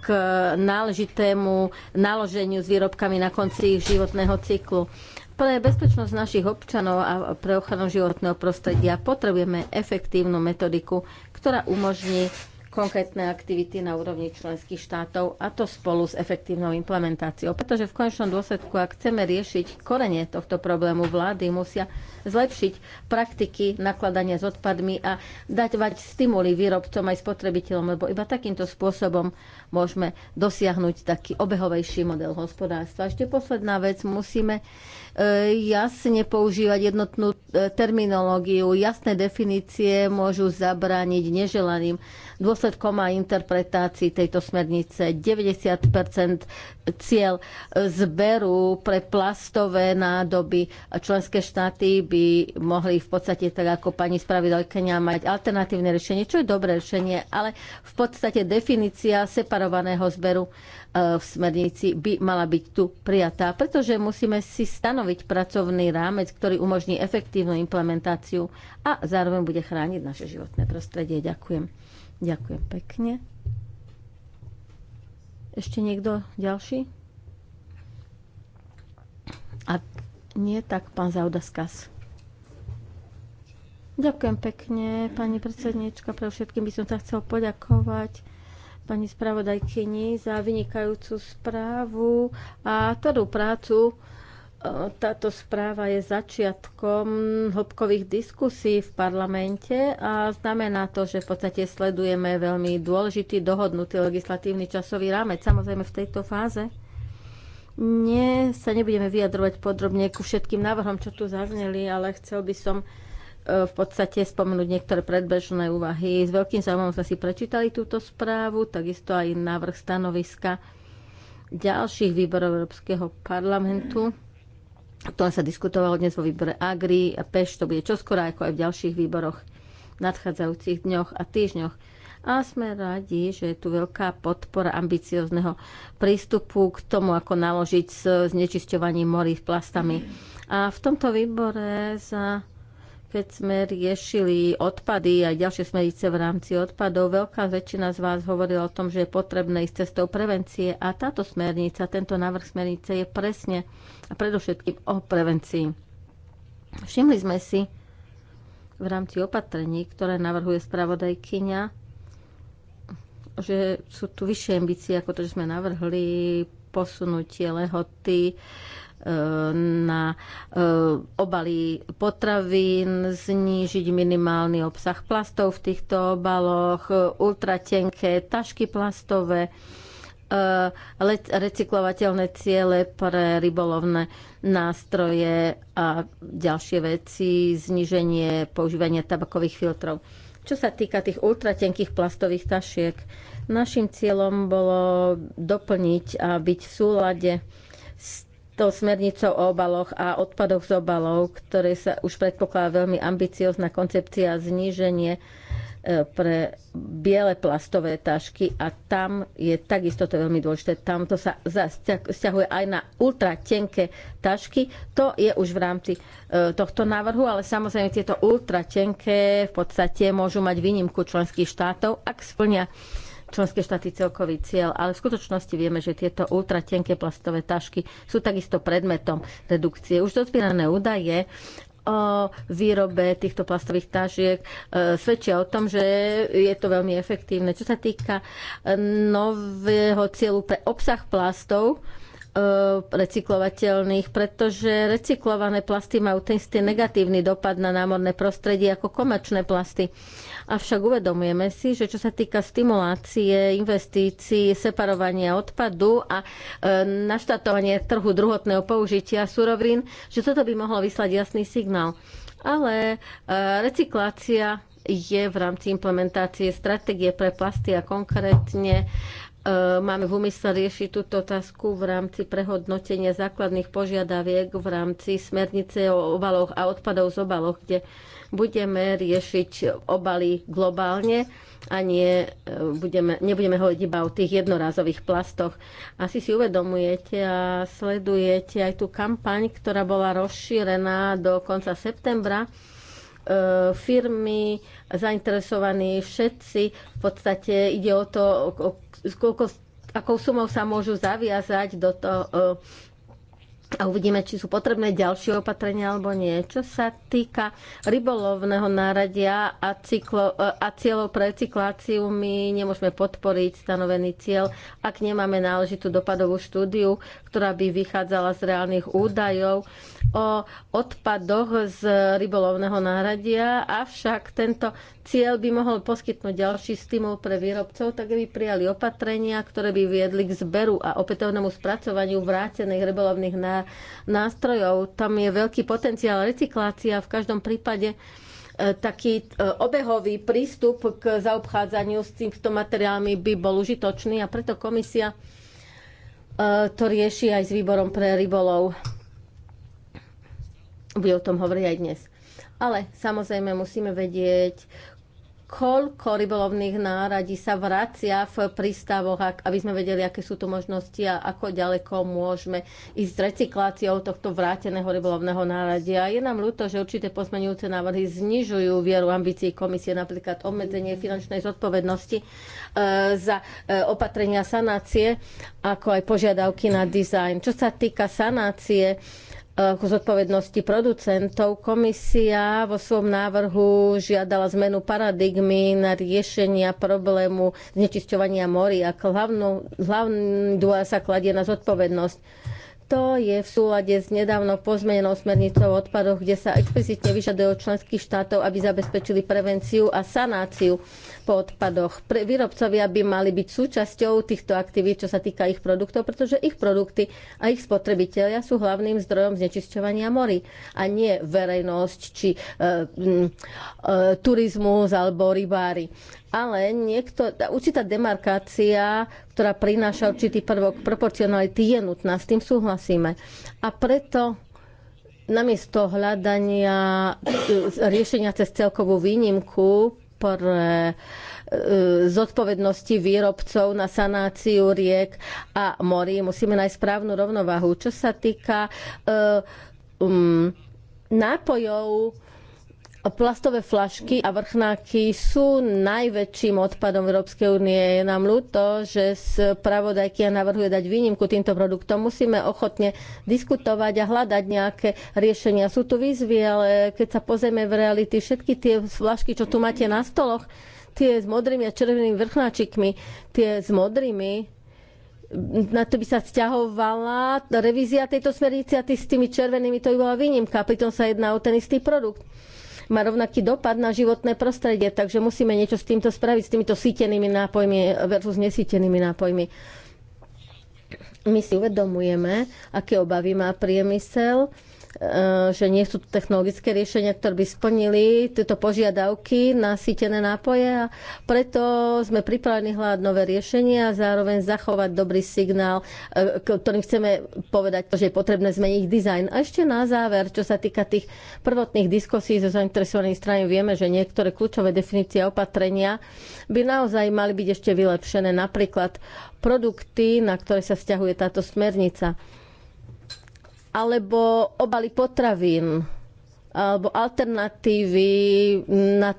k náležitému naloženiu s výrobkami na konci ich životného cyklu. Pre bezpečnosť našich občanov a pre ochranu životného prostredia potrebujeme efektívnu metodiku, ktorá umožní konkrétne aktivity na úrovni členských štátov a to spolu s efektívnou implementáciou. Pretože v končnom dôsledku, ak chceme riešiť korene tohto problému, vlády musia zlepšiť praktiky nakladania s odpadmi a dať vať stimuly výrobcom aj spotrebiteľom, lebo iba takýmto spôsobom môžeme dosiahnuť taký obehovejší model hospodárstva. Ešte posledná vec, musíme E, jasne používať jednotnú e, terminológiu. Jasné definície môžu zabrániť neželaným dôsledkom a interpretácii tejto smernice. 90 cieľ e, zberu pre plastové nádoby členské štáty by mohli v podstate, tak ako pani spravidelkenia, mať alternatívne riešenie, čo je dobré riešenie, ale v podstate definícia separovaného zberu E, v smernici by mala byť tu prijatá, pretože musíme si stanoviť pracovný rámec, ktorý umožní efektívnu implementáciu a zároveň bude chrániť naše životné prostredie. Ďakujem. Ďakujem pekne. Ešte niekto ďalší? Ak nie, tak pán Zaudaskas. Ďakujem pekne, pani predsednička. Pre všetkým by som sa chcel poďakovať pani spravodajkyni za vynikajúcu správu a tvrdú prácu. E, táto správa je začiatkom hĺbkových diskusí v parlamente a znamená to, že v podstate sledujeme veľmi dôležitý dohodnutý legislatívny časový rámec. Samozrejme v tejto fáze nie, sa nebudeme vyjadrovať podrobne ku všetkým návrhom, čo tu zazneli, ale chcel by som v podstate spomenúť niektoré predbežné úvahy. S veľkým záujmom sme si prečítali túto správu, takisto aj návrh stanoviska ďalších výborov Európskeho parlamentu. To sa diskutovalo dnes vo výbore Agri a Peš, to bude čoskoro ako aj v ďalších výboroch v nadchádzajúcich dňoch a týždňoch. A sme radi, že je tu veľká podpora ambiciozneho prístupu k tomu, ako naložiť s znečisťovaním morí plastami. A v tomto výbore za keď sme riešili odpady a ďalšie smerice v rámci odpadov, veľká väčšina z vás hovorila o tom, že je potrebné ísť cestou prevencie a táto smernica, tento návrh smernice je presne a predovšetkým o prevencii. Všimli sme si v rámci opatrení, ktoré navrhuje spravodajkyňa, že sú tu vyššie ambície ako to, že sme navrhli posunutie lehoty na e, obaly potravín, znížiť minimálny obsah plastov v týchto obaloch, ultratenké tašky plastové, e, recyklovateľné ciele pre rybolovné nástroje a ďalšie veci, zníženie používania tabakových filtrov. Čo sa týka tých ultratenkých plastových tašiek, našim cieľom bolo doplniť a byť v súlade s tou smernicou o obaloch a odpadoch z obalov, ktoré sa už predpokladá veľmi ambiciozná koncepcia zníženie e, pre biele plastové tašky a tam je takisto to veľmi dôležité. Tam to sa vzťahuje aj na ultra tenké tašky. To je už v rámci e, tohto návrhu, ale samozrejme tieto ultra tenké v podstate môžu mať výnimku členských štátov, ak splňa členské štáty celkový cieľ, ale v skutočnosti vieme, že tieto ultratenké plastové tašky sú takisto predmetom redukcie. Už dozbierané údaje o výrobe týchto plastových tašiek e, svedčia o tom, že je to veľmi efektívne. Čo sa týka nového cieľu pre obsah plastov, E, recyklovateľných, pretože recyklované plasty majú ten istý negatívny dopad na námorné prostredie ako komerčné plasty. Avšak uvedomujeme si, že čo sa týka stimulácie, investícií, separovania odpadu a e, naštatovanie trhu druhotného použitia surovín, že toto by mohlo vyslať jasný signál. Ale e, recyklácia je v rámci implementácie stratégie pre plasty a konkrétne E, máme v úmysle riešiť túto otázku v rámci prehodnotenia základných požiadaviek v rámci smernice o obaloch a odpadov z obaloch, kde budeme riešiť obaly globálne a nie, e, budeme, nebudeme hovoriť iba o tých jednorázových plastoch. Asi si uvedomujete a sledujete aj tú kampaň, ktorá bola rozšírená do konca septembra E, firmy, zainteresovaní všetci. V podstate ide o to, o, koľko, akou sumou sa môžu zaviazať do toho e, a uvidíme, či sú potrebné ďalšie opatrenia alebo nie. Čo sa týka rybolovného náradia a, cyklo, e, a cieľov pre cykláciu my nemôžeme podporiť stanovený cieľ, ak nemáme náležitú dopadovú štúdiu, ktorá by vychádzala z reálnych údajov o odpadoch z rybolovného náradia, avšak tento cieľ by mohol poskytnúť ďalší stimul pre výrobcov, tak by prijali opatrenia, ktoré by viedli k zberu a opätovnému spracovaniu vrátených rybolovných nástrojov. Tam je veľký potenciál recyklácia v každom prípade e, taký e, obehový prístup k zaobchádzaniu s týmto materiálmi by bol užitočný a preto komisia E, to rieši aj s výborom pre rybolov. Bude o tom hovoriť aj dnes. Ale samozrejme musíme vedieť, koľko rybolovných náradí sa vracia v prístavoch, aby sme vedeli, aké sú tu možnosti a ako ďaleko môžeme ísť s recykláciou tohto vráteného rybolovného náradia. Je nám ľúto, že určité pozmenujúce návrhy znižujú vieru ambícií komisie, napríklad obmedzenie finančnej zodpovednosti e, za e, opatrenia sanácie, ako aj požiadavky na dizajn. Čo sa týka sanácie, Eh, k zodpovednosti producentov. Komisia vo svojom návrhu žiadala zmenu paradigmy na riešenia problému znečisťovania morí a hlavnú, hlavný dôraz sa kladie na zodpovednosť. To je v súlade s nedávno pozmenenou smernicou o odpadoch, kde sa explicitne vyžaduje od členských štátov, aby zabezpečili prevenciu a sanáciu po odpadoch. Pre, výrobcovia by mali byť súčasťou týchto aktivít, čo sa týka ich produktov, pretože ich produkty a ich spotrebitelia sú hlavným zdrojom znečisťovania mori a nie verejnosť či e, e, turizmus alebo rybári ale niekto, určitá demarkácia, ktorá prináša určitý prvok proporcionality, je nutná, s tým súhlasíme. A preto namiesto hľadania e, riešenia cez celkovú výnimku pre e, zodpovednosti výrobcov na sanáciu riek a morí. Musíme nájsť správnu rovnovahu. Čo sa týka e, um, nápojov, Plastové flašky a vrchnáky sú najväčším odpadom Európskej únie. Je nám ľúto, že spravodajky navrhuje dať výnimku týmto produktom. Musíme ochotne diskutovať a hľadať nejaké riešenia. Sú tu výzvy, ale keď sa pozrieme v reality, všetky tie flašky, čo tu máte na stoloch, tie s modrými a červenými vrchnáčikmi, tie s modrými, na to by sa vzťahovala revízia tejto smernice a tý s tými červenými to by bola výnimka. Pritom sa jedná o ten istý produkt má rovnaký dopad na životné prostredie, takže musíme niečo s týmto spraviť, s týmito sítenými nápojmi versus nesítenými nápojmi. My si uvedomujeme, aké obavy má priemysel Eh, že nie sú tu technologické riešenia, ktoré by splnili tieto požiadavky na sítené nápoje a preto sme pripravení hľadať nové riešenia a zároveň zachovať dobrý signál, eh, ktorým chceme povedať, že je potrebné zmeniť dizajn. A ešte na záver, čo sa týka tých prvotných diskusí so zainteresovanými stranami, vieme, že niektoré kľúčové definície opatrenia by naozaj mali byť ešte vylepšené. Napríklad produkty, na ktoré sa vzťahuje táto smernica alebo obaly potravín, alebo alternatívy na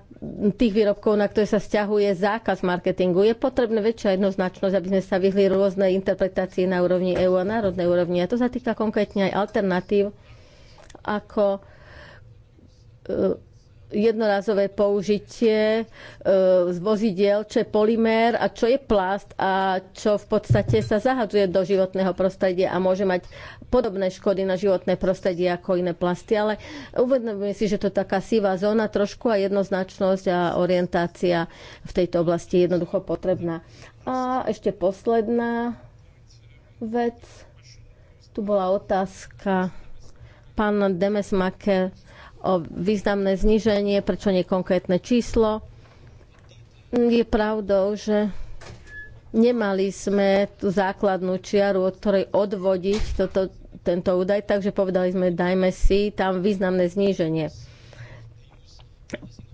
tých výrobkov, na ktoré sa stiahuje zákaz marketingu. Je potrebné väčšia jednoznačnosť, aby sme sa vyhli rôzne interpretácie na úrovni EU a národnej úrovni. A to sa týka konkrétne aj alternatív, ako jednorazové použitie eh, z vozidiel, čo je polimér a čo je plast a čo v podstate sa zahadzuje do životného prostredia a môže mať podobné škody na životné prostredie ako iné plasty, ale uvedomujem si, že to je taká sivá zóna trošku a jednoznačnosť a orientácia v tejto oblasti je jednoducho potrebná. A ešte posledná vec. Tu bola otázka pán Demesmaker o významné zníženie, prečo nie konkrétne číslo. Je pravdou, že nemali sme tú základnú čiaru, od ktorej odvodiť toto, tento údaj, takže povedali sme, dajme si tam významné zníženie.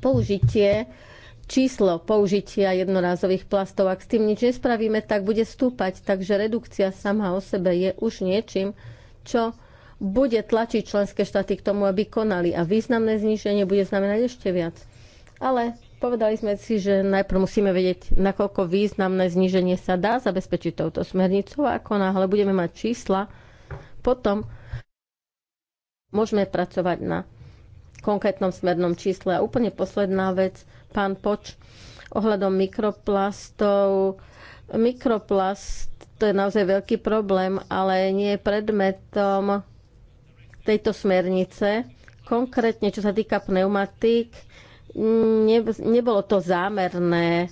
Použitie číslo použitia jednorázových plastov. Ak s tým nič nespravíme, tak bude stúpať. Takže redukcia sama o sebe je už niečím, čo bude tlačiť členské štáty k tomu, aby konali a významné zníženie bude znamenať ešte viac. Ale povedali sme si, že najprv musíme vedieť, nakoľko významné zníženie sa dá zabezpečiť touto smernicou a ako náhle budeme mať čísla, potom môžeme pracovať na konkrétnom smernom čísle. A úplne posledná vec, pán Poč, ohľadom mikroplastov. Mikroplast to je naozaj veľký problém, ale nie je predmetom tejto smernice. Konkrétne, čo sa týka pneumatík, ne, nebolo to zámerné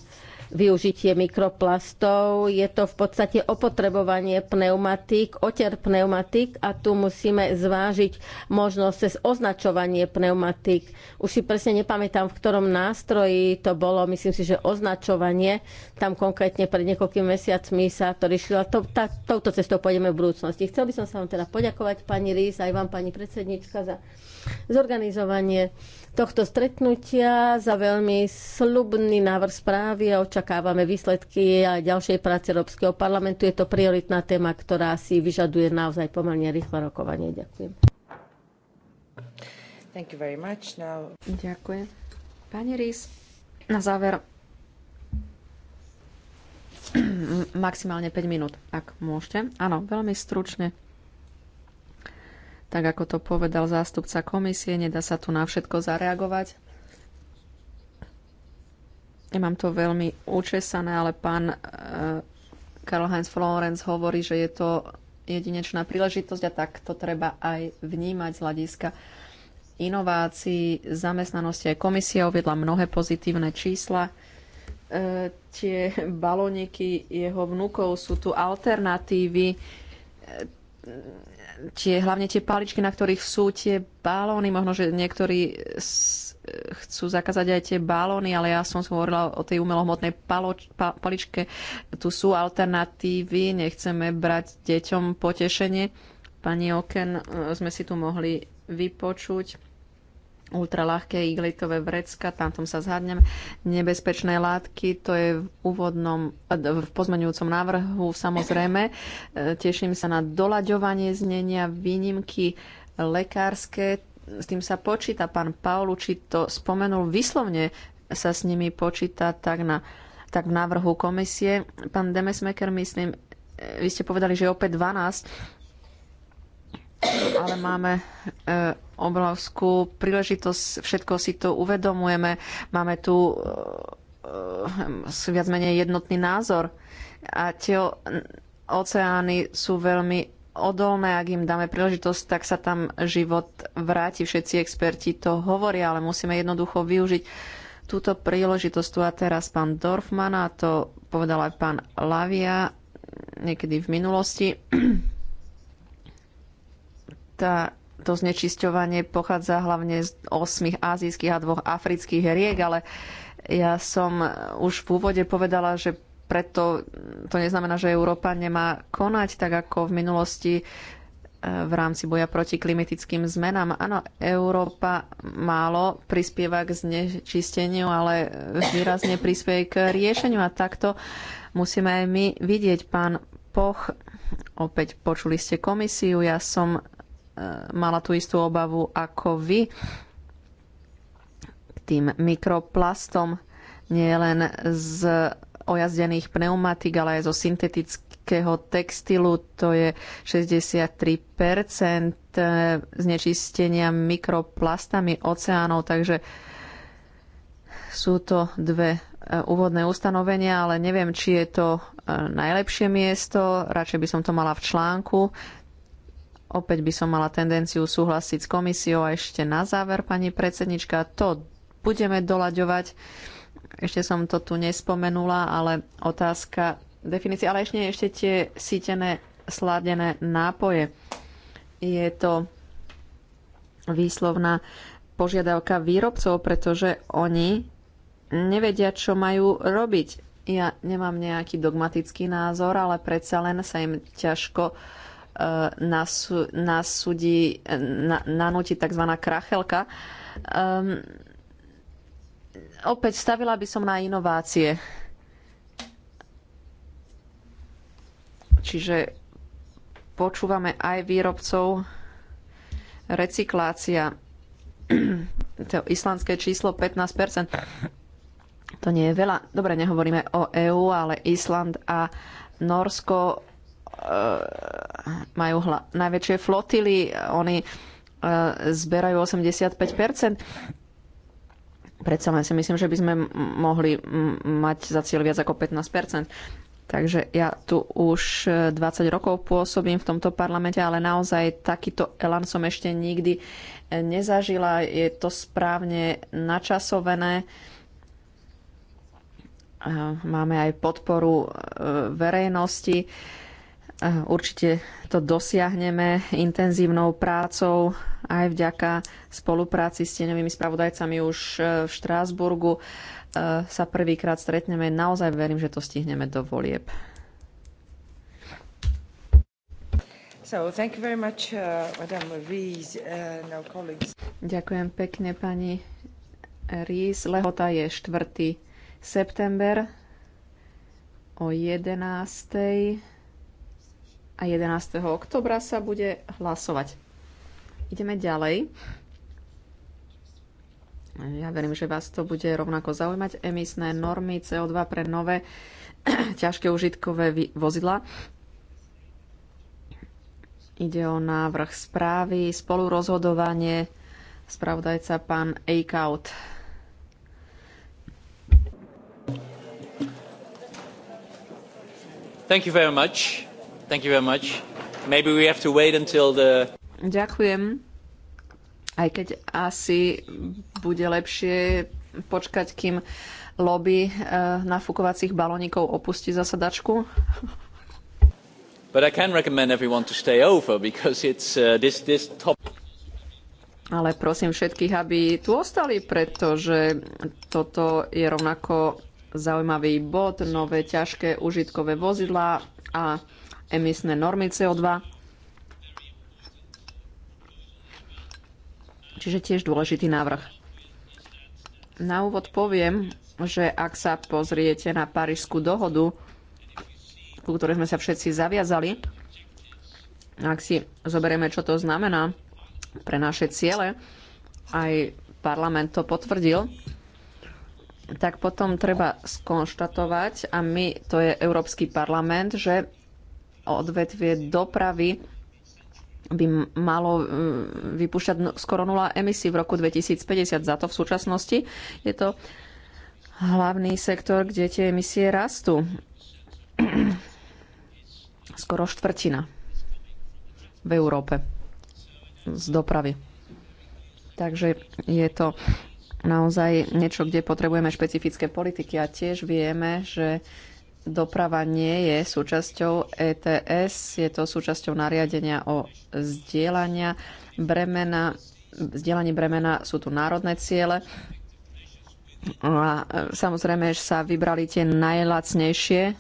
využitie mikroplastov. Je to v podstate opotrebovanie pneumatík, oter pneumatík a tu musíme zvážiť možnosť cez označovanie pneumatík. Už si presne nepamätám, v ktorom nástroji to bolo. Myslím si, že označovanie, tam konkrétne pred niekoľkými mesiacmi sa to riešilo. To, tá, touto cestou pôjdeme v budúcnosti. Chcel by som sa vám teda poďakovať, pani Rís, aj vám, pani predsednička, za zorganizovanie tohto stretnutia, za veľmi slubný návrh správy a očakávam očakávame výsledky a ďalšej práce Európskeho parlamentu. Je to prioritná téma, ktorá si vyžaduje naozaj pomerne rýchle rokovanie. Ďakujem. Thank you very much. Now... Ďakujem. Pani Rís, na záver (clears throat) maximálne 5 minút, ak môžete. Áno, veľmi stručne. Tak ako to povedal zástupca komisie, nedá sa tu na všetko zareagovať. Nemám to veľmi učesané, ale pán e, Karl Heinz Florenz hovorí, že je to jedinečná príležitosť a tak to treba aj vnímať z hľadiska inovácií, zamestnanosti. Aj komisia uviedla mnohé pozitívne čísla. E, tie balóniky jeho vnúkov sú tu alternatívy. E, tie, hlavne tie paličky, na ktorých sú tie balóny, možno, že niektorí s chcú zakázať aj tie balóny, ale ja som hovorila o tej umelohmotnej paloč, pa, paličke. Tu sú alternatívy, nechceme brať deťom potešenie. Pani Oken, e, sme si tu mohli vypočuť ultraľahké iglitové vrecka, tamtom sa zhadnem, nebezpečné látky, to je v úvodnom, e, v pozmeňujúcom návrhu samozrejme. E, teším sa na doľaďovanie znenia, výnimky lekárske, s tým sa počíta. Pán či to spomenul vyslovne, sa s nimi počíta tak, na, tak v návrhu komisie. Pán Demesmeker, myslím, e, vy ste povedali, že opäť 12 ale máme e, obrovskú príležitosť, všetko si to uvedomujeme, máme tu e, e viac menej jednotný názor a tie oceány sú veľmi odolné, ak im dáme príležitosť, tak sa tam život vráti. Všetci experti to hovoria, ale musíme jednoducho využiť túto príležitosť tu a teraz pán Dorfman a to povedal aj pán Lavia niekedy v minulosti. (clears throat) Tá, to znečisťovanie pochádza hlavne z osmých azijských a dvoch afrických riek, ale ja som už v úvode povedala, že preto to neznamená, že Európa nemá konať tak, ako v minulosti e, v rámci boja proti klimatickým zmenám. Áno, Európa málo prispieva k znečisteniu, ale výrazne prispieje k riešeniu a takto musíme aj my vidieť. Pán Poch, opäť počuli ste komisiu, ja som e, mala tú istú obavu ako vy k tým mikroplastom, len z ojazdených pneumatik, ale aj zo syntetického textilu. To je 63 eh, znečistenia mikroplastami oceánov, takže sú to dve eh, úvodné ustanovenia, ale neviem, či je to eh, najlepšie miesto. Radšej by som to mala v článku. Opäť by som mala tendenciu súhlasiť s komisiou a ešte na záver, pani predsednička, to budeme doľaďovať. Ešte som to tu nespomenula, ale otázka definície, ale ešte, ešte tie sítené sladené nápoje. Je to výslovná požiadavka výrobcov, pretože oni nevedia, čo majú robiť. Ja nemám nejaký dogmatický názor, ale predsa len sa im ťažko e, nasudí, nanúti tzv. krachelka. Ehm, Opäť stavila by som na inovácie. Čiže počúvame aj výrobcov recyklácia. To islandské číslo 15%. To nie je veľa. Dobre, nehovoríme o EÚ, ale Island a Norsko eh, majú najväčšie flotily, oni eh, zberajú 85%. Predsa len si myslím, že by sme mohli mať za cieľ viac ako 15 Takže ja tu už 20 e, rokov pôsobím v tomto parlamente, ale naozaj takýto elan som ešte nikdy e, nezažila. Je to správne načasované. E, máme aj podporu verejnosti. Eh, určite to dosiahneme intenzívnou prácou aj vďaka spolupráci s tenovými spravodajcami už eh, v Štrásburgu. Eh, sa prvýkrát stretneme. Naozaj verím, že to stihneme do volieb. So, much, uh, Ries, uh, Ďakujem pekne, pani Ries. Lehota je 4. september o 11 a 11. oktobra sa bude hlasovať. Ideme ďalej. Ja verím, že vás to bude rovnako zaujímať. Emisné normy CO2 pre nové (clears throat) ťažké užitkové vozidla. Ide o návrh správy, spolurozhodovanie, spravodajca pán Eikaut. Thank you very much. Thank you very much. Maybe we have to wait until the... Ďakujem. Aj keď asi bude lepšie počkať, kým lobby nafukovacích eh, nafúkovacích balónikov opustí zasadačku. (laughs) But I can recommend everyone to stay over because it's uh, this, this top... Ale prosím všetkých, aby tu ostali, pretože toto je rovnako zaujímavý bod, nové ťažké užitkové vozidlá a emisné normy CO2. Čiže tiež dôležitý návrh. Na úvod poviem, že ak sa pozriete na Parížskú dohodu, ku ktorej sme sa všetci zaviazali, ak si zoberieme, čo to znamená pre naše ciele, aj parlament to potvrdil, tak potom treba skonštatovať, a my, to je Európsky parlament, že odvetvie dopravy by malo vypúšťať skoro nula emisí v roku 2050. Za to v súčasnosti je to hlavný sektor, kde tie emisie rastú. (clears throat) Skoro štvrtina v Európe z dopravy. Takže je to naozaj niečo, kde potrebujeme špecifické politiky a tiež vieme, že doprava nie je súčasťou ETS, je to súčasťou nariadenia o zdieľania bremena. Zdieľanie bremena sú tu národné ciele. No a e, samozrejme, že sa vybrali tie najlacnejšie,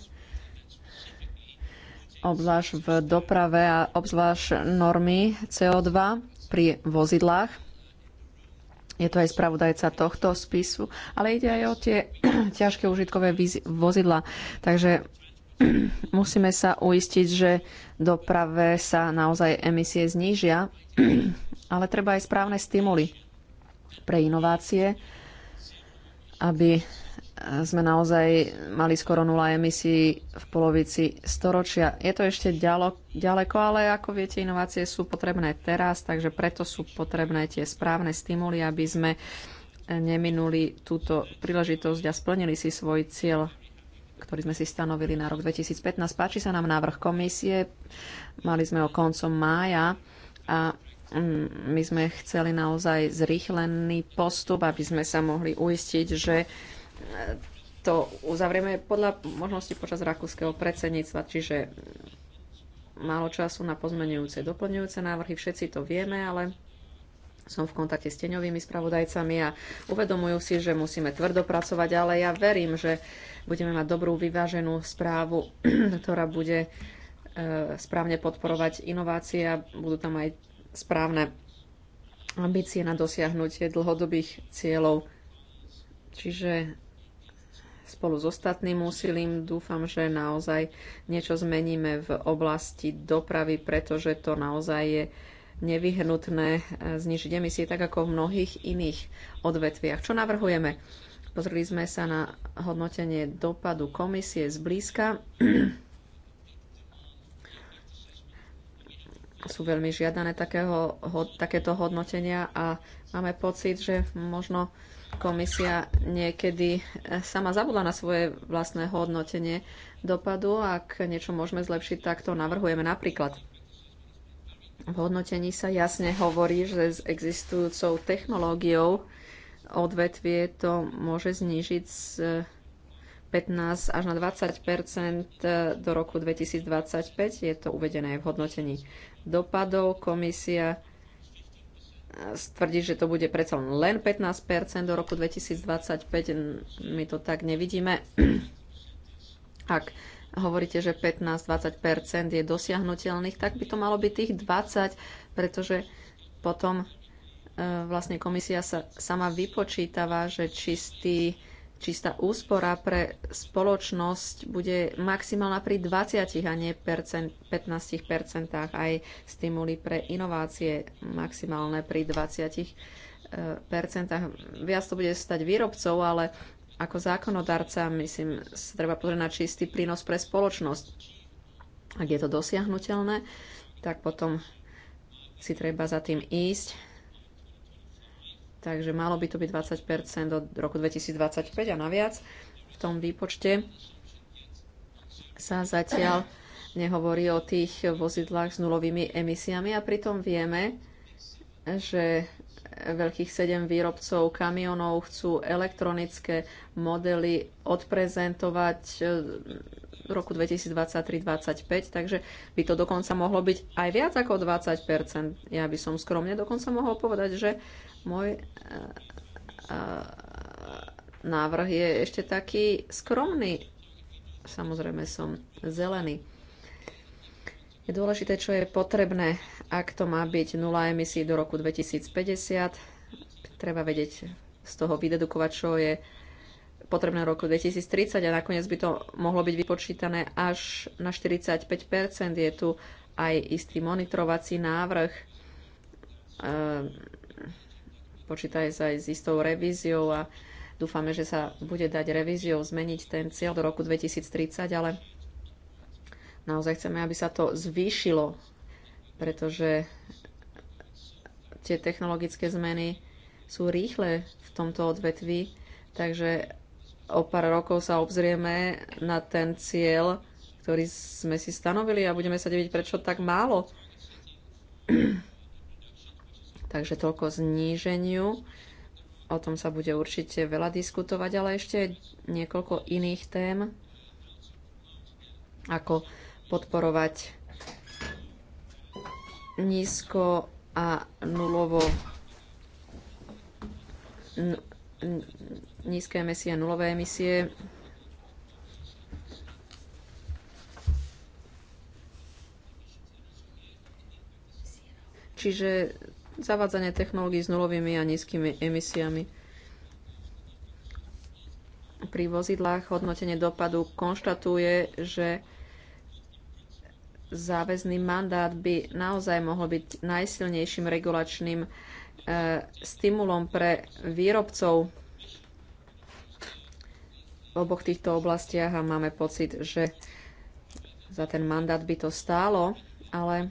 obzvlášť v doprave a obzvlášť normy CO2 pri vozidlách je to aj spravodajca tohto spisu, ale ide aj o tie (clears throat) ťažké užitkové vozidla. Takže (clears throat) musíme sa uistiť, že doprave sa naozaj emisie znížia, (clears throat) ale treba aj správne stimuly pre inovácie, aby sme naozaj mali skoro nula emisí v polovici storočia. Je to ešte ďalo, ďaleko, ale ako viete, inovácie sú potrebné teraz, takže preto sú potrebné tie správne stimuly, aby sme neminuli túto príležitosť a splnili si svoj cieľ, ktorý sme si stanovili na rok 2015. Páči sa nám návrh komisie, mali sme ho koncom mája a mm, my sme chceli naozaj zrýchlený postup, aby sme sa mohli uistiť, že to uzavrieme podľa možnosti počas rakúskeho predsedníctva, čiže málo času na pozmenujúce, doplňujúce návrhy, všetci to vieme, ale som v kontakte s teňovými spravodajcami a uvedomujú si, že musíme tvrdo pracovať, ale ja verím, že budeme mať dobrú vyváženú správu, (clears throat) ktorá bude e, správne podporovať inovácie a budú tam aj správne ambície na dosiahnutie dlhodobých cieľov. Čiže spolu s ostatným úsilím. Dúfam, že naozaj niečo zmeníme v oblasti dopravy, pretože to naozaj je nevyhnutné e, znižiť emisie tak ako v mnohých iných odvetviach. Čo navrhujeme? Pozreli sme sa na hodnotenie dopadu komisie zblízka. (clears throat) Sú veľmi žiadané takého, takéto hodnotenia a máme pocit, že možno komisia niekedy e, sama zabudla na svoje vlastné hodnotenie dopadu. Ak niečo môžeme zlepšiť, tak to navrhujeme napríklad. V hodnotení sa jasne hovorí, že s existujúcou technológiou odvetvie to môže znížiť z 15 až na 20 e, do roku 2025. Je to uvedené v hodnotení dopadov. Komisia stvrdí, že to bude predsa len 15 do roku 2025. My to tak nevidíme. (clears throat) Ak hovoríte, že 15-20 je dosiahnutelných, tak by to malo byť tých 20, pretože potom e, vlastne komisia sa sama vypočítava, že čistý čistá úspora pre spoločnosť bude maximálna pri 20 a nie 15 percentách. Aj stimuli pre inovácie maximálne pri 20 eh, percentách. Viac to bude stať výrobcov, ale ako zákonodarca, myslím, sa treba pozrieť na čistý prínos pre spoločnosť. Ak je to dosiahnutelné, tak potom si treba za tým ísť takže malo by to byť 20 do roku 2025 a naviac. V tom výpočte sa zatiaľ nehovorí o tých vozidlách s nulovými emisiami a pritom vieme, že veľkých sedem výrobcov kamionov chcú elektronické modely odprezentovať roku 2023-2025, takže by to dokonca mohlo byť aj viac ako 20%. Ja by som skromne dokonca mohol povedať, že môj eh, eh, návrh je ešte taký skromný. Samozrejme som zelený. Je dôležité, čo je potrebné, ak to má byť nula emisí do roku 2050. Treba vedieť z toho vydedukovať, čo je potrebné v roku 2030 a nakoniec by to mohlo byť vypočítané až na 45 Je tu aj istý monitorovací návrh. Ehm, Počítaj sa aj s istou revíziou a dúfame, že sa bude dať revíziou zmeniť ten cieľ do roku 2030, ale naozaj chceme, aby sa to zvýšilo, pretože tie technologické zmeny sú rýchle v tomto odvetvi. takže o pár rokov sa obzrieme na ten cieľ, ktorý sme si stanovili a budeme sa deviť, prečo tak málo. (clears throat) Takže toľko zníženiu. O tom sa bude určite veľa diskutovať, ale ešte niekoľko iných tém, ako podporovať nízko a nulovo nízke emisie, nulové emisie. Čiže zavádzanie technológií s nulovými a nízkymi emisiami. Pri vozidlách hodnotenie dopadu konštatuje, že záväzný mandát by naozaj mohol byť najsilnejším regulačným E, stimulom pre výrobcov v oboch týchto oblastiach a máme pocit, že za ten mandát by to stálo, ale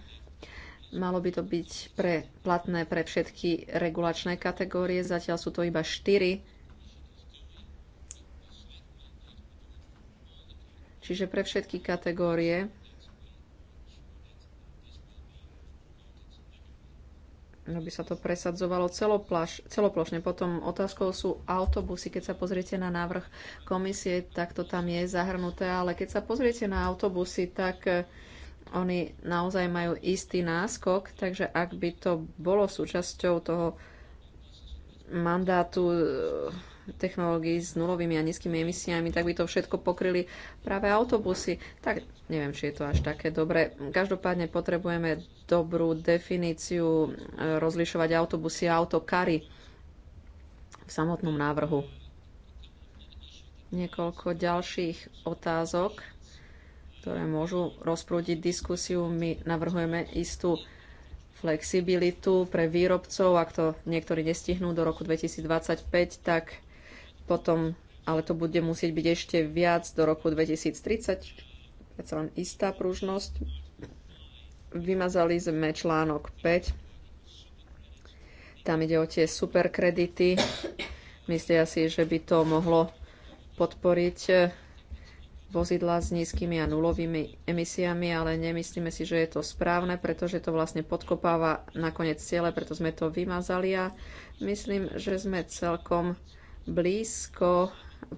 malo by to byť pre, platné pre všetky regulačné kategórie. Zatiaľ sú to iba 4. Čiže pre všetky kategórie by sa to presadzovalo celoplaš, celoplošne. Potom otázkou sú autobusy. Keď sa pozriete na návrh komisie, tak to tam je zahrnuté, ale keď sa pozriete na autobusy, tak eh, oni naozaj majú istý náskok, takže ak by to bolo súčasťou toho mandátu eh, technológií s nulovými a nízkymi emisiami, tak by to všetko pokryli práve autobusy. Tak neviem, či je to až také dobre. Každopádne potrebujeme dobrú definíciu e, rozlišovať autobusy a autokary v samotnom návrhu. Niekoľko ďalších otázok, ktoré môžu rozprúdiť diskusiu. My navrhujeme istú flexibilitu pre výrobcov, ak to niektorí nestihnú do roku 2025, tak potom, ale to bude musieť byť ešte viac do roku 2030. Predsa len istá pružnosť. Vymazali sme článok 5. Tam ide o tie superkredity. Myslia si, že by to mohlo podporiť vozidla s nízkymi a nulovými emisiami, ale nemyslíme si, že je to správne, pretože to vlastne podkopáva nakoniec ciele, preto sme to vymazali a myslím, že sme celkom blízko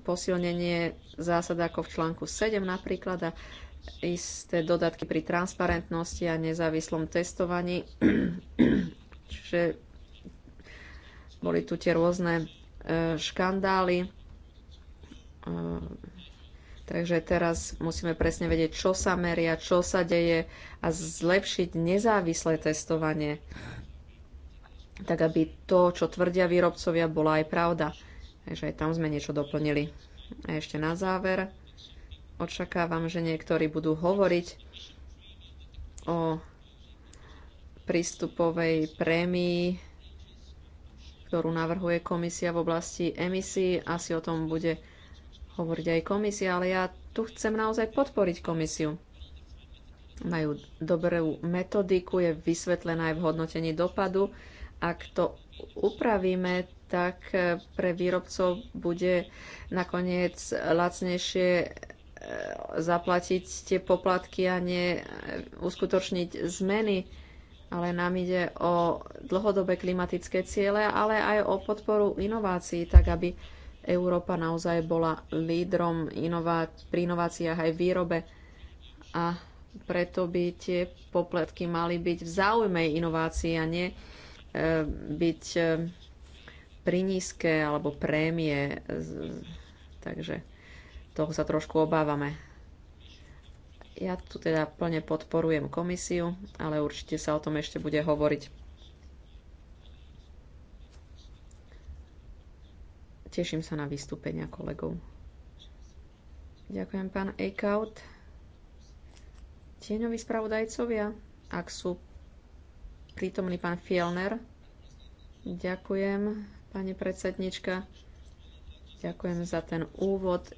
posilnenie zásad ako v článku 7 napríklad a isté dodatky pri transparentnosti a nezávislom testovaní. (clears throat) Čiže boli tu tie rôzne e, škandály. E, takže teraz musíme presne vedieť, čo sa meria, čo sa deje a zlepšiť nezávislé testovanie, tak aby to, čo tvrdia výrobcovia, bola aj pravda. Takže aj tam sme niečo doplnili. A ešte na záver očakávam, že niektorí budú hovoriť o prístupovej prémii, ktorú navrhuje komisia v oblasti emisí. Asi o tom bude hovoriť aj komisia, ale ja tu chcem naozaj podporiť komisiu. Majú dobrú metodiku, je vysvetlená aj v hodnotení dopadu. Ak to upravíme, tak e, pre výrobcov bude nakoniec lacnejšie e, zaplatiť tie poplatky a nie e, uskutočniť zmeny. Ale nám ide o dlhodobé klimatické ciele, ale aj o podporu inovácií, tak aby Európa naozaj bola lídrom inová- pri inováciách aj výrobe. A preto by tie poplatky mali byť v záujme inovácií a nie byť prinízke alebo prémie. Takže toho sa trošku obávame. Ja tu teda plne podporujem komisiu, ale určite sa o tom ešte bude hovoriť. Teším sa na vystúpenia kolegov. Ďakujem, pán Eichhout. Tieňoví spravodajcovia, ak sú prítomný pán Fielner. Ďakujem pani predsednička. Ďakujem za ten úvod.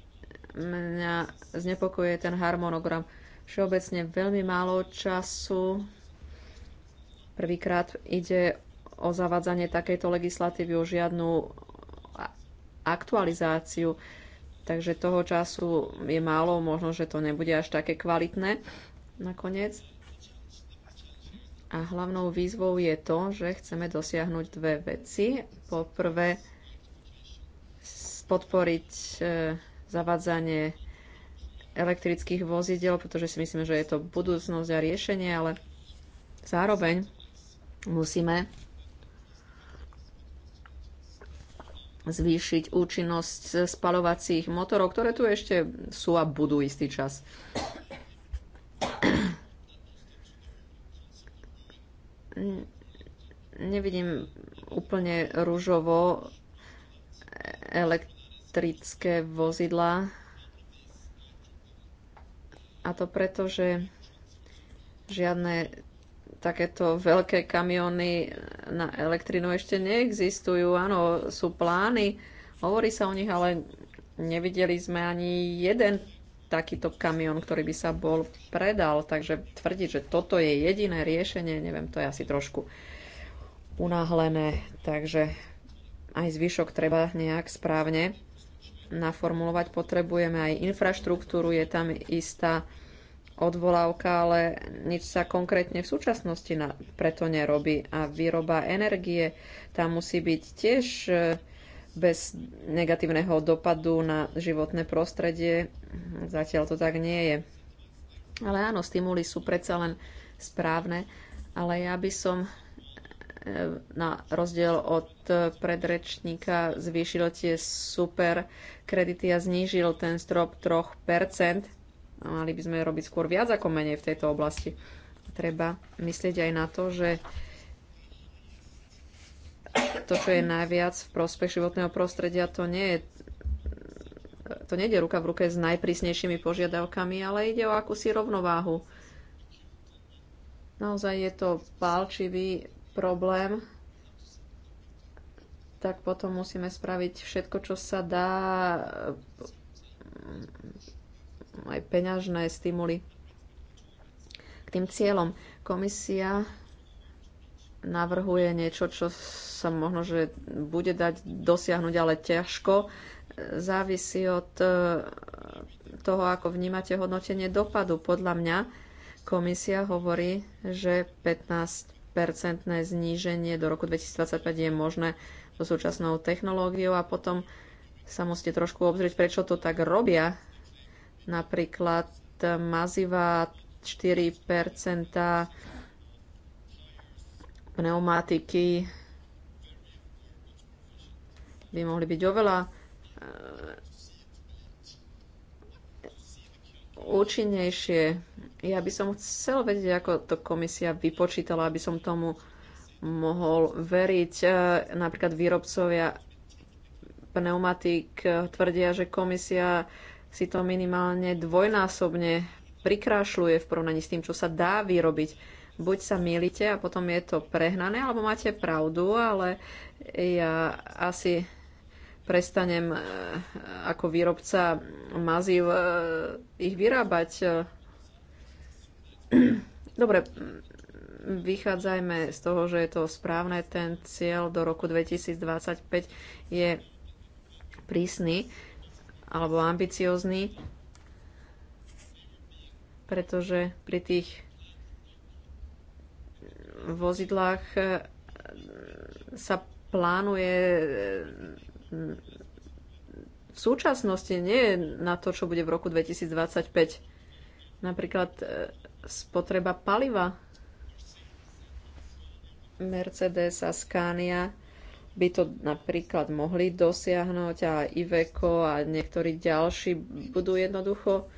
Mňa znepokojuje ten harmonogram. Všeobecne veľmi málo času. Prvýkrát ide o zavádzanie takejto legislatívy, o žiadnu aktualizáciu. Takže toho času je málo, možno, že to nebude až také kvalitné nakoniec. A hlavnou výzvou je to, že chceme dosiahnuť dve veci. Po prvé, podporiť e, zavadzanie elektrických vozidel, pretože si myslíme, že je to budúcnosť a riešenie, ale zároveň musíme zvýšiť účinnosť spalovacích motorov, ktoré tu ešte sú a budú istý čas. nevidím úplne rúžovo elektrické vozidla. A to preto, že žiadne takéto veľké kamiony na elektrinu ešte neexistujú. Áno, sú plány, hovorí sa o nich, ale nevideli sme ani jeden takýto kamión, ktorý by sa bol predal. Takže tvrdiť, že toto je jediné riešenie, neviem, to je asi trošku unáhlené. Takže aj zvyšok treba nejak správne naformulovať. Potrebujeme aj infraštruktúru, je tam istá odvolávka, ale nič sa konkrétne v súčasnosti na, preto nerobí. A výroba energie, tam musí byť tiež e, bez negatívneho dopadu na životné prostredie. Zatiaľ to tak nie je. Ale áno, stimuly sú predsa len správne, ale ja by som e, na rozdiel od predrečníka zvýšil tie super kredity a znížil ten strop 3%. No, mali by sme robiť skôr viac ako menej v tejto oblasti. Treba myslieť aj na to, že to, čo je najviac v prospech životného prostredia, to nie je to nejde ruka v ruke s najprísnejšími požiadavkami, ale ide o akúsi rovnováhu. Naozaj je to pálčivý problém, tak potom musíme spraviť všetko, čo sa dá, aj peňažné stimuly k tým cieľom. Komisia navrhuje niečo, čo sa možno, že bude dať dosiahnuť, ale ťažko. Závisí od e, toho, ako vnímate hodnotenie dopadu. Podľa mňa komisia hovorí, že 15-percentné zníženie do roku 2025 je možné so súčasnou technológiou a potom sa musíte trošku obzrieť, prečo to tak robia. Napríklad e, mazivá 4 pneumatiky by mohli byť oveľa eh, účinnejšie. Ja by som chcel vedieť, ako to komisia vypočítala, aby som tomu mohol veriť. Eh, napríklad výrobcovia pneumatík eh, tvrdia, že komisia si to minimálne dvojnásobne prikrášľuje v porovnaní s tým, čo sa dá vyrobiť buď sa mýlite a potom je to prehnané, alebo máte pravdu, ale ja asi prestanem e, ako výrobca mazív e, ich vyrábať. E, (clears throat) dobre, vychádzajme z toho, že je to správne. Ten cieľ do roku 2025 je prísny alebo ambiciózny, pretože pri tých vozidlách e, sa plánuje e, v súčasnosti, nie na to, čo bude v roku 2025. Napríklad e, spotreba paliva Mercedes a Scania by to napríklad mohli dosiahnuť a Iveco a niektorí ďalší budú jednoducho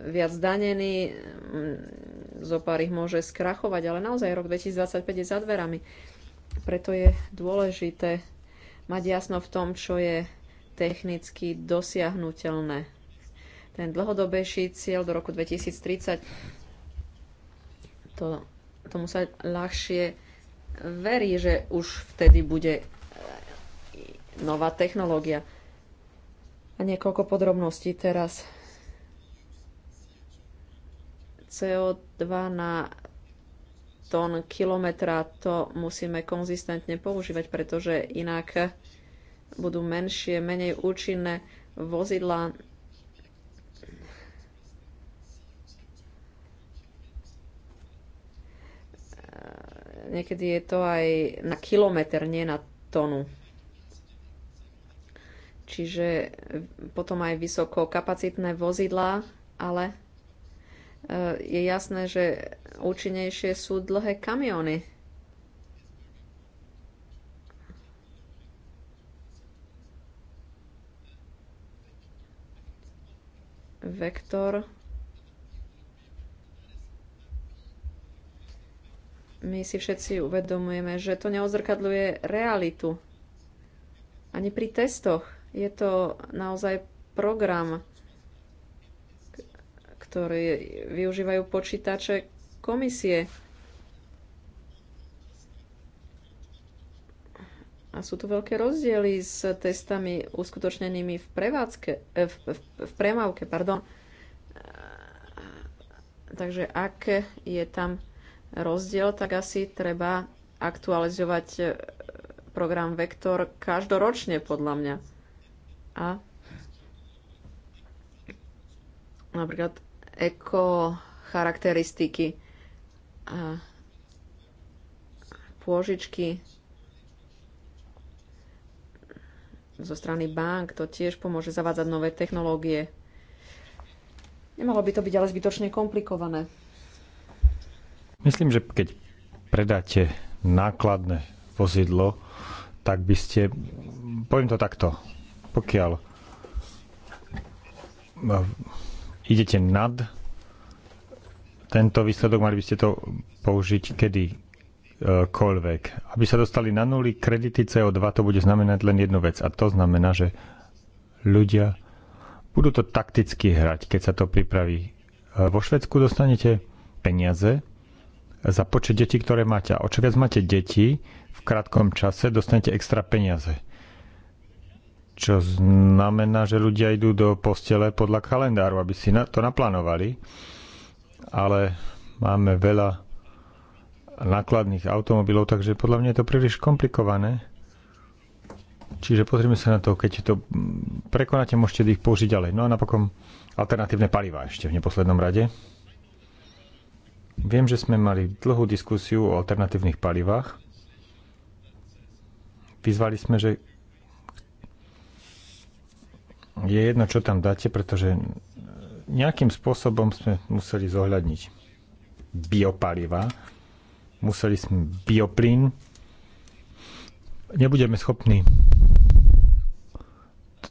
viac danený, mm, zo pár ich môže skrachovať, ale naozaj rok 2025 je za dverami. Preto je dôležité mať jasno v tom, čo je technicky dosiahnutelné. Ten dlhodobejší cieľ do roku 2030, to, tomu sa ľahšie verí, že už vtedy bude e, nová technológia. A niekoľko podrobností teraz CO2 na tón kilometra, to musíme konzistentne používať, pretože inak budú menšie, menej účinné vozidla. Niekedy je to aj na kilometr, nie na tonu. Čiže potom aj vysokokapacitné vozidlá, ale je jasné, že účinnejšie sú dlhé kamiony. Vektor. My si všetci uvedomujeme, že to neozrkadľuje realitu. Ani pri testoch. Je to naozaj program ktorí využívajú počítače komisie. A sú tu veľké rozdiely s testami uskutočnenými v, prevádzke, eh, v, v, v premávke. Pardon. Takže ak je tam rozdiel, tak asi treba aktualizovať eh, program Vektor každoročne, podľa mňa. A napríklad Eko, charakteristiky a pôžičky zo strany bank. To tiež pomôže zavádzať nové technológie. Nemalo by to byť ale zbytočne komplikované. Myslím, že keď predáte nákladné vozidlo, tak by ste, poviem to takto, pokiaľ idete nad tento výsledok, mali by ste to použiť kedy e, koľvek. Aby sa dostali na nuly kredity CO2, to bude znamenať len jednu vec. A to znamená, že ľudia budú to takticky hrať, keď sa to pripraví. E, vo Švedsku dostanete peniaze za počet detí, ktoré máte. A o čo viac máte detí, v krátkom čase dostanete extra peniaze. Čo znamená, že ľudia idú do postele podľa kalendáru, aby si to naplánovali. Ale máme veľa nákladných automobilov, takže podľa mňa je to príliš komplikované. Čiže pozrieme sa na to, keď to prekonáte, môžete ich použiť ďalej. No a napokon alternatívne paliva ešte v neposlednom rade. Viem, že sme mali dlhú diskusiu o alternatívnych palivách. Vyzvali sme, že je jedno, čo tam dáte, pretože nejakým spôsobom sme museli zohľadniť biopaliva, museli sme bioplyn, nebudeme schopní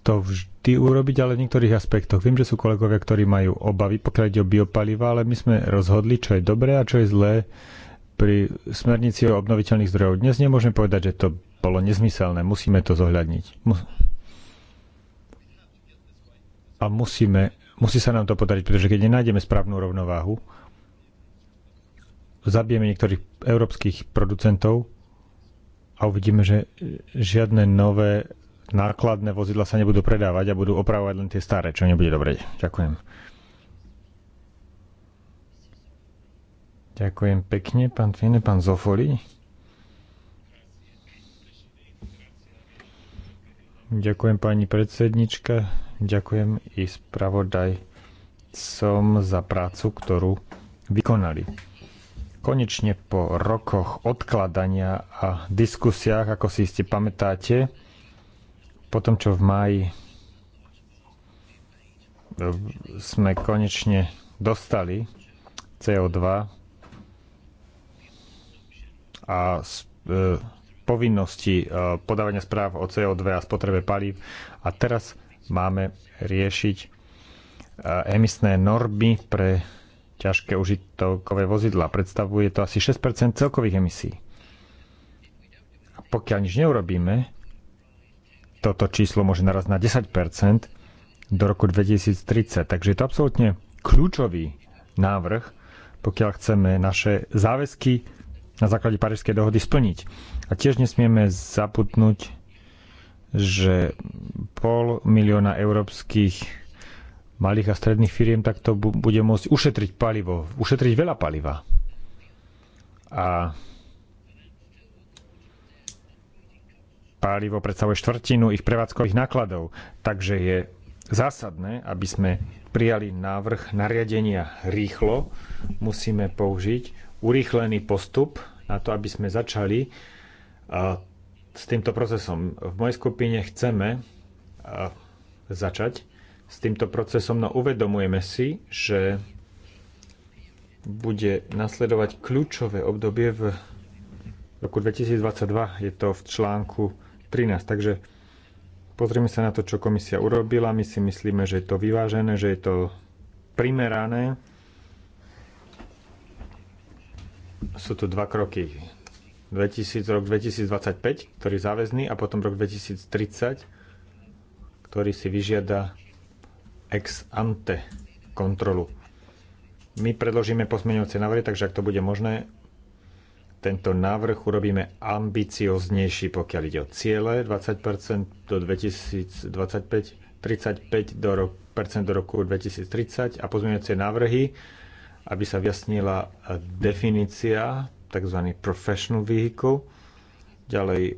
to vždy urobiť, ale v niektorých aspektoch. Viem, že sú kolegovia, ktorí majú obavy, pokiaľ ide o biopaliva, ale my sme rozhodli, čo je dobré a čo je zlé pri smernici o obnoviteľných zdrojov. Dnes nemôžeme povedať, že to bolo nezmyselné. Musíme to zohľadniť a musíme, musí sa nám to podariť, pretože keď nenájdeme správnu rovnováhu, zabijeme niektorých európskych producentov a uvidíme, že žiadne nové nákladné vozidla sa nebudú predávať a budú opravovať len tie staré, čo nebude dobre. Ďakujem. Ďakujem pekne, pán Fine, pán Zofoli. Ďakujem pani predsednička, ďakujem i som za prácu, ktorú vykonali. Konečne po rokoch odkladania a diskusiách, ako si ste pamätáte, po tom, čo v máji eh, sme konečne dostali CO2 a eh, povinnosti e, podávania správ o CO2 a spotrebe palív a teraz máme riešiť e, emisné normy pre ťažké užitkové vozidla. Predstavuje to asi 6 celkových emisí. A pokiaľ nič neurobíme, toto číslo môže naraz na 10 do roku 2030. Takže je to absolútne kľúčový návrh, pokiaľ chceme naše záväzky na základe Parížskej dohody splniť. A tiež nesmieme zaputnúť, že pol milióna európskych malých a stredných firiem takto bude môcť ušetriť palivo, ušetriť veľa paliva. A palivo predstavuje štvrtinu ich prevádzkových nákladov, takže je zásadné, aby sme prijali návrh nariadenia rýchlo, musíme použiť urýchlený postup na to, aby sme začali s týmto procesom. V mojej skupine chceme začať s týmto procesom, no uvedomujeme si, že bude nasledovať kľúčové obdobie v roku 2022, je to v článku 13. Takže pozrieme sa na to, čo komisia urobila. My si myslíme, že je to vyvážené, že je to primerané. Sú tu dva kroky 2000, rok 2025, ktorý je záväzný, a potom rok 2030, ktorý si vyžiada ex ante kontrolu. My predložíme posmeňujúce návrhy, takže ak to bude možné, tento návrh urobíme ambicioznejší, pokiaľ ide o ciele 20% do 2025, 35% do, rok, percent do roku 2030 a pozmeňujúce návrhy, aby sa vyjasnila definícia tzv. professional vehicle, ďalej eh,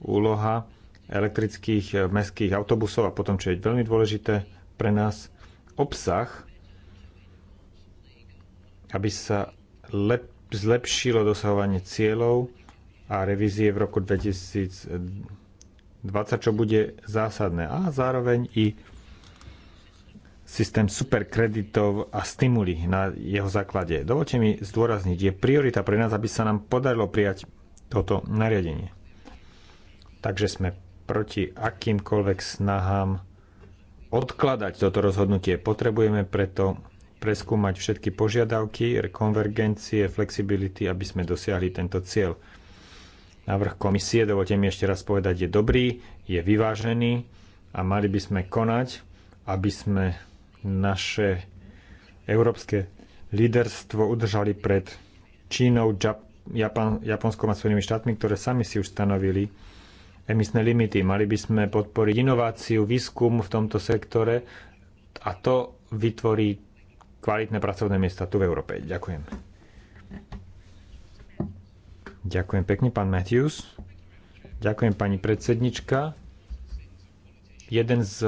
úloha elektrických eh, mestských autobusov a potom, čo je veľmi dôležité pre nás, obsah, aby sa lep- zlepšilo dosahovanie cieľov a revízie v roku 2020, čo bude zásadné. A zároveň i systém superkreditov a stimuli na jeho základe. Dovolte mi zdôrazniť, je priorita pre nás, aby sa nám podarilo prijať toto nariadenie. Takže sme proti akýmkoľvek snahám odkladať toto rozhodnutie. Potrebujeme preto preskúmať všetky požiadavky, konvergencie, flexibility, aby sme dosiahli tento cieľ. Návrh komisie, dovolte mi ešte raz povedať, je dobrý, je vyvážený a mali by sme konať, aby sme naše európske líderstvo udržali pred Čínou, Japan, Japonskom a Spojenými štátmi, ktoré sami si už stanovili emisné limity. Mali by sme podporiť inováciu, výskum v tomto sektore a to vytvorí kvalitné pracovné miesta tu v Európe. Ďakujem. Ďakujem pekne, pán Matthews. Ďakujem, pani predsednička. Jeden z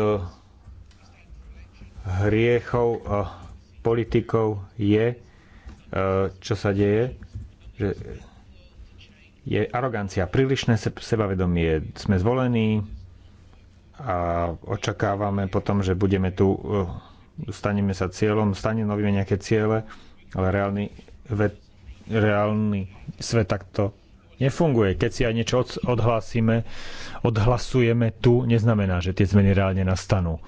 hriechov politikov je, e, čo sa deje, že je arogancia, prílišné sebavedomie. Sme zvolení a očakávame potom, že budeme tu, e, staneme sa cieľom, stane novíme nejaké ciele, ale reálny, ve, reálny svet takto nefunguje. Keď si aj niečo odhlasíme, odhlasujeme tu, neznamená, že tie zmeny reálne nastanú.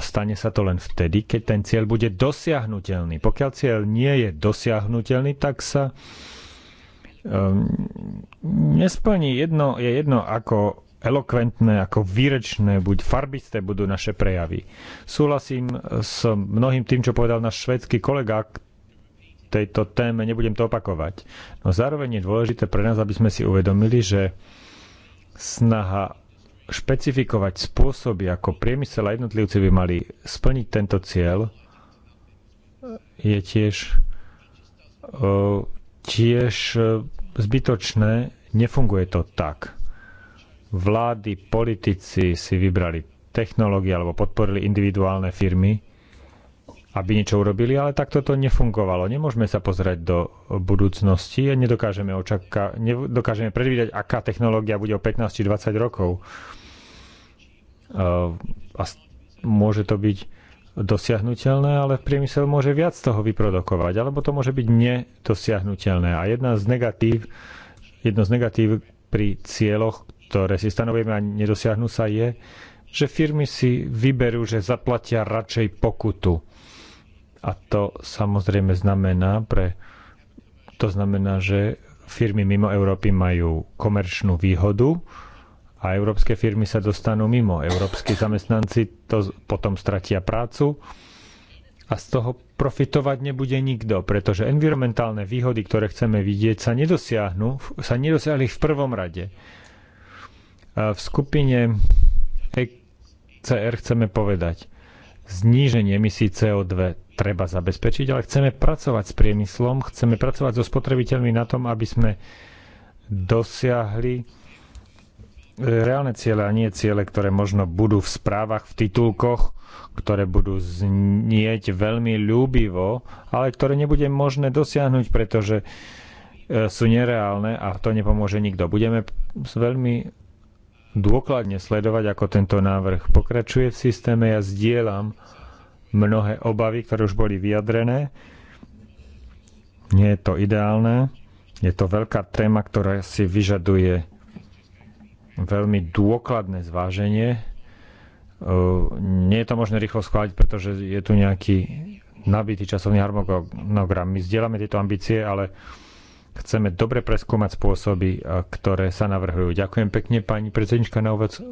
Stane sa to len vtedy, keď ten cieľ bude dosiahnutelný. Pokiaľ cieľ nie je dosiahnutelný, tak sa um, nesplní jedno, je jedno ako elokventné, ako výrečné, buď farbisté budú naše prejavy. Súhlasím s mnohým tým, čo povedal náš švedský kolega k tejto téme, nebudem to opakovať. No zároveň je dôležité pre nás, aby sme si uvedomili, že snaha špecifikovať spôsoby, ako priemysel a jednotlivci by mali splniť tento cieľ, je tiež, e, tiež e, zbytočné. Nefunguje to tak. Vlády, politici si vybrali technológie alebo podporili individuálne firmy, aby niečo urobili, ale takto to nefungovalo. Nemôžeme sa pozerať do budúcnosti a nedokážeme, očaká- nedokážeme predvídať, aká technológia bude o 15 či 20 rokov. Ehm, a môže to byť dosiahnutelné, ale priemysel môže viac toho vyprodukovať, alebo to môže byť nedosiahnutelné. A jedna z negatív, jedno z negatív pri cieľoch, ktoré si stanovujeme a nedosiahnu sa, je, že firmy si vyberú, že zaplatia radšej pokutu. A to samozrejme znamená pre to znamená, že firmy mimo Európy majú komerčnú výhodu, a európske firmy sa dostanú mimo. Európsky zamestnanci to potom stratia prácu a z toho profitovať nebude nikto, pretože environmentálne výhody, ktoré chceme vidieť, sa nedosiahnu, sa nedosiahli v prvom rade. A v skupine ECR chceme povedať, zníženie emisí CO2 treba zabezpečiť, ale chceme pracovať s priemyslom, chceme pracovať so spotrebiteľmi na tom, aby sme dosiahli E, reálne ciele a nie ciele, ktoré možno budú v správach, v titulkoch, ktoré budú znieť veľmi ľúbivo, ale ktoré nebude možné dosiahnuť, pretože e, sú nereálne a to nepomôže nikto. Budeme veľmi dôkladne sledovať, ako tento návrh pokračuje v systéme. Ja zdieľam mnohé obavy, ktoré už boli vyjadrené. Nie je to ideálne. Je to veľká téma, ktorá si vyžaduje veľmi dôkladné zváženie. E, nie je to možné rýchlo schváliť, pretože je tu nejaký nabitý časovný harmonogram. My zdieľame tieto ambície, ale chceme dobre preskúmať spôsoby, e, ktoré sa navrhujú. Ďakujem pekne, pani predsednička. Na, ovec, e,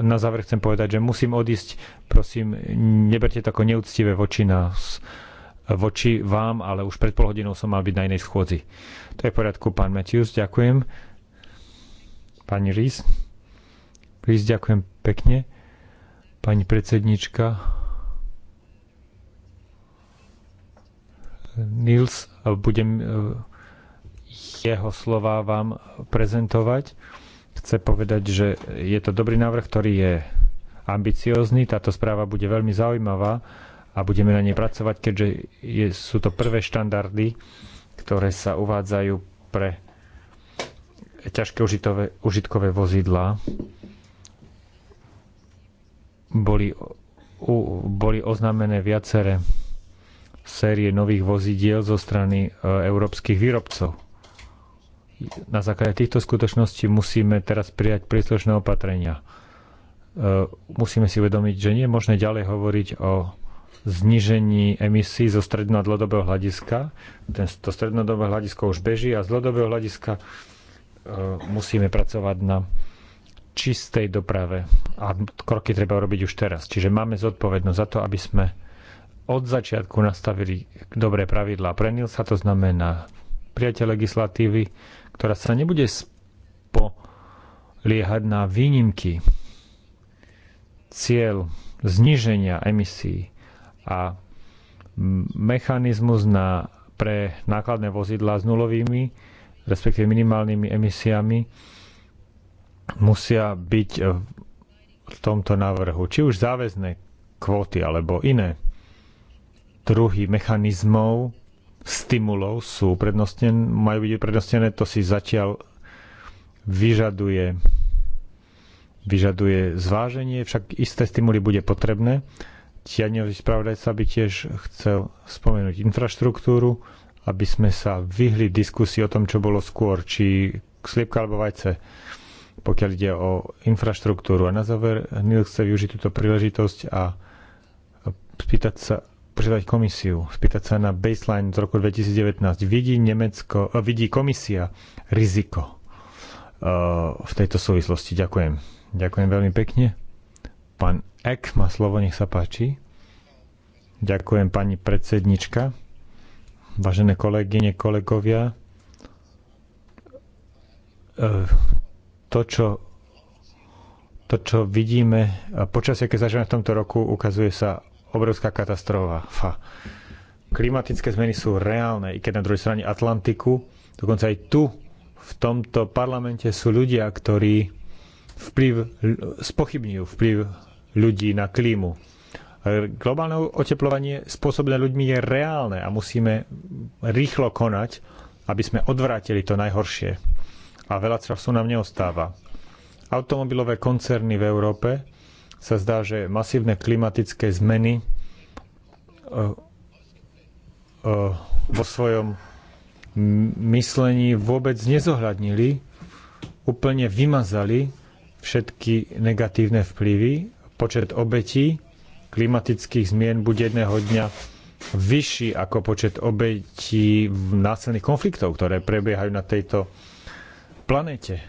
na záver chcem povedať, že musím odísť. Prosím, neberte to ako neúctivé voči nás voči vám, ale už pred pol hodinou som mal byť na inej schôdzi. To je v poriadku, pán Matthews, ďakujem. Pani Rees. Kris, ďakujem pekne. Pani predsednička. Nils, budem e, jeho slova vám prezentovať. Chce povedať, že je to dobrý návrh, ktorý je ambiciózny. Táto správa bude veľmi zaujímavá a budeme na nej pracovať, keďže je, sú to prvé štandardy, ktoré sa uvádzajú pre ťažké užitové, užitkové vozidlá boli, u, boli oznámené viaceré série nových vozidiel zo strany e, európskych výrobcov. Na základe týchto skutočností musíme teraz prijať príslušné opatrenia. E, musíme si uvedomiť, že nie je možné ďalej hovoriť o znižení emisí zo stredno- a dlhodobého hľadiska. Ten, to strednodobé hľadisko už beží a z dlhodobého hľadiska e, musíme pracovať na čistej doprave. A kroky treba robiť už teraz. Čiže máme zodpovednosť za to, aby sme od začiatku nastavili dobré pravidlá pre sa to znamená prijatie legislatívy, ktorá sa nebude spoliehať na výnimky, cieľ zniženia emisí a mechanizmus na, pre nákladné vozidlá s nulovými, respektíve minimálnymi emisiami, musia byť v tomto návrhu, či už záväzné kvóty alebo iné druhy mechanizmov, stimulov sú prednostnené, majú byť prednostnené, to si zatiaľ vyžaduje, vyžaduje zváženie, však isté stimuly bude potrebné. Tiaňový spravodajca by tiež chcel spomenúť infraštruktúru, aby sme sa vyhli diskusii o tom, čo bolo skôr, či sliepka alebo vajce pokiaľ ide o infraštruktúru. A na záver, Nil chce využiť túto príležitosť a spýtať sa, požiadať komisiu, spýtať sa na baseline z roku 2019. Vidí, Nemecko, eh, vidí komisia riziko eh, v tejto súvislosti. Ďakujem. Ďakujem veľmi pekne. Pán Ek má slovo, nech sa páči. Ďakujem pani predsednička. Vážené kolegyne, kolegovia, eh, to, čo, to, čo vidíme počasie, keď zažívame v tomto roku, ukazuje sa obrovská katastrofa. Klimatické zmeny sú reálne, i keď na druhej strane Atlantiku, dokonca aj tu, v tomto parlamente sú ľudia, ktorí vplyv, spochybňujú vplyv ľudí na klímu. Globálne oteplovanie spôsobené ľuďmi je reálne a musíme rýchlo konať, aby sme odvrátili to najhoršie a veľa času nám neostáva. Automobilové koncerny v Európe sa zdá, že masívne klimatické zmeny e, e, vo svojom myslení vôbec nezohľadnili, úplne vymazali všetky negatívne vplyvy. Počet obetí klimatických zmien bude jedného dňa vyšší ako počet obetí násilných konfliktov, ktoré prebiehajú na tejto planete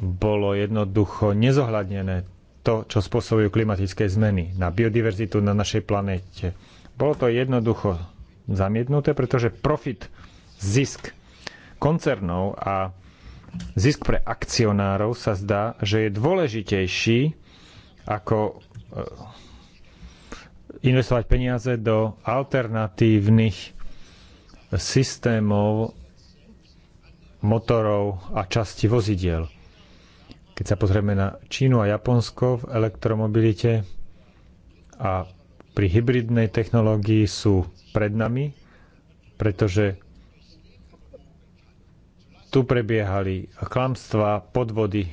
bolo jednoducho nezohľadnené to, čo spôsobujú klimatické zmeny na biodiverzitu na našej planete. Bolo to jednoducho zamietnuté, pretože profit, zisk koncernov a zisk pre akcionárov sa zdá, že je dôležitejší ako e, investovať peniaze do alternatívnych systémov motorov a časti vozidiel. Keď sa pozrieme na Čínu a Japonsko v elektromobilite a pri hybridnej technológii sú pred nami, pretože tu prebiehali klamstvá, podvody,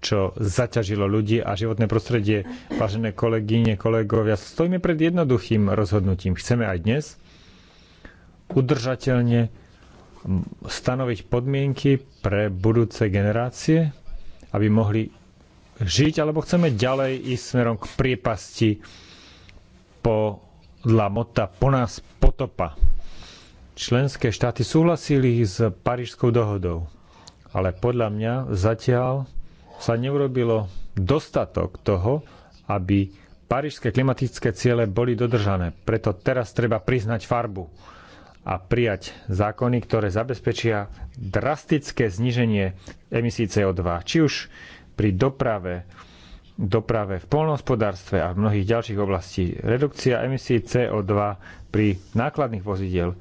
čo zaťažilo ľudí a životné prostredie. Vážené kolegyne, kolegovia, stojíme pred jednoduchým rozhodnutím. Chceme aj dnes udržateľne stanoviť podmienky pre budúce generácie, aby mohli žiť, alebo chceme ďalej ísť smerom k priepasti podľa mota po nás potopa. Členské štáty súhlasili s Parížskou dohodou, ale podľa mňa zatiaľ sa neurobilo dostatok toho, aby parížske klimatické ciele boli dodržané. Preto teraz treba priznať farbu a prijať zákony, ktoré zabezpečia drastické zníženie emisí CO2, či už pri doprave, doprave v polnohospodárstve a v mnohých ďalších oblastí. Redukcia emisí CO2 pri nákladných vozidel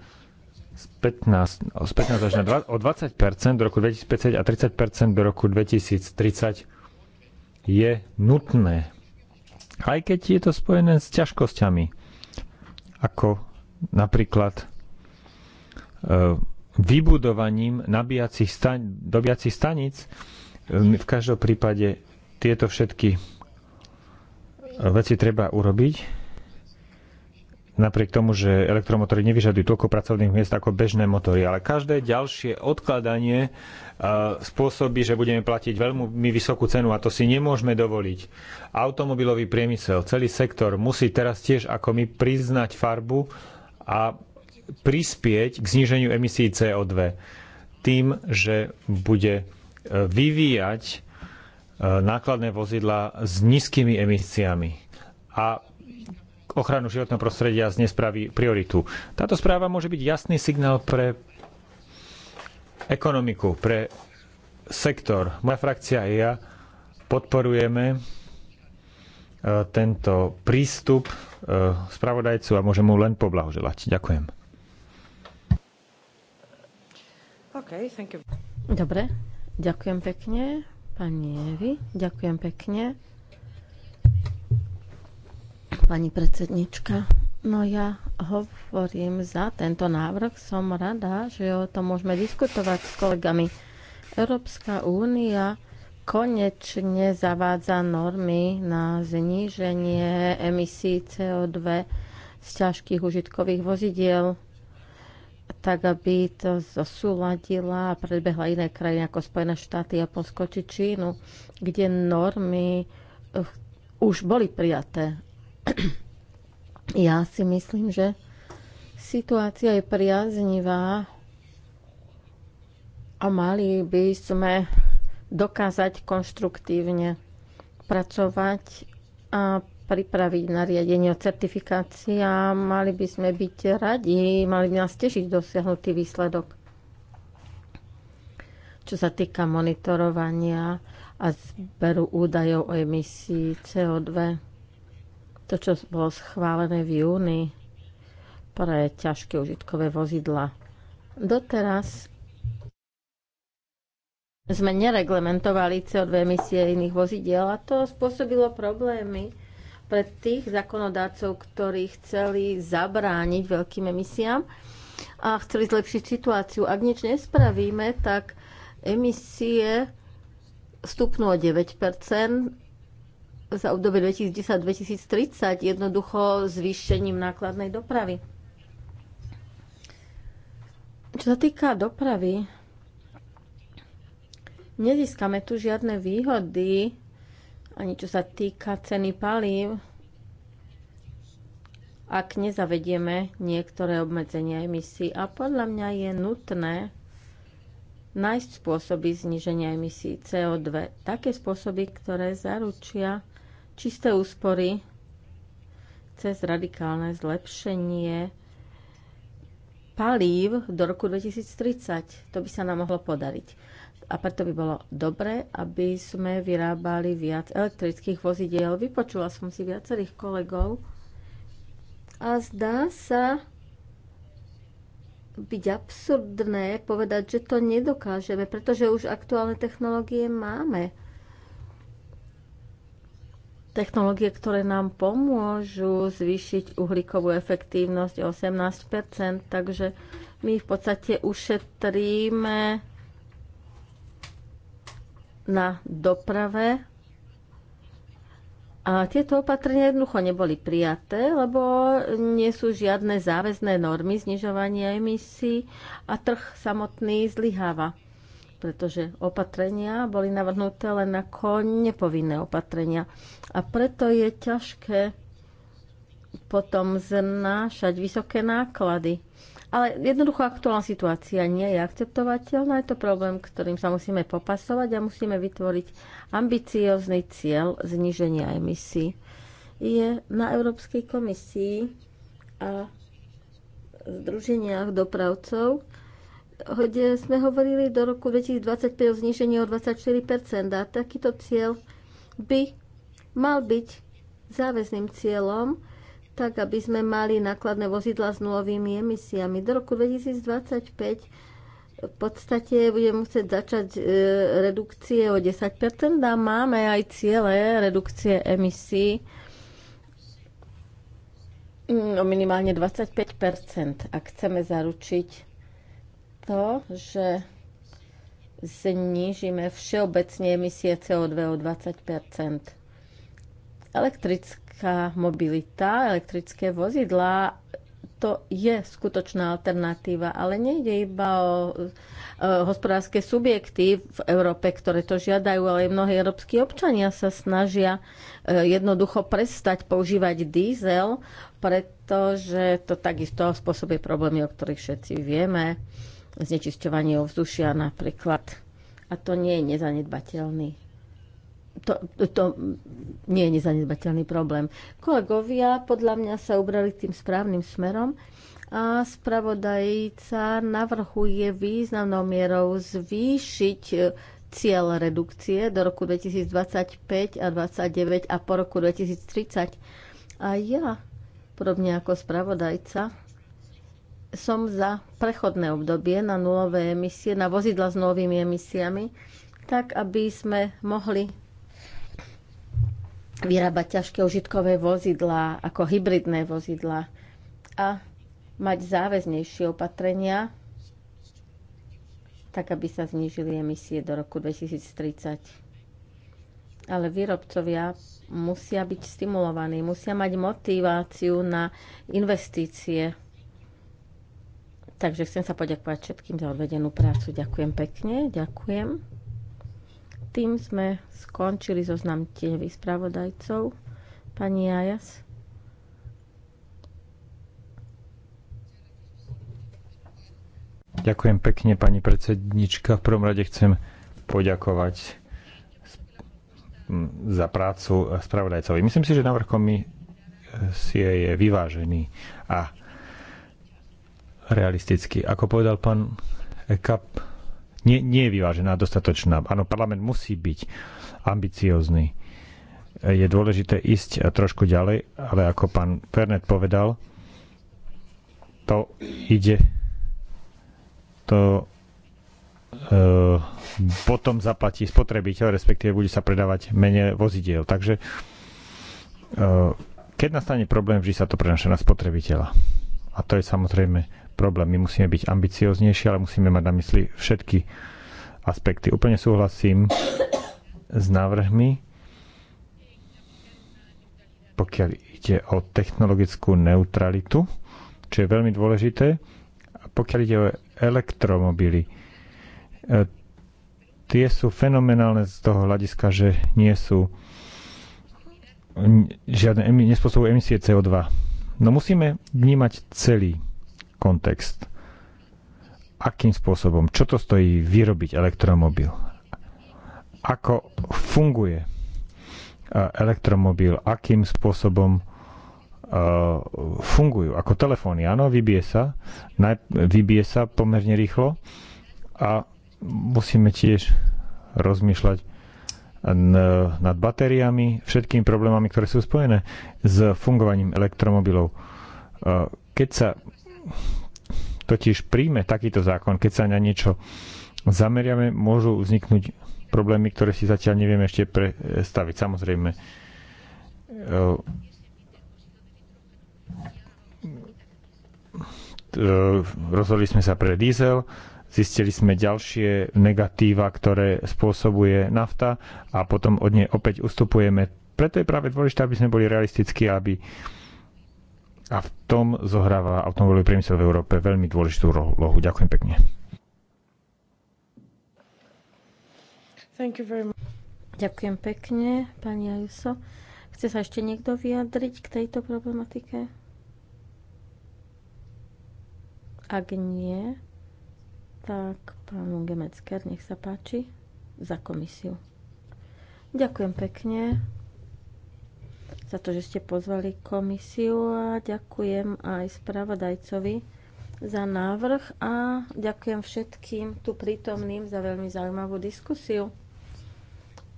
z 15, z 15 až na 20, o 20 do roku 2050 a 30 do roku 2030 je nutné. Aj keď je to spojené s ťažkosťami, ako napríklad E, vybudovaním nabíjacích stan- dobiacich staníc. Ehm, v každom prípade tieto všetky e, veci treba urobiť. Napriek tomu, že elektromotory nevyžadujú toľko pracovných miest ako bežné motory, ale každé ďalšie odkladanie e, spôsobí, že budeme platiť veľmi vysokú cenu a to si nemôžeme dovoliť. Automobilový priemysel, celý sektor musí teraz tiež ako my priznať farbu a prispieť k zníženiu emisí CO2 tým, že bude e, vyvíjať e, nákladné vozidla s nízkymi emisiami a ochranu životného prostredia z nespraví prioritu. Táto správa môže byť jasný signál pre ekonomiku, pre sektor. Moja frakcia a ja podporujeme e, tento prístup spravodajcu a môžem mu len poblahoželať. Ďakujem. Okay, thank you. Dobre, ďakujem pekne. Pani Evi, ďakujem pekne. Pani predsednička, no ja hovorím za tento návrh. Som rada, že o tom môžeme diskutovať s kolegami. Európska únia konečne zavádza normy na zníženie emisí CO2 z ťažkých užitkových vozidiel tak aby to zosúladila a predbehla iné krajiny ako Spojené štáty, Japonsko či Čínu, kde normy eh, už boli prijaté. (clears throat) Ja si myslím, že situácia je priaznivá a mali by sme dokázať konštruktívne pracovať a pripraviť nariadenie o certifikácii a mali by sme byť radi, mali by nás tešiť dosiahnutý výsledok. Čo sa týka monitorovania a zberu údajov o emisii CO2, to, čo bolo schválené v júni pre ťažké užitkové vozidla. Doteraz sme nereglementovali CO2 emisie iných vozidiel a to spôsobilo problémy pre tých zákonodácov, ktorí chceli zabrániť veľkým emisiám a chceli zlepšiť situáciu. Ak nič nespravíme, tak emisie stupnú o 9 za obdobie 2010-2030 jednoducho zvýšením nákladnej dopravy. Čo sa týka dopravy, nezískame tu žiadne výhody ani čo sa týka ceny palív, ak nezavedieme niektoré obmedzenia emisí. A podľa mňa je nutné nájsť spôsoby zniženia emisí CO2. Také spôsoby, ktoré zaručia čisté úspory cez radikálne zlepšenie palív do roku 2030. To by sa nám mohlo podariť a preto by bolo dobre, aby sme vyrábali viac elektrických vozidiel. Vypočula som si viacerých kolegov a zdá sa byť absurdné povedať, že to nedokážeme, pretože už aktuálne technológie máme. Technológie, ktoré nám pomôžu zvýšiť uhlíkovú efektívnosť o 18%, takže my v podstate ušetríme na doprave. A tieto opatrenia jednoducho neboli prijaté, lebo nie sú žiadne záväzné normy znižovania emisí a trh samotný zlyháva, pretože opatrenia boli navrhnuté len ako nepovinné opatrenia. A preto je ťažké potom znášať vysoké náklady ale jednoducho aktuálna situácia nie je akceptovateľná. Je to problém, ktorým sa musíme popasovať a musíme vytvoriť ambiciózny cieľ zniženia emisí. Je na Európskej komisii a združeniach dopravcov, kde sme hovorili do roku 2025 o znižení o 24 a takýto cieľ by mal byť záväzným cieľom tak aby sme mali nákladné vozidla s nulovými emisiami. Do roku 2025 v podstate budeme musieť začať e, redukcie o 10% a máme aj ciele redukcie emisí mm, o minimálne 25%, ak chceme zaručiť to, že znížime všeobecne emisie CO2 o 20 Elektrické elektrická mobilita, elektrické vozidlá, to je skutočná alternatíva, ale nejde iba o e, hospodárske subjekty v Európe, ktoré to žiadajú, ale aj mnohí európsky občania sa snažia e, jednoducho prestať používať diesel, pretože to takisto spôsobuje problémy, o ktorých všetci vieme, znečisťovanie ovzdušia napríklad. A to nie je nezanedbateľný to, to nie je nezanedbateľný problém. Kolegovia podľa mňa sa ubrali tým správnym smerom a spravodajca navrhuje významnou mierou zvýšiť e, cieľ redukcie do roku 2025 a 2029 a po roku 2030. A ja, podobne ako spravodajca, som za prechodné obdobie na nulové emisie, na vozidla s novými emisiami, tak aby sme mohli vyrábať ťažké užitkové vozidlá ako hybridné vozidlá a mať záväznejšie opatrenia, tak aby sa znížili emisie do roku 2030. Ale výrobcovia musia byť stimulovaní, musia mať motiváciu na investície. Takže chcem sa poďakovať všetkým za odvedenú prácu. Ďakujem pekne, ďakujem tým sme skončili zoznam tieňových spravodajcov. Pani Ajas. Ďakujem pekne, pani predsednička. V prvom rade chcem poďakovať za prácu spravodajcovi. Myslím si, že návrh komisie je vyvážený a realistický. Ako povedal pán Kap, nie, nie je vyvážená, dostatočná. Áno, parlament musí byť ambiciózny. Je dôležité ísť trošku ďalej, ale ako pán Fernet povedal, to ide to e, potom zaplatí spotrebiteľ, respektíve bude sa predávať menej vozidiel. Takže e, keď nastane problém, vždy sa to prenaša na spotrebiteľa. A to je samozrejme problém. My musíme byť ambicioznejší, ale musíme mať na mysli všetky aspekty. Úplne súhlasím s návrhmi, pokiaľ ide o technologickú neutralitu, čo je veľmi dôležité, a pokiaľ ide o elektromobily, e, tie sú fenomenálne z toho hľadiska, že nie sú žiadne, nespôsobujú emisie CO2. No musíme vnímať celý kontext. Akým spôsobom? Čo to stojí vyrobiť elektromobil? Ako funguje e, elektromobil? Akým spôsobom e, fungujú? Ako telefóny, áno, vybije sa, vybije sa pomerne rýchlo a musíme tiež rozmýšľať nad batériami, všetkými problémami, ktoré sú spojené s fungovaním elektromobilov. E, keď sa totiž príjme takýto zákon, keď sa na niečo zameriame, môžu vzniknúť problémy, ktoré si zatiaľ nevieme ešte predstaviť. Samozrejme, e, rozhodli sme sa pre diesel, zistili sme ďalšie negatíva, ktoré spôsobuje nafta a potom od nej opäť ustupujeme. Preto je práve dôležité, aby sme boli realistickí, aby a v tom zohráva automobilový priemysel v Európe veľmi dôležitú úlohu. Ďakujem pekne. Ďakujem pekne, pani Ajuso. Chce sa ešte niekto vyjadriť k tejto problematike? Ak nie, tak pán Gemecker, nech sa páči, za komisiu. Ďakujem pekne za to, že ste pozvali komisiu a ďakujem aj spravodajcovi za návrh a ďakujem všetkým tu prítomným za veľmi zaujímavú diskusiu.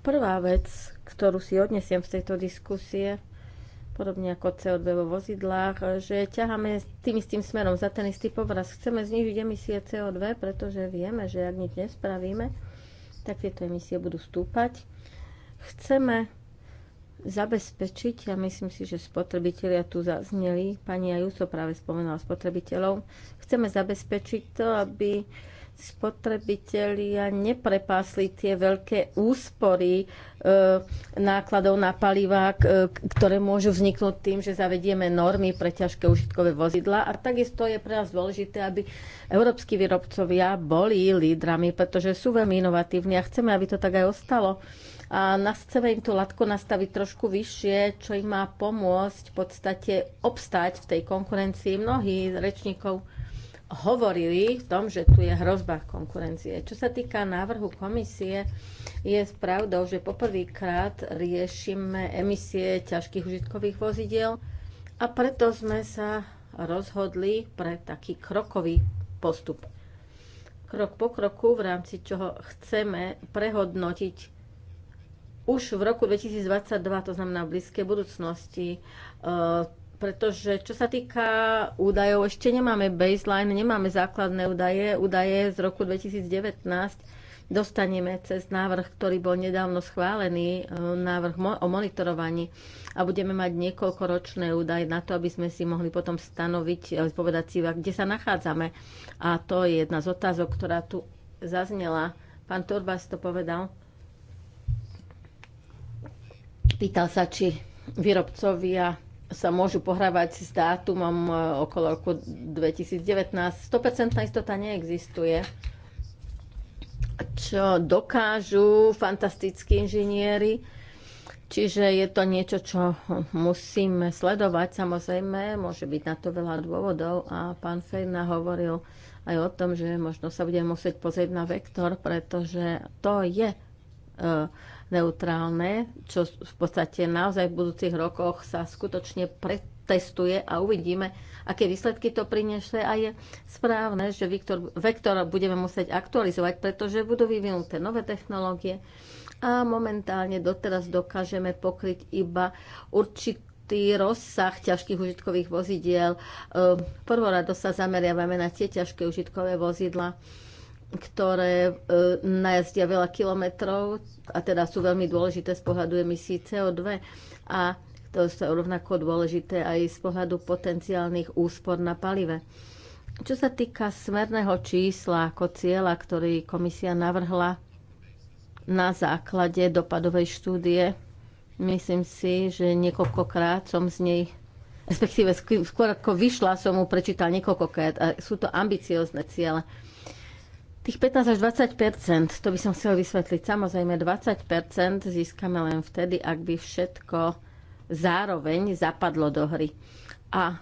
Prvá vec, ktorú si odnesiem z tejto diskusie, podobne ako CO2 vo vozidlách, že ťaháme tým istým smerom za ten istý povraz. Chceme znižiť emisie CO2, pretože vieme, že ak nič nespravíme, tak tieto emisie budú stúpať. Chceme zabezpečiť, ja myslím si, že spotrebitelia tu zazneli, pani Ajuso práve spomenula spotrebiteľov, chceme zabezpečiť to, aby spotrebitelia neprepásli tie veľké úspory e, nákladov na palivák, e, ktoré môžu vzniknúť tým, že zavedieme normy pre ťažké užitkové vozidla. A takisto je pre nás dôležité, aby európsky výrobcovia boli lídrami, pretože sú veľmi inovatívni a chceme, aby to tak aj ostalo a chceme im tú latku nastaviť trošku vyššie, čo im má pomôcť v podstate obstať v tej konkurencii. Mnohí rečníkov hovorili v tom, že tu je hrozba konkurencie. Čo sa týka návrhu komisie, je pravdou, že poprvýkrát riešime emisie ťažkých užitkových vozidiel a preto sme sa rozhodli pre taký krokový postup. Krok po kroku, v rámci čoho chceme prehodnotiť už v roku 2022, to znamená v blízkej budúcnosti, e, pretože čo sa týka údajov, ešte nemáme baseline, nemáme základné údaje, údaje z roku 2019 dostaneme cez návrh, ktorý bol nedávno schválený, e, návrh o monitorovaní a budeme mať niekoľkoročné údaje na to, aby sme si mohli potom stanoviť, e, povedať si, kde sa nachádzame. A to je jedna z otázok, ktorá tu zaznela. Pán Turbas to povedal. Pýtal sa, či výrobcovia sa môžu pohrávať s dátumom e, okolo roku 2019. 100% istota neexistuje. Čo dokážu fantastickí inžinieri, Čiže je to niečo, čo musíme sledovať. Samozrejme, môže byť na to veľa dôvodov a pán Fejna hovoril aj o tom, že možno sa budeme musieť pozrieť na vektor, pretože to je uh, neutrálne, čo v podstate naozaj v budúcich rokoch sa skutočne pretestuje a uvidíme, aké výsledky to priniesie a je správne, že vektor, vektor budeme musieť aktualizovať, pretože budú vyvinuté nové technológie a momentálne doteraz dokážeme pokryť iba určitú rozsah ťažkých užitkových vozidiel. Ehm, Prvorado sa zameriavame na tie ťažké užitkové vozidla, ktoré e, najazdia veľa kilometrov a teda sú veľmi dôležité z pohľadu emisí CO2 a to sú rovnako dôležité aj z pohľadu potenciálnych úspor na palive. Čo sa týka smerného čísla ako cieľa, ktorý komisia navrhla na základe dopadovej štúdie, myslím si, že niekoľkokrát som z nej respektíve skôr ako vyšla, som mu prečítal niekoľkokrát a sú to ambiciozne ciele. Tých 15 až 20 to by som chcel vysvetliť. Samozrejme, 20 získame len vtedy, ak by všetko zároveň zapadlo do hry. A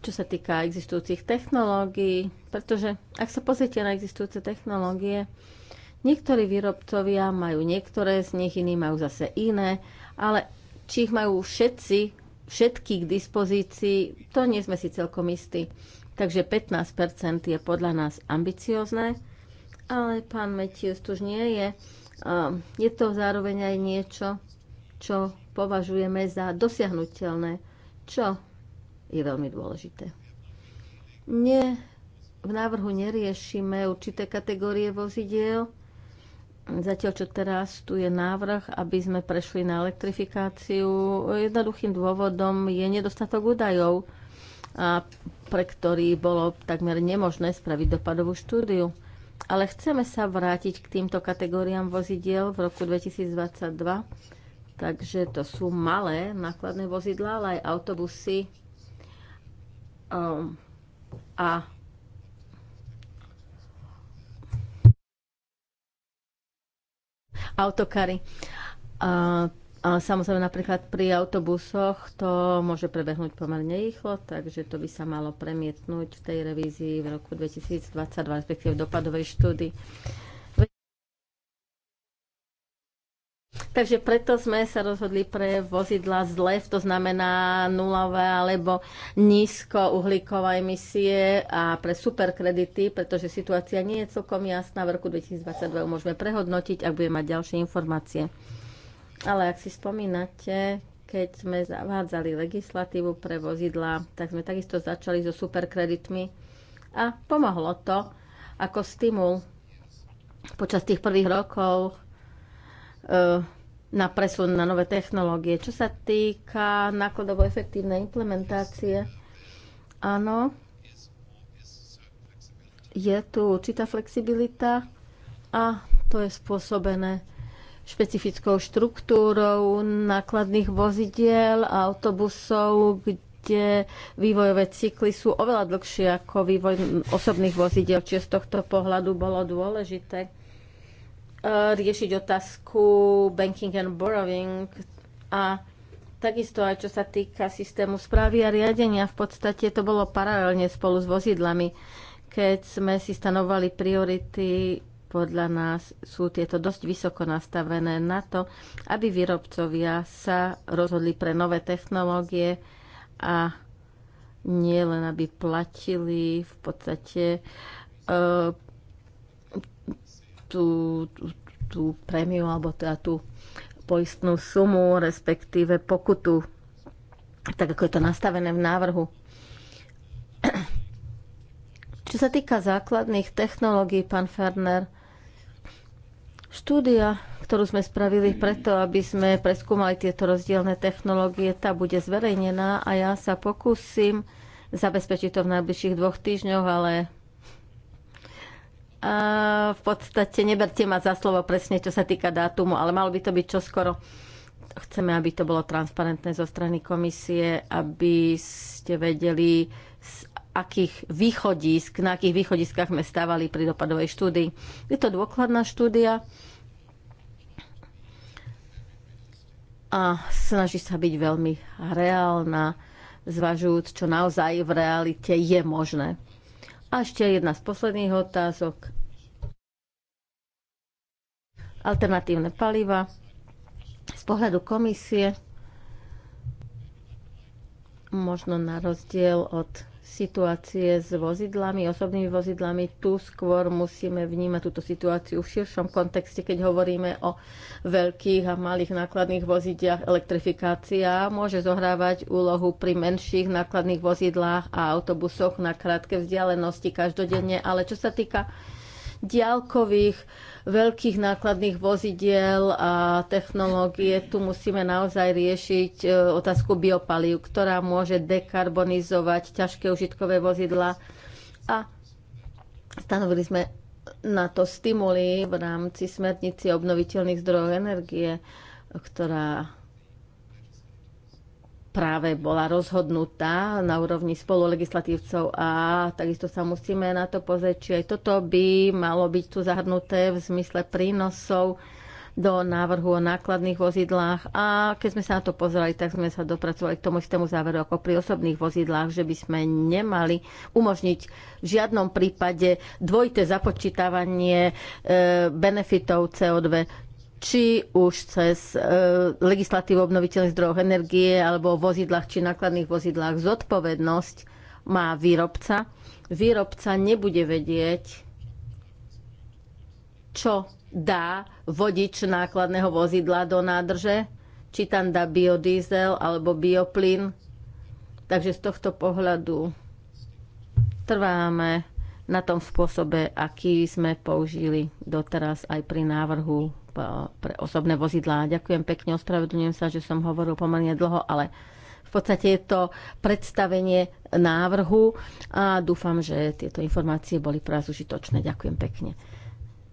čo sa týka existujúcich technológií, pretože ak sa pozrite na existujúce technológie, niektorí výrobcovia majú niektoré z nich, iní majú zase iné, ale či ich majú všetci, všetky k dispozícii, to nie sme si celkom istí. Takže 15 je podľa nás ambiciozne, ale pán Metius tu už nie je. Ehm, je to zároveň aj niečo, čo považujeme za dosiahnutelné, čo je veľmi dôležité. Nie, v návrhu neriešime určité kategórie vozidiel, Zatiaľ, čo teraz tu je návrh, aby sme prešli na elektrifikáciu, jednoduchým dôvodom je nedostatok údajov a pre ktorý bolo takmer nemožné spraviť dopadovú štúdiu. Ale chceme sa vrátiť k týmto kategóriám vozidiel v roku 2022. Takže to sú malé nákladné vozidlá, ale aj autobusy um, a autokary. Uh, a samozrejme napríklad pri autobusoch to môže prebehnúť pomerne rýchlo, takže to by sa malo premietnúť v tej revízii v roku 2022, respektíve v dopadovej štúdii. Takže preto sme sa rozhodli pre vozidla z LEV, to znamená nulové alebo nízko uhlíkové emisie a pre superkredity, pretože situácia nie je celkom jasná. V roku 2022 môžeme prehodnotiť, ak budeme mať ďalšie informácie. Ale ak si spomínate, keď sme zavádzali legislatívu pre vozidla, tak sme takisto začali so superkreditmi a pomohlo to ako stimul počas tých prvých rokov eh, na presun na nové technológie. Čo sa týka nákladovo efektívnej implementácie, áno, je tu určitá flexibilita a to je spôsobené špecifickou štruktúrou nákladných vozidiel a autobusov, kde vývojové cykly sú oveľa dlhšie ako vývoj osobných vozidiel, čiže z tohto pohľadu bolo dôležité e, riešiť otázku banking and borrowing a takisto aj čo sa týka systému správy a riadenia. V podstate to bolo paralelne spolu s vozidlami, keď sme si stanovali priority podľa nás sú tieto dosť vysoko nastavené na to, aby výrobcovia sa rozhodli pre nové technológie a nie len aby platili v podstate uh, tú, tú, tú prémiu alebo teda tú poistnú sumu, respektíve pokutu, tak ako je to nastavené v návrhu. Čo sa týka základných technológií, pán Ferner, Štúdia, ktorú sme spravili preto, aby sme preskúmali tieto rozdielne technológie, tá bude zverejnená a ja sa pokúsim zabezpečiť to v najbližších dvoch týždňoch, ale a v podstate neberte ma za slovo presne, čo sa týka dátumu, ale malo by to byť čoskoro. Chceme, aby to bolo transparentné zo strany komisie, aby ste vedeli, akých východisk, na akých východiskách sme stávali pri dopadovej štúdii. Je to dôkladná štúdia a snaží sa byť veľmi reálna, zvažujúc, čo naozaj v realite je možné. A ešte jedna z posledných otázok. Alternatívne paliva. Z pohľadu komisie, možno na rozdiel od situácie s vozidlami, osobnými vozidlami, tu skôr musíme vnímať túto situáciu v širšom kontexte, keď hovoríme o veľkých a malých nákladných vozidiach. Elektrifikácia môže zohrávať úlohu pri menších nákladných vozidlách a autobusoch na krátke vzdialenosti každodenne, ale čo sa týka diálkových veľkých nákladných vozidiel a technológie, tu musíme naozaj riešiť e, otázku biopaliu, ktorá môže dekarbonizovať ťažké užitkové vozidla a stanovili sme na to stimuli v rámci smernici obnoviteľných zdrojov energie, ktorá práve bola rozhodnutá na úrovni spolulegislatívcov a takisto sa musíme na to pozrieť, či aj toto by malo byť tu zahrnuté v zmysle prínosov do návrhu o nákladných vozidlách a keď sme sa na to pozerali, tak sme sa dopracovali k tomu istému záveru ako pri osobných vozidlách, že by sme nemali umožniť v žiadnom prípade dvojité započítavanie e, benefitov CO2 či už cez e, legislatívu obnoviteľných zdrojov energie alebo vozidlách či nákladných vozidlách zodpovednosť má výrobca. Výrobca nebude vedieť, čo dá vodič nákladného vozidla do nádrže, či tam dá biodiesel alebo bioplyn. Takže z tohto pohľadu trváme na tom spôsobe, aký sme použili doteraz aj pri návrhu pre osobné vozidlá. Ďakujem pekne, ospravedlňujem sa, že som hovoril pomerne dlho, ale v podstate je to predstavenie návrhu a dúfam, že tieto informácie boli pre vás užitočné. Ďakujem pekne.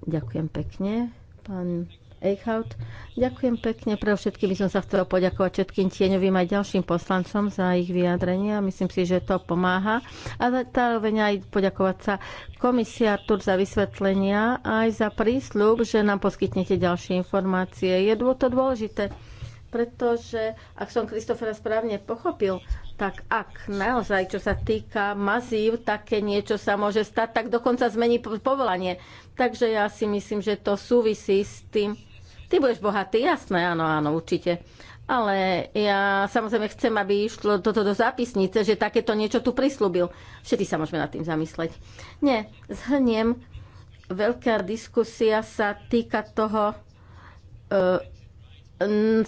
Ďakujem pekne, pán Eichhout. Ďakujem pekne. Pre všetky by som sa chcela poďakovať všetkým tieňovým aj ďalším poslancom za ich vyjadrenia. Myslím si, že to pomáha. A zároveň aj poďakovať sa komisia Tur za vysvetlenia aj za prísľub, že nám poskytnete ďalšie informácie. Je to dôležité, pretože, ak som Kristofera správne pochopil, tak ak naozaj, čo sa týka mazív, také niečo sa môže stať, tak dokonca zmení povolanie. Takže ja si myslím, že to súvisí s tým. Ty budeš bohatý, jasné, áno, áno, určite. Ale ja samozrejme chcem, aby išlo toto do zápisnice, že takéto niečo tu prislúbil. Všetci sa môžeme nad tým zamysleť. Nie, zhrniem. Veľká diskusia sa týka toho, e,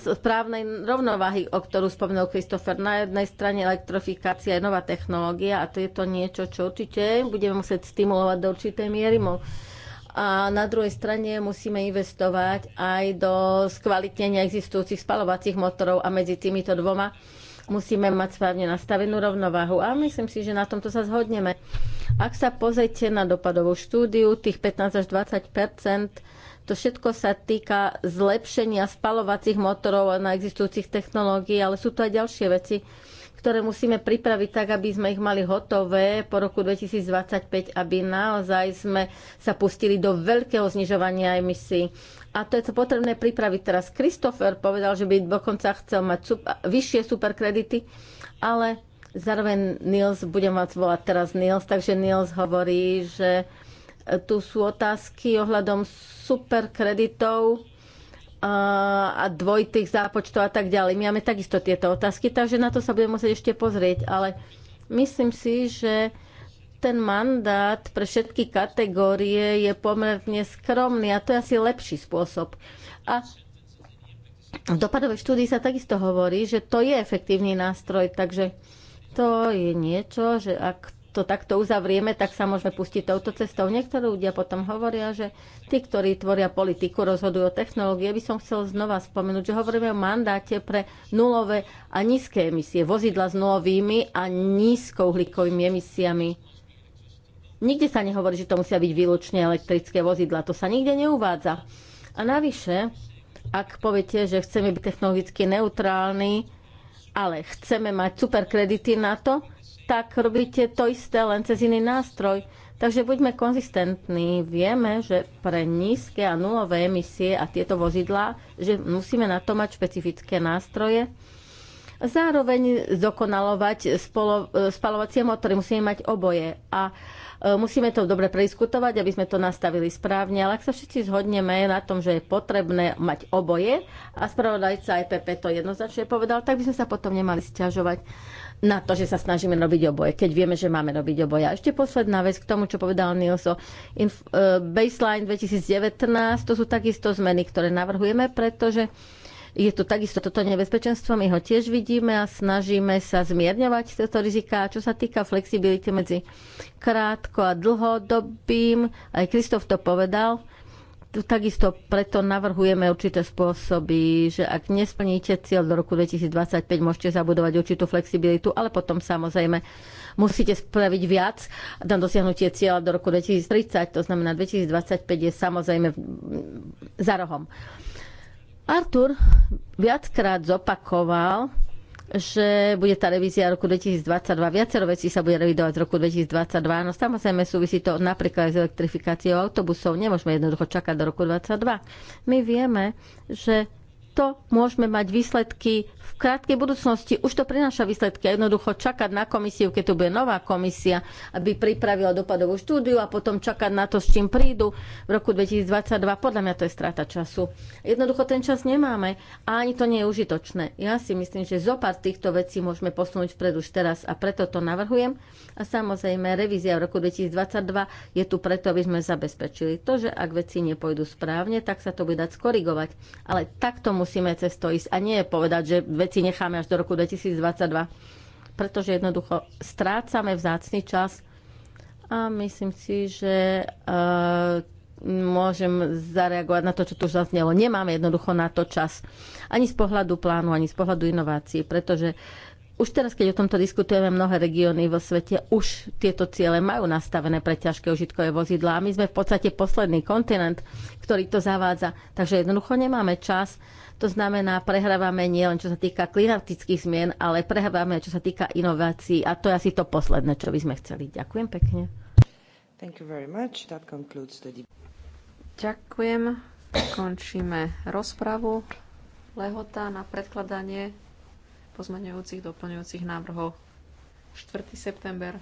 správnej rovnováhy, o ktorú spomenul Kristofer. Na jednej strane elektrofikácia je nová technológia a to je to niečo, čo určite budeme musieť stimulovať do určitej miery. A na druhej strane musíme investovať aj do skvalitnenia existujúcich spalovacích motorov a medzi týmito dvoma musíme mať správne nastavenú rovnováhu. A myslím si, že na tomto sa zhodneme. Ak sa pozrite na dopadovú štúdiu, tých 15 až 20 to všetko sa týka zlepšenia spalovacích motorov na existujúcich technológií, ale sú tu aj ďalšie veci, ktoré musíme pripraviť tak, aby sme ich mali hotové po roku 2025, aby naozaj sme sa pustili do veľkého znižovania emisí. A to je to potrebné pripraviť teraz. Christopher povedal, že by dokonca chcel mať super, vyššie superkredity, ale zároveň Niels, budem vás volať teraz Niels, takže Niels hovorí, že tu sú otázky ohľadom superkreditov a dvojitých zápočtov a tak ďalej. My máme takisto tieto otázky, takže na to sa budeme musieť ešte pozrieť, ale myslím si, že ten mandát pre všetky kategórie je pomerne skromný a to je asi lepší spôsob. A v dopadovej štúdii sa takisto hovorí, že to je efektívny nástroj, takže to je niečo, že ak to takto uzavrieme, tak sa môžeme pustiť touto cestou. Niektorí ľudia potom hovoria, že tí, ktorí tvoria politiku, rozhodujú o technológie. By som chcel znova spomenúť, že hovoríme o mandáte pre nulové a nízke emisie. Vozidla s nulovými a nízkouhlíkovými emisiami. Nikde sa nehovorí, že to musia byť výlučne elektrické vozidla. To sa nikde neuvádza. A navyše, ak poviete, že chceme byť technologicky neutrálni, ale chceme mať superkredity na to, tak robíte to isté len cez iný nástroj. Takže buďme konzistentní. Vieme, že pre nízke a nulové emisie a tieto vozidlá, že musíme na to mať špecifické nástroje. Zároveň zdokonalovať spolo, e, spalovacie motory. Musíme mať oboje. A e, musíme to dobre prediskutovať, aby sme to nastavili správne. Ale ak sa všetci zhodneme na tom, že je potrebné mať oboje, a spravodajca EPP to jednoznačne povedal, tak by sme sa potom nemali stiažovať na to, že sa snažíme robiť oboje, keď vieme, že máme robiť oboje. A ešte posledná vec k tomu, čo povedal Nilso. Inf- e, baseline 2019, to sú takisto zmeny, ktoré navrhujeme, pretože je tu takisto toto nebezpečenstvo, my ho tiež vidíme a snažíme sa zmierňovať tieto riziká. Čo sa týka flexibility medzi krátko a dlhodobým, aj Kristof to povedal, Takisto preto navrhujeme určité spôsoby, že ak nesplníte cieľ do roku 2025, môžete zabudovať určitú flexibilitu, ale potom samozrejme musíte spraviť viac na dosiahnutie cieľa do roku 2030, to znamená 2025 je samozrejme za rohom. Artur viackrát zopakoval, že bude tá revízia roku 2022. Viacero vecí sa bude revidovať z roku 2022. No samozrejme súvisí to napríklad s elektrifikáciou autobusov. Nemôžeme jednoducho čakať do roku 2022. My vieme, že takto môžeme mať výsledky v krátkej budúcnosti. Už to prináša výsledky. Jednoducho čakať na komisiu, keď tu bude nová komisia, aby pripravila dopadovú štúdiu a potom čakať na to, s čím prídu v roku 2022. Podľa mňa to je strata času. Jednoducho ten čas nemáme a ani to nie je užitočné. Ja si myslím, že zo pár týchto vecí môžeme posunúť vpred už teraz a preto to navrhujem. A samozrejme, revízia v roku 2022 je tu preto, aby sme zabezpečili to, že ak veci nepôjdu správne, tak sa to bude dať skorigovať. Ale takto musí musíme cez to ísť a nie povedať, že veci necháme až do roku 2022, pretože jednoducho strácame vzácný čas a myslím si, že uh, môžem zareagovať na to, čo tu už zaznelo. Nemáme jednoducho na to čas. Ani z pohľadu plánu, ani z pohľadu inovácií, pretože už teraz, keď o tomto diskutujeme, mnohé regióny vo svete už tieto ciele majú nastavené pre ťažké užitkové vozidlá a my sme v podstate posledný kontinent, ktorý to zavádza. Takže jednoducho nemáme čas to znamená, prehrávame nielen čo sa týka klimatických zmien, ale prehrávame čo sa týka inovácií a to je asi to posledné, čo by sme chceli. Ďakujem pekne. Thank you very much. That concludes the Ďakujem. Končíme rozpravu. Lehota na predkladanie pozmaňujúcich, doplňujúcich návrhov 4. september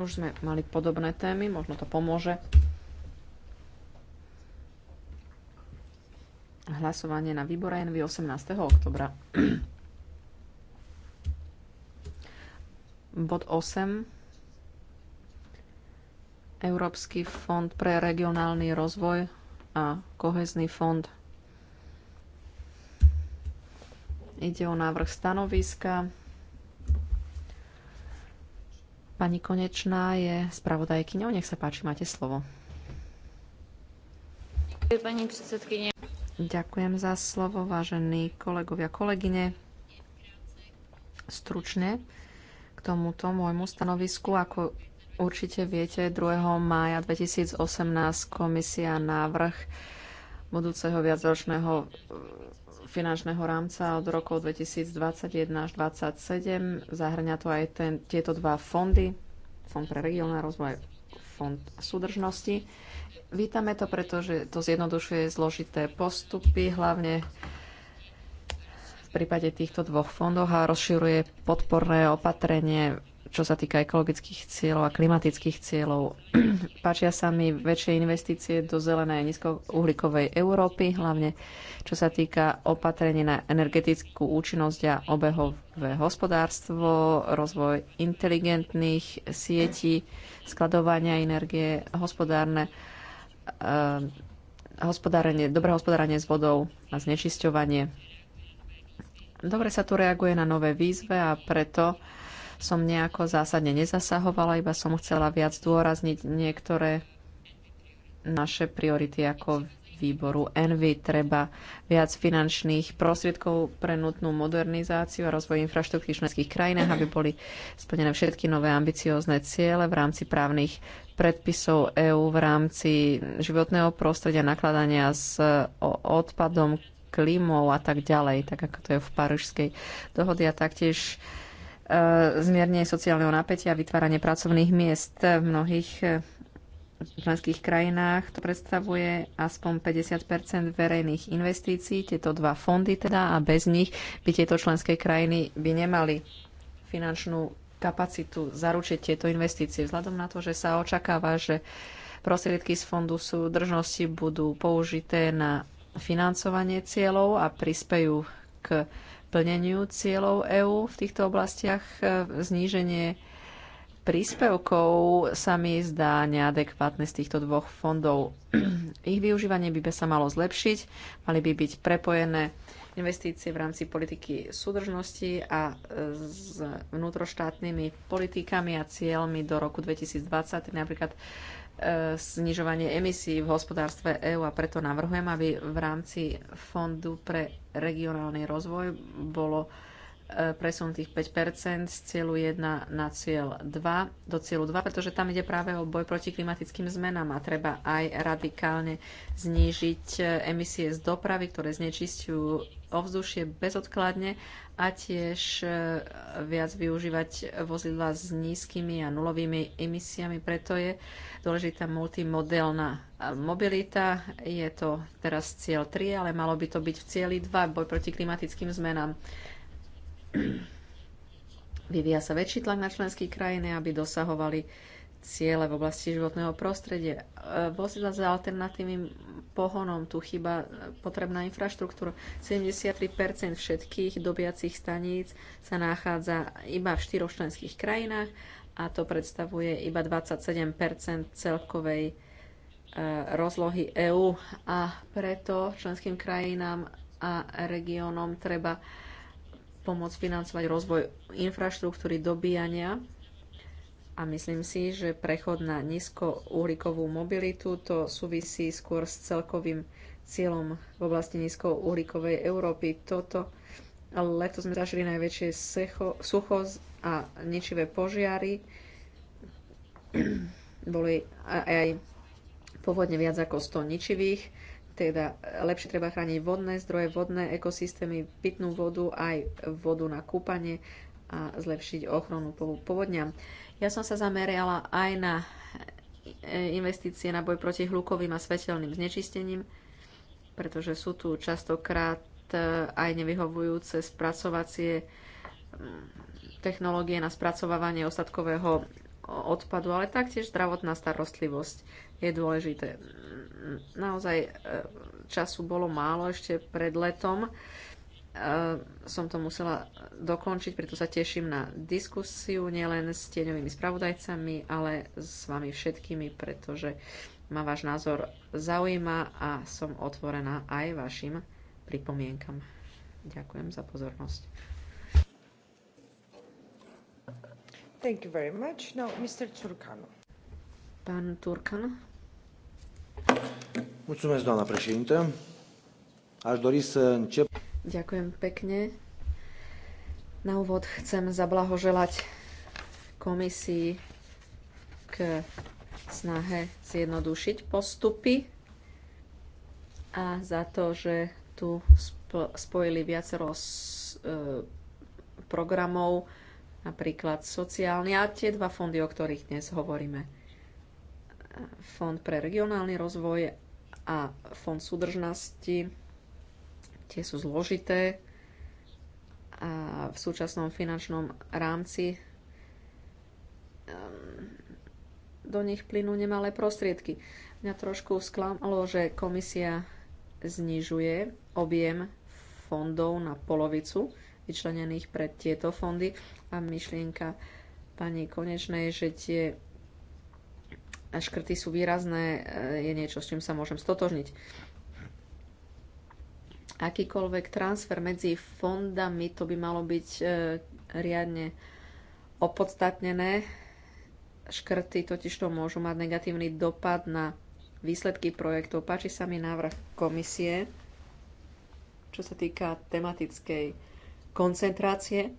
Už sme mali podobné témy, možno to pomôže. Hlasovanie na výbore NV 18. oktobra. (clears throat) Bod 8. Európsky fond pre regionálny rozvoj a kohezný fond. Ide o návrh stanoviska. Pani Konečná je spravodajkyňou. Nech sa páči, máte slovo. Pani predsedkynie. Ďakujem za slovo, vážení kolegovia, kolegyne. Stručne k tomuto môjmu stanovisku, ako určite viete, 2. mája 2018 komisia návrh budúceho viacročného finančného rámca od rokov 2021 až 2027. Zahrňa to aj ten, tieto dva fondy, Fond pre regionálny rozvoj, Fond súdržnosti. Vítame to, pretože to zjednodušuje zložité postupy, hlavne v prípade týchto dvoch fondov a rozširuje podporné opatrenie čo sa týka ekologických cieľov a klimatických cieľov. (clears throat) Páčia sa mi väčšie investície do zelenej a nízkouhlíkovej Európy, hlavne čo sa týka opatrenie na energetickú účinnosť a obehové hospodárstvo, rozvoj inteligentných sietí, skladovania energie, hospodárne eh, hospodárenie, dobré hospodárenie s vodou a znečisťovanie. Dobre sa tu reaguje na nové výzve a preto som nejako zásadne nezasahovala, iba som chcela viac zdôrazniť niektoré naše priority ako výboru Envy treba viac finančných prostriedkov pre nutnú modernizáciu a rozvoj infraštruktúry v členských krajinách, aby boli splnené všetky nové ambiciózne ciele v rámci právnych predpisov EÚ v rámci životného prostredia, nakladania s odpadom, klímou a tak ďalej, tak ako to je v Parížskej dohode a taktiež E, zmiernenie sociálneho napätia a vytváranie pracovných miest v mnohých e, členských krajinách. To predstavuje aspoň 50 verejných investícií, tieto dva fondy teda, a bez nich by tieto členské krajiny by nemali finančnú kapacitu zaručiť tieto investície. Vzhľadom na to, že sa očakáva, že prostriedky z fondu sú držnosti budú použité na financovanie cieľov a prispejú k plneniu cieľov EÚ v týchto oblastiach. E, zníženie príspevkov sa mi zdá neadekvátne z týchto dvoch fondov. (clears throat) Ich využívanie by sa malo zlepšiť, mali by byť prepojené investície v rámci politiky súdržnosti a e, s vnútroštátnymi politikami a cieľmi do roku 2020, napríklad znižovanie emisí v hospodárstve EÚ a preto navrhujem, aby v rámci Fondu pre regionálny rozvoj bolo e, presunutých 5 z cieľu 1 na cieľ 2, do cieľu 2, pretože tam ide práve o boj proti klimatickým zmenám a treba aj radikálne znížiť e, emisie z dopravy, ktoré znečistujú ovzdušie bezodkladne a tiež e, viac využívať vozidla s nízkymi a nulovými emisiami. Preto je dôležitá multimodelná e, mobilita. Je to teraz cieľ 3, ale malo by to byť v cieli 2, boj proti klimatickým zmenám. Vyvíja sa väčší tlak na členské krajiny, aby dosahovali ciele v oblasti životného prostredia. E, vozidla za alternatívnym pohonom, tu chyba e, potrebná infraštruktúra. 73% všetkých dobiacich staníc sa nachádza iba v štyroch členských krajinách a to predstavuje iba 27 celkovej e, rozlohy EÚ a preto členským krajinám a regiónom treba pomôcť financovať rozvoj infraštruktúry dobíjania a myslím si, že prechod na nízkouhlíkovú mobilitu to súvisí skôr s celkovým cieľom v oblasti nízkouhlíkovej Európy. Toto leto sme zažili najväčšie secho, sucho a ničivé požiary. Boli aj pôvodne viac ako 100 ničivých teda lepšie treba chrániť vodné zdroje, vodné ekosystémy, pitnú vodu, aj vodu na kúpanie a zlepšiť ochranu povodňa. Ja som sa zameriala aj na e, investície na boj proti hľukovým a svetelným znečistením, pretože sú tu častokrát e, aj nevyhovujúce spracovacie technológie na spracovávanie ostatkového odpadu, ale taktiež zdravotná starostlivosť je dôležité. Naozaj e, času bolo málo ešte pred letom. E, som to musela dokončiť, preto sa teším na diskusiu nielen s tieňovými spravodajcami, ale s vami všetkými, pretože ma váš názor zaujíma a som otvorená aj vašim pripomienkam. Ďakujem za pozornosť. Thank you very much. Now, Mr. Turkano. Pán Turkano. Mulțumesc, doamna președintă. Aș dori să încep Ďakujem pekne. Na úvod chcem zablahoželať komisii k snahe zjednodušiť postupy a za to, že tu spojili viacero e, programov, napríklad sociálny a tie dva fondy, o ktorých dnes hovoríme. Fond pre regionálny rozvoj a Fond súdržnosti tie sú zložité a v súčasnom finančnom rámci ehm, do nich plynú nemalé prostriedky. Mňa trošku sklamalo, že komisia znižuje objem fondov na polovicu vyčlenených pre tieto fondy a myšlienka pani Konečnej, že tie škrty sú výrazné, e, je niečo, s čím sa môžem stotožniť akýkoľvek transfer medzi fondami, to by malo byť e, riadne opodstatnené. Škrty totiž to môžu mať negatívny dopad na výsledky projektov. Páči sa mi návrh komisie, čo sa týka tematickej koncentrácie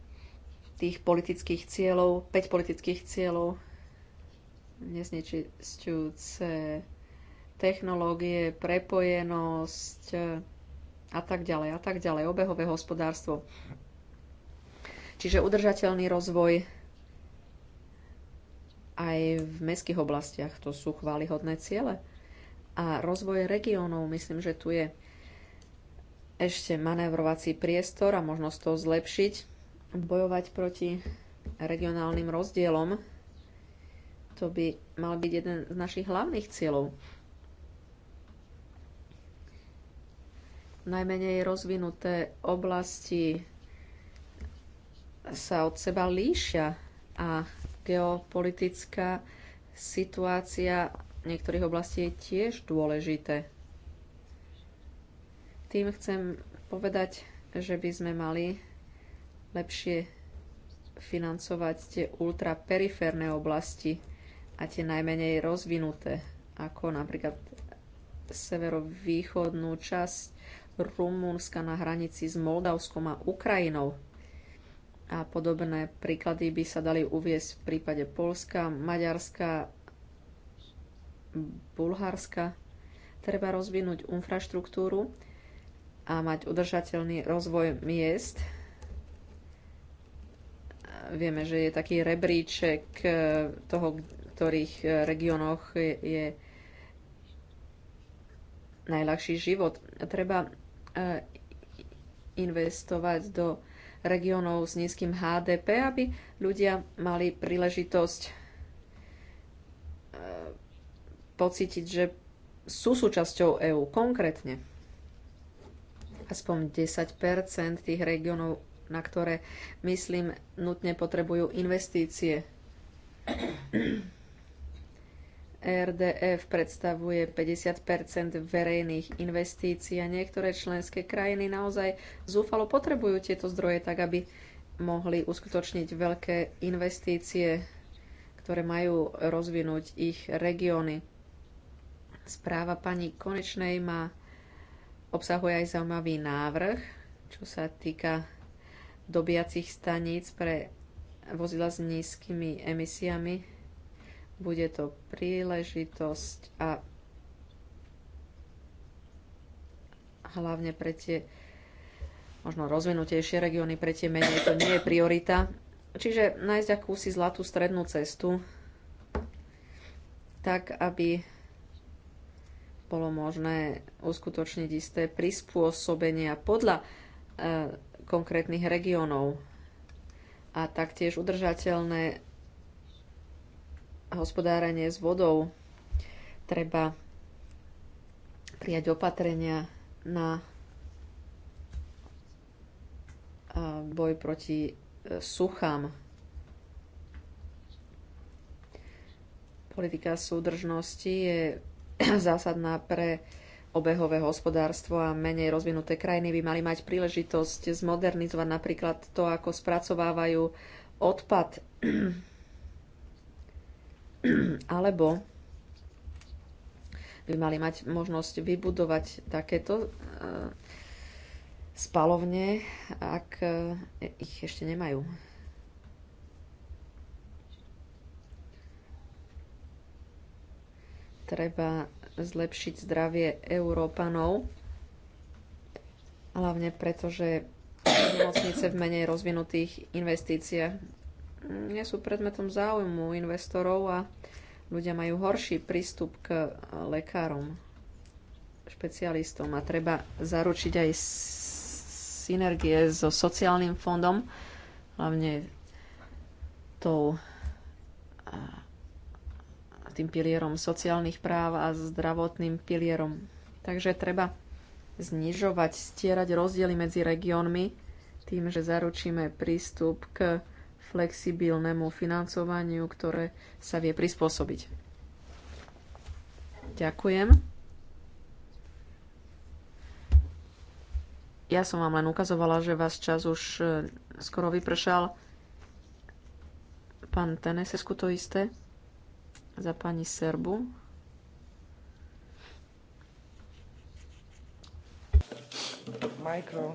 tých politických cieľov, 5 politických cieľov, neznečistujúce technológie, prepojenosť, a tak ďalej a tak ďalej, obehové hospodárstvo. Čiže udržateľný rozvoj aj v mestských oblastiach, to sú chválihodné ciele. A rozvoj regiónov, myslím, že tu je ešte manévrovací priestor a možnosť to zlepšiť, bojovať proti regionálnym rozdielom. To by mal byť jeden z našich hlavných cieľov. najmenej rozvinuté oblasti sa od seba líšia a geopolitická situácia niektorých oblastí je tiež dôležité. Tým chcem povedať, že by sme mali lepšie financovať tie ultraperiférne oblasti a tie najmenej rozvinuté, ako napríklad severovýchodnú časť Rumúnska na hranici s Moldavskom a Ukrajinou. A podobné príklady by sa dali uviesť v prípade Polska, Maďarska, Bulharska. Treba rozvinúť infraštruktúru a mať udržateľný rozvoj miest. Vieme, že je taký rebríček e, toho, ktorých e, regiónoch je, je najľahší život. Treba Eh, investovať do regiónov s nízkym HDP, aby ľudia mali príležitosť eh, pocítiť, že sú súčasťou EÚ konkrétne. Aspoň 10 tých regiónov, na ktoré, myslím, nutne potrebujú investície. RDF predstavuje 50 verejných investícií a niektoré členské krajiny naozaj zúfalo potrebujú tieto zdroje tak, aby mohli uskutočniť veľké investície, ktoré majú rozvinúť ich regióny. Správa pani Konečnej má obsahuje aj zaujímavý návrh, čo sa týka dobiacich staníc pre vozidla s nízkymi emisiami bude to príležitosť a hlavne pre tie možno rozvinutejšie regióny, pre tie menej to nie je priorita. Čiže nájsť akúsi zlatú strednú cestu, tak aby bolo možné uskutočniť isté prispôsobenia podľa e, konkrétnych regiónov a taktiež udržateľné hospodárenie s vodou. Treba prijať opatrenia na boj proti e, suchám. Politika súdržnosti je (clears throat) zásadná pre obehové hospodárstvo a menej rozvinuté krajiny by mali mať príležitosť zmodernizovať napríklad to, ako spracovávajú odpad (clears throat) alebo by mali mať možnosť vybudovať takéto e, spalovne, ak e, ich ešte nemajú. Treba zlepšiť zdravie Európanov, hlavne preto, že nemocnice v menej rozvinutých investíciách nie sú predmetom záujmu investorov a ľudia majú horší prístup k eh, lekárom, špecialistom a treba zaručiť aj synergie so sociálnym fondom, hlavne tou eh, tým pilierom sociálnych práv a zdravotným pilierom. Takže treba znižovať, stierať rozdiely medzi regiónmi tým, že zaručíme prístup k flexibilnému financovaniu, ktoré sa vie prispôsobiť. Ďakujem. Ja som vám len ukazovala, že vás čas už e, skoro vypršal. Pán Tenesesku to isté za pani Serbu. Micro.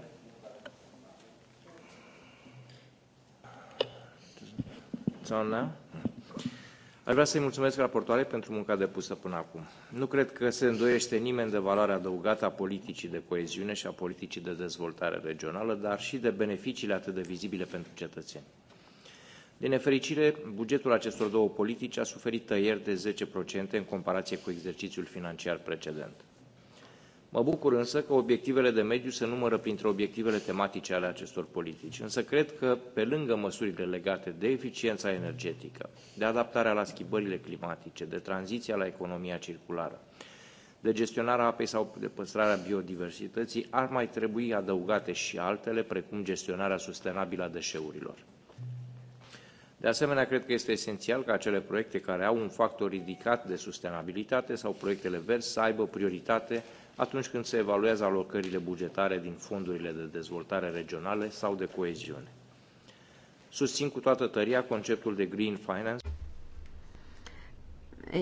It's Aș vrea să-i mulțumesc raportoare pentru munca depusă până acum. Nu cred că se îndoiește nimeni de valoarea adăugată a politicii de coeziune și a politicii de dezvoltare regională, dar și de beneficiile atât de vizibile pentru cetățeni. Din nefericire, bugetul acestor două politici a suferit tăieri de 10% în comparație cu exercițiul financiar precedent. Mă bucur însă că obiectivele de mediu se numără printre obiectivele tematice ale acestor politici, însă cred că, pe lângă măsurile legate de eficiența energetică, de adaptarea la schimbările climatice, de tranziția la economia circulară, de gestionarea apei sau de păstrarea biodiversității, ar mai trebui adăugate și altele, precum gestionarea sustenabilă a deșeurilor. De asemenea, cred că este esențial ca acele proiecte care au un factor ridicat de sustenabilitate sau proiectele verzi să aibă prioritate atunci când se evaluează alocările bugetare din fondurile de dezvoltare regionale sau de coeziune. Susțin cu toată tăria conceptul de green finance.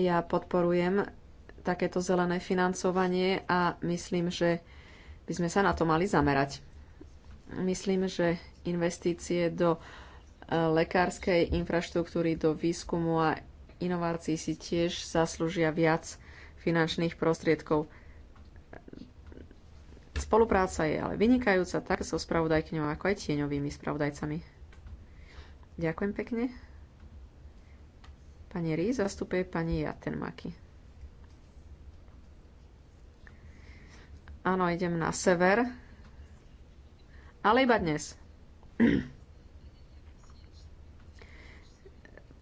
Ja podporujem takéto zelené financovanie a myslím, že by sme sa na to mali zamerať. Myslím, že investície do e, lekárskej infraštruktúry, do výskumu a inovácií si tiež zaslúžia viac finančných prostriedkov. Spolupráca je ale vynikajúca tak so spravodajkňou, ako aj tieňovými spravodajcami. Ďakujem pekne. Pani Rí zastupuje pani Jatenmaki. Áno, idem na sever, ale iba dnes.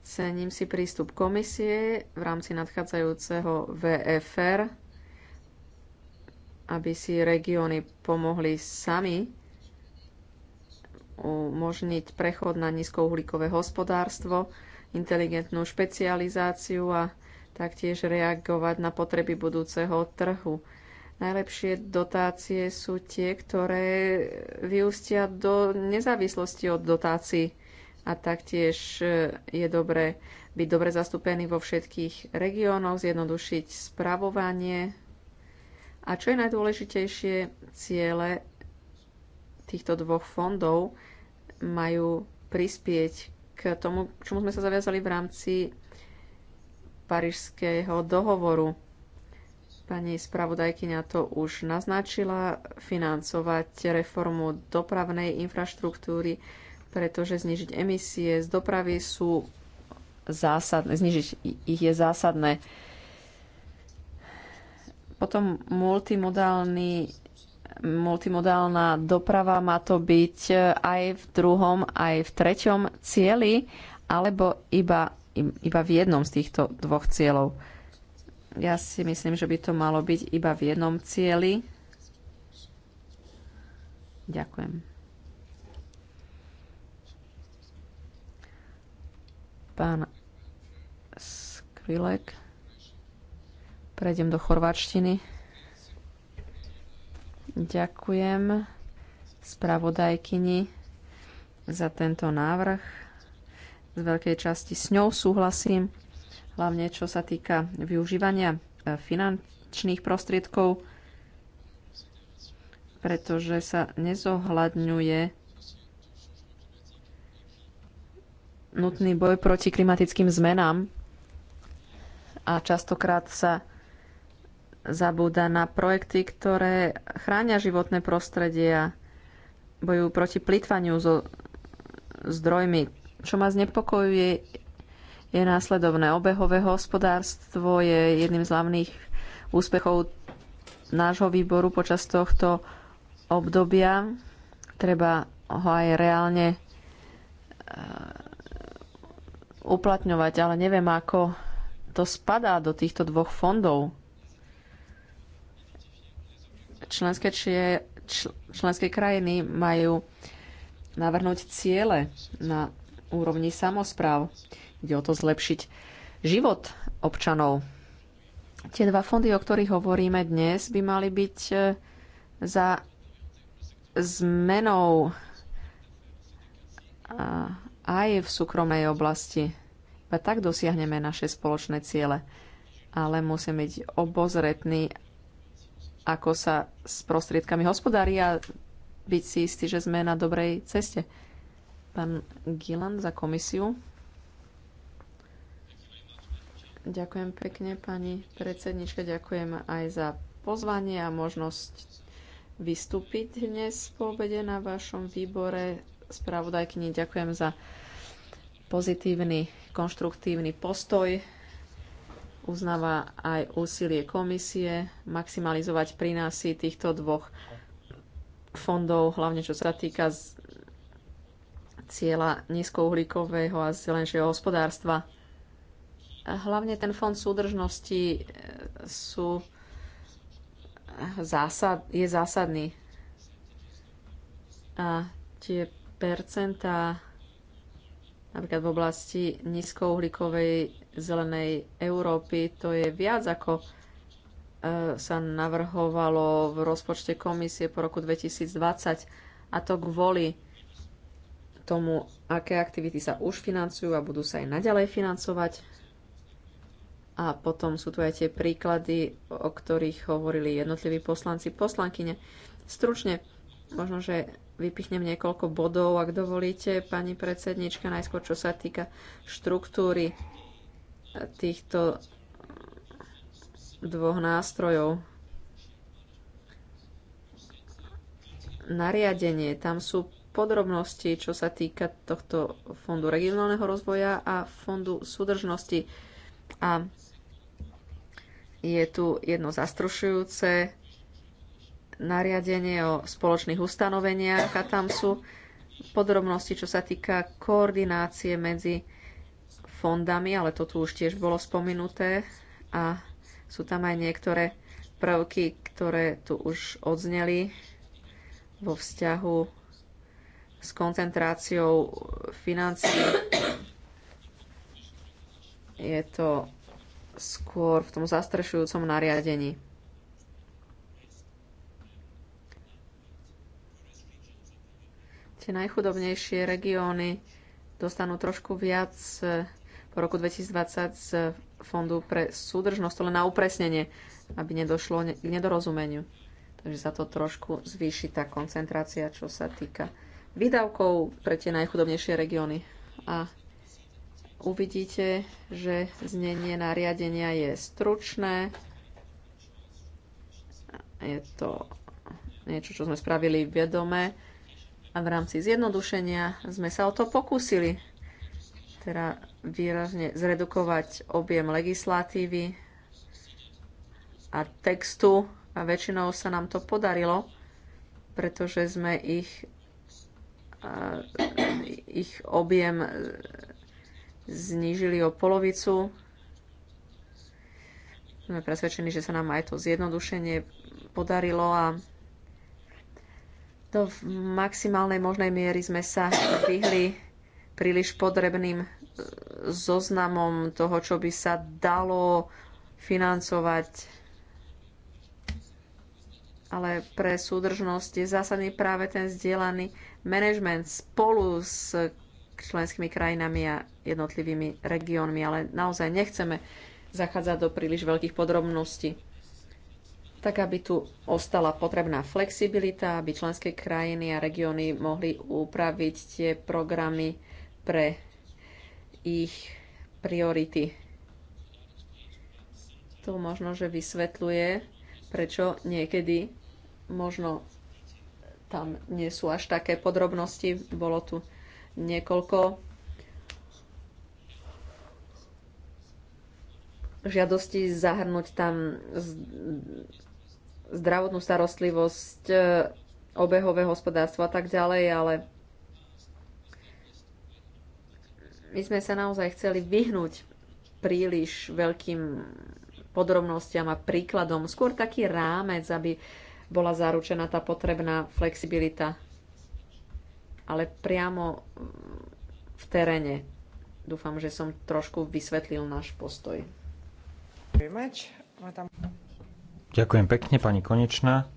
Cením si prístup komisie v rámci nadchádzajúceho VFR aby si regióny pomohli sami umožniť prechod na nízkouhlíkové hospodárstvo, inteligentnú špecializáciu a taktiež reagovať na potreby budúceho trhu. Najlepšie dotácie sú tie, ktoré vyústia do nezávislosti od dotácií a taktiež e, je dobré byť dobre zastúpený vo všetkých regiónoch, zjednodušiť spravovanie, a čo je najdôležitejšie, ciele týchto dvoch fondov majú prispieť k tomu, k čomu sme sa zaviazali v rámci Parížského dohovoru. Pani spravodajkyňa to už naznačila, financovať reformu dopravnej infraštruktúry, pretože znižiť emisie z dopravy sú zásadné, znižiť ich je zásadné. Potom multimodálny, multimodálna doprava má to byť e, aj v druhom, aj v treťom cieli, alebo iba, iba v jednom z týchto dvoch cieľov. Ja si myslím, že by to malo byť iba v jednom cieli. Ďakujem. pán Skrilek. Prejdem do chorváčtiny. Ďakujem spravodajkyni za tento návrh. Z veľkej časti s ňou súhlasím, hlavne čo sa týka využívania e, finančných prostriedkov, pretože sa nezohľadňuje nutný boj proti klimatickým zmenám a častokrát sa zabúda na projekty, ktoré chránia životné prostredie a bojujú proti plýtvaniu so zdrojmi. Čo ma znepokojuje, je následovné. Obehové hospodárstvo je jedným z hlavných úspechov nášho výboru počas tohto obdobia. Treba ho aj reálne e, uplatňovať, ale neviem, ako to spadá do týchto dvoch fondov. Členské, čie, členské krajiny majú navrhnúť ciele na úrovni samozpráv. Ide o to zlepšiť život občanov. Tie dva fondy, o ktorých hovoríme dnes, by mali byť e, za zmenou aj v súkromnej oblasti. Iba tak dosiahneme naše spoločné ciele. Ale musíme byť obozretní ako sa s prostriedkami hospodári a byť si istý, že sme na dobrej ceste. Pán Gilan za komisiu. Ďakujem pekne, pani predsednička. Ďakujem aj za pozvanie a možnosť vystúpiť dnes po obede na vašom výbore. Spravodajkyni ďakujem za pozitívny, konštruktívny postoj uznáva aj úsilie komisie maximalizovať prínosy týchto dvoch fondov, hlavne čo sa týka cieľa nízkouhlíkového a zelenšieho hospodárstva. hlavne ten fond súdržnosti e, sú e, zásad, je zásadný. A tie percentá napríklad v oblasti nízkouhlíkovej zelenej Európy. To je viac ako e, sa navrhovalo v rozpočte komisie po roku 2020 a to kvôli tomu, aké aktivity sa už financujú a budú sa aj naďalej financovať. A potom sú tu aj tie príklady, o ktorých hovorili jednotliví poslanci, poslankyne. Stručne, možno, že vypichnem niekoľko bodov, ak dovolíte, pani predsednička, najskôr čo sa týka štruktúry týchto dvoch nástrojov. Nariadenie, tam sú podrobnosti, čo sa týka tohto fondu regionálneho rozvoja a fondu súdržnosti. A je tu jedno zastrušujúce nariadenie o spoločných ustanoveniach a tam sú podrobnosti, čo sa týka koordinácie medzi fondami, ale to tu už tiež bolo spomenuté a sú tam aj niektoré prvky, ktoré tu už odzneli vo vzťahu s koncentráciou financií. Je to skôr v tom zastrešujúcom nariadení. Tie najchudobnejšie regióny dostanú trošku viac v roku 2020 z Fondu pre súdržnosť, to len na upresnenie, aby nedošlo k nedorozumeniu. Takže sa to trošku zvýši tá koncentrácia, čo sa týka výdavkov pre tie najchudobnejšie regióny. A uvidíte, že znenie nariadenia je stručné. Je to niečo, čo sme spravili vedome. A v rámci zjednodušenia sme sa o to pokúsili teda výrazne zredukovať objem legislatívy a textu a väčšinou sa nám to podarilo, pretože sme ich, ich objem znížili o polovicu. Sme presvedčení, že sa nám aj to zjednodušenie podarilo a to v maximálnej možnej miery sme sa vyhli príliš podrebným e, zoznamom toho, čo by sa dalo financovať. Ale pre súdržnosť je zásadný práve ten vzdielaný manažment spolu s členskými krajinami a jednotlivými regiónmi, ale naozaj nechceme zachádzať do príliš veľkých podrobností tak aby tu ostala potrebná flexibilita, aby členské krajiny a regióny mohli upraviť tie programy pre ich priority. To možno, že vysvetľuje, prečo niekedy možno tam nie sú až také podrobnosti. Bolo tu niekoľko žiadosti zahrnúť tam zdravotnú starostlivosť, eh, obehové hospodárstvo a tak ďalej, ale My sme sa naozaj chceli vyhnúť príliš veľkým podrobnostiam a príkladom. Skôr taký rámec, aby bola zaručená tá potrebná flexibilita. Ale priamo v teréne. Dúfam, že som trošku vysvetlil náš postoj. Ďakujem pekne, pani Konečná.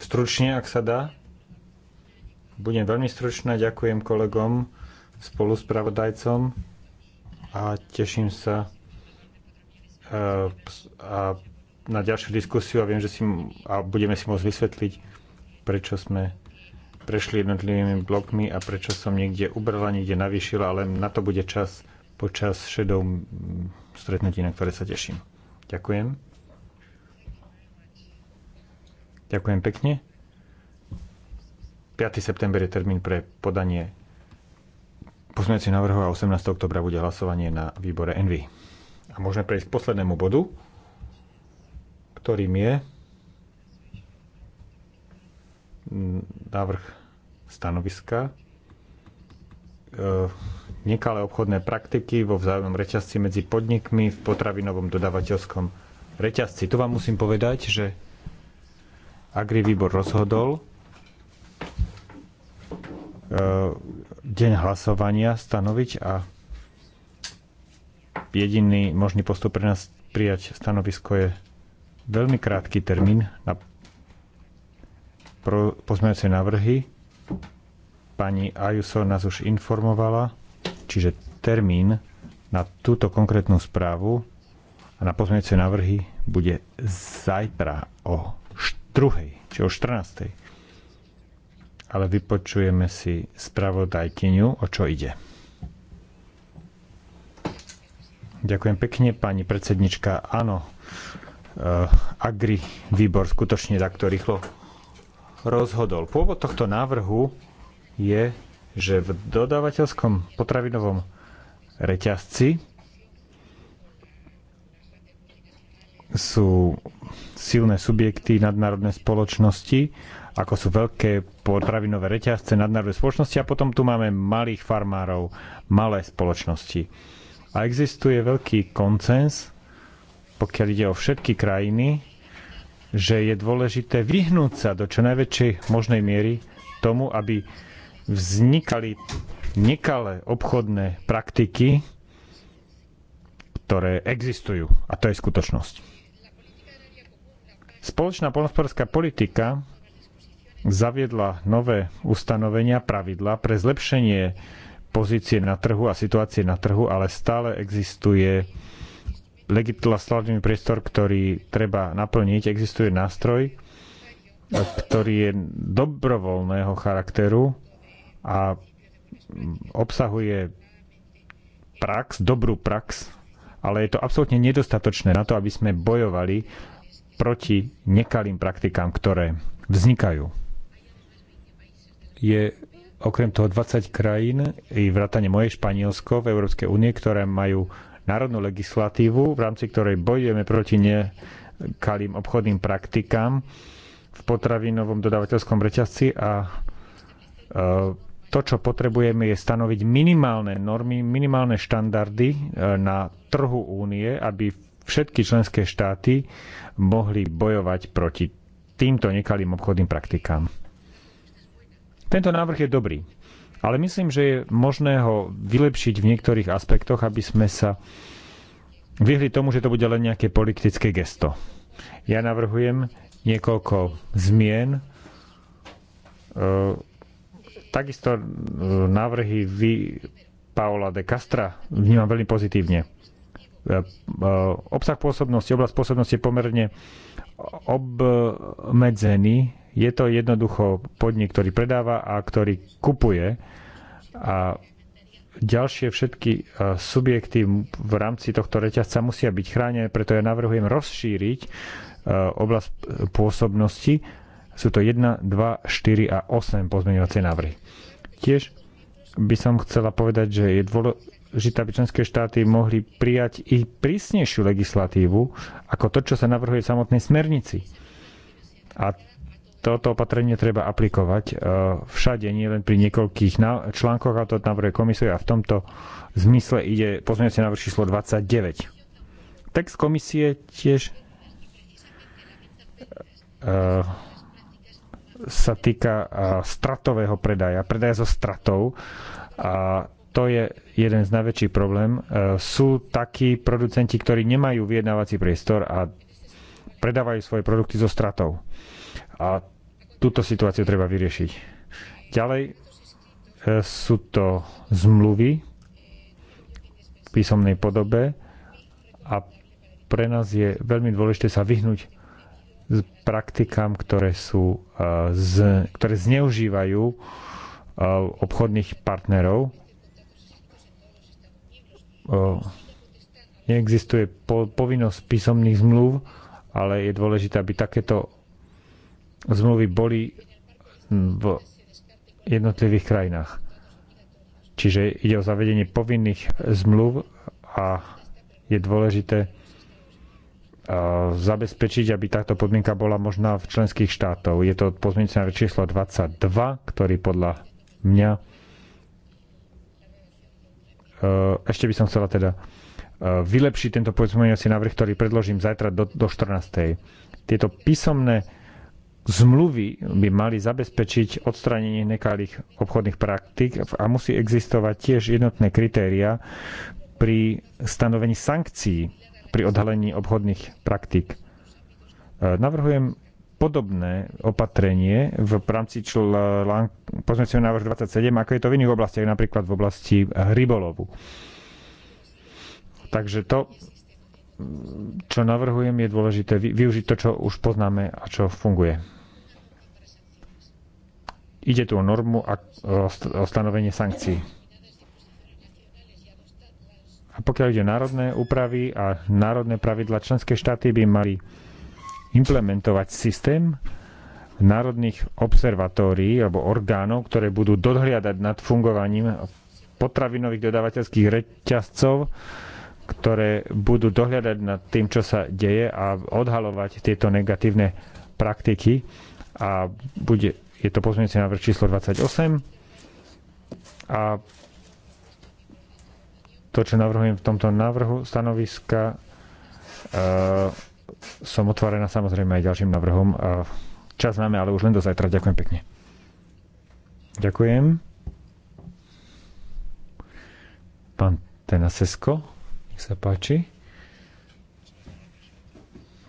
Stručne, ak sa dá. Budem veľmi stručná, ďakujem kolegom spoluspravodajcom a teším sa e, a na ďalšiu diskusiu a viem, že si, a budeme si môcť vysvetliť, prečo sme prešli jednotlivými blokmi a prečo som niekde ubrala, niekde navýšila, ale na to bude čas počas šedov stretnutí, na ktoré sa teším. Ďakujem. Ďakujem pekne. 5. september je termín pre podanie si návrhov a 18. oktobra bude hlasovanie na výbore NV. A môžeme prejsť k poslednému bodu, ktorým je návrh stanoviska e, nekalé obchodné praktiky vo vzájomnom reťazci medzi podnikmi v potravinovom dodavateľskom reťazci. Tu vám musím povedať, že Agri výbor rozhodol e, deň hlasovania stanoviť a jediný možný postup pre nás prijať stanovisko je veľmi krátky termín na pozmeňujúce návrhy. Pani Ajuso nás už informovala, čiže termín na túto konkrétnu správu a na pozmeňujúce návrhy bude zajtra o 2. či o 14 ale vypočujeme si spravodajkyňu, o čo ide. Ďakujem pekne, pani predsednička. Áno, uh, Agri výbor skutočne takto rýchlo rozhodol. Pôvod tohto návrhu je, že v dodávateľskom potravinovom reťazci sú silné subjekty nadnárodné spoločnosti ako sú veľké potravinové reťazce nadnárodné spoločnosti a potom tu máme malých farmárov, malé spoločnosti. A existuje veľký koncens, pokiaľ ide o všetky krajiny, že je dôležité vyhnúť sa do čo najväčšej možnej miery tomu, aby vznikali nekalé obchodné praktiky, ktoré existujú. A to je skutočnosť. Spoločná polnospodárska politika zaviedla nové ustanovenia, pravidla pre zlepšenie pozície na trhu a situácie na trhu, ale stále existuje legislatívny priestor, ktorý treba naplniť. Existuje nástroj, ktorý je dobrovoľného charakteru a obsahuje prax, dobrú prax, ale je to absolútne nedostatočné na to, aby sme bojovali proti nekalým praktikám, ktoré vznikajú je okrem toho 20 krajín, i vrátane moje Španielsko v Európskej únie, ktoré majú národnú legislatívu, v rámci ktorej bojujeme proti nekalým obchodným praktikám v potravinovom dodávateľskom reťazci a e, to, čo potrebujeme, je stanoviť minimálne normy, minimálne štandardy e, na trhu únie, aby všetky členské štáty mohli bojovať proti týmto nekalým obchodným praktikám. Tento návrh je dobrý, ale myslím, že je možné ho vylepšiť v niektorých aspektoch, aby sme sa vyhli tomu, že to bude len nejaké politické gesto. Ja navrhujem niekoľko zmien. E, takisto e, návrhy vy, Paola de Castra, vnímam veľmi pozitívne. E, obsah pôsobnosti, oblasť pôsobnosti je pomerne obmedzený je to jednoducho podnik, ktorý predáva a ktorý kupuje. A ďalšie všetky e, subjekty v rámci tohto reťazca musia byť chránené, preto ja navrhujem rozšíriť e, oblasť pôsobnosti. Sú to 1, 2, 4 a 8 pozmeňovacie návrhy. Tiež by som chcela povedať, že je dôležité, aby členské štáty mohli prijať i prísnejšiu legislatívu ako to, čo sa navrhuje v samotnej smernici. A toto opatrenie treba aplikovať e, všade, nielen pri niekoľkých článkoch, a to navrhuje komisia a v tomto zmysle ide pozmeňujúci návrh číslo 29. Text komisie tiež e, sa týka e, stratového predaja, predaja so stratou a to je jeden z najväčších problém. sú takí producenti, ktorí nemajú vyjednávací priestor a predávajú svoje produkty so stratou. A túto situáciu treba vyriešiť. Ďalej e, sú to zmluvy v písomnej podobe a pre nás je veľmi dôležité sa vyhnúť s praktikám, ktoré, sú, e, z, ktoré zneužívajú e, obchodných partnerov. Neexistuje povinnosť písomných zmluv, ale je dôležité, aby takéto zmluvy boli hm, v jednotlivých krajinách. Čiže ide o zavedenie povinných zmluv a je dôležité e, zabezpečiť, aby táto podmienka bola možná v členských štátoch. Je to pozmienujúci číslo 22, ktorý podľa mňa e, ešte by som chcela teda e, vylepšiť tento pozmeňovací návrh, ktorý predložím zajtra do, do 14. Tieto písomné zmluvy by mali zabezpečiť odstránenie nekalých obchodných praktík a musí existovať tiež jednotné kritéria pri stanovení sankcií pri odhalení obchodných praktík. E, navrhujem podobné opatrenie v rámci článku návrh 27, ako je to v iných oblastiach, napríklad v oblasti rybolovu. Takže to, čo navrhujem, je dôležité využiť to, čo už poznáme a čo funguje. Ide tu o normu a o stanovenie sankcií. A pokiaľ ide národné úpravy a národné pravidla, členské štáty by mali implementovať systém národných observatórií alebo orgánov, ktoré budú dohliadať nad fungovaním potravinových dodávateľských reťazcov, ktoré budú dohľadať nad tým, čo sa deje a odhalovať tieto negatívne praktiky a bude je to pozmeňujúci návrh číslo 28 a to, čo navrhujem v tomto návrhu stanoviska, uh, som otvorená samozrejme aj ďalším návrhom. Uh, čas máme, ale už len do zajtra. Ďakujem pekne. Ďakujem. Pán Tenasesko, nech sa páči.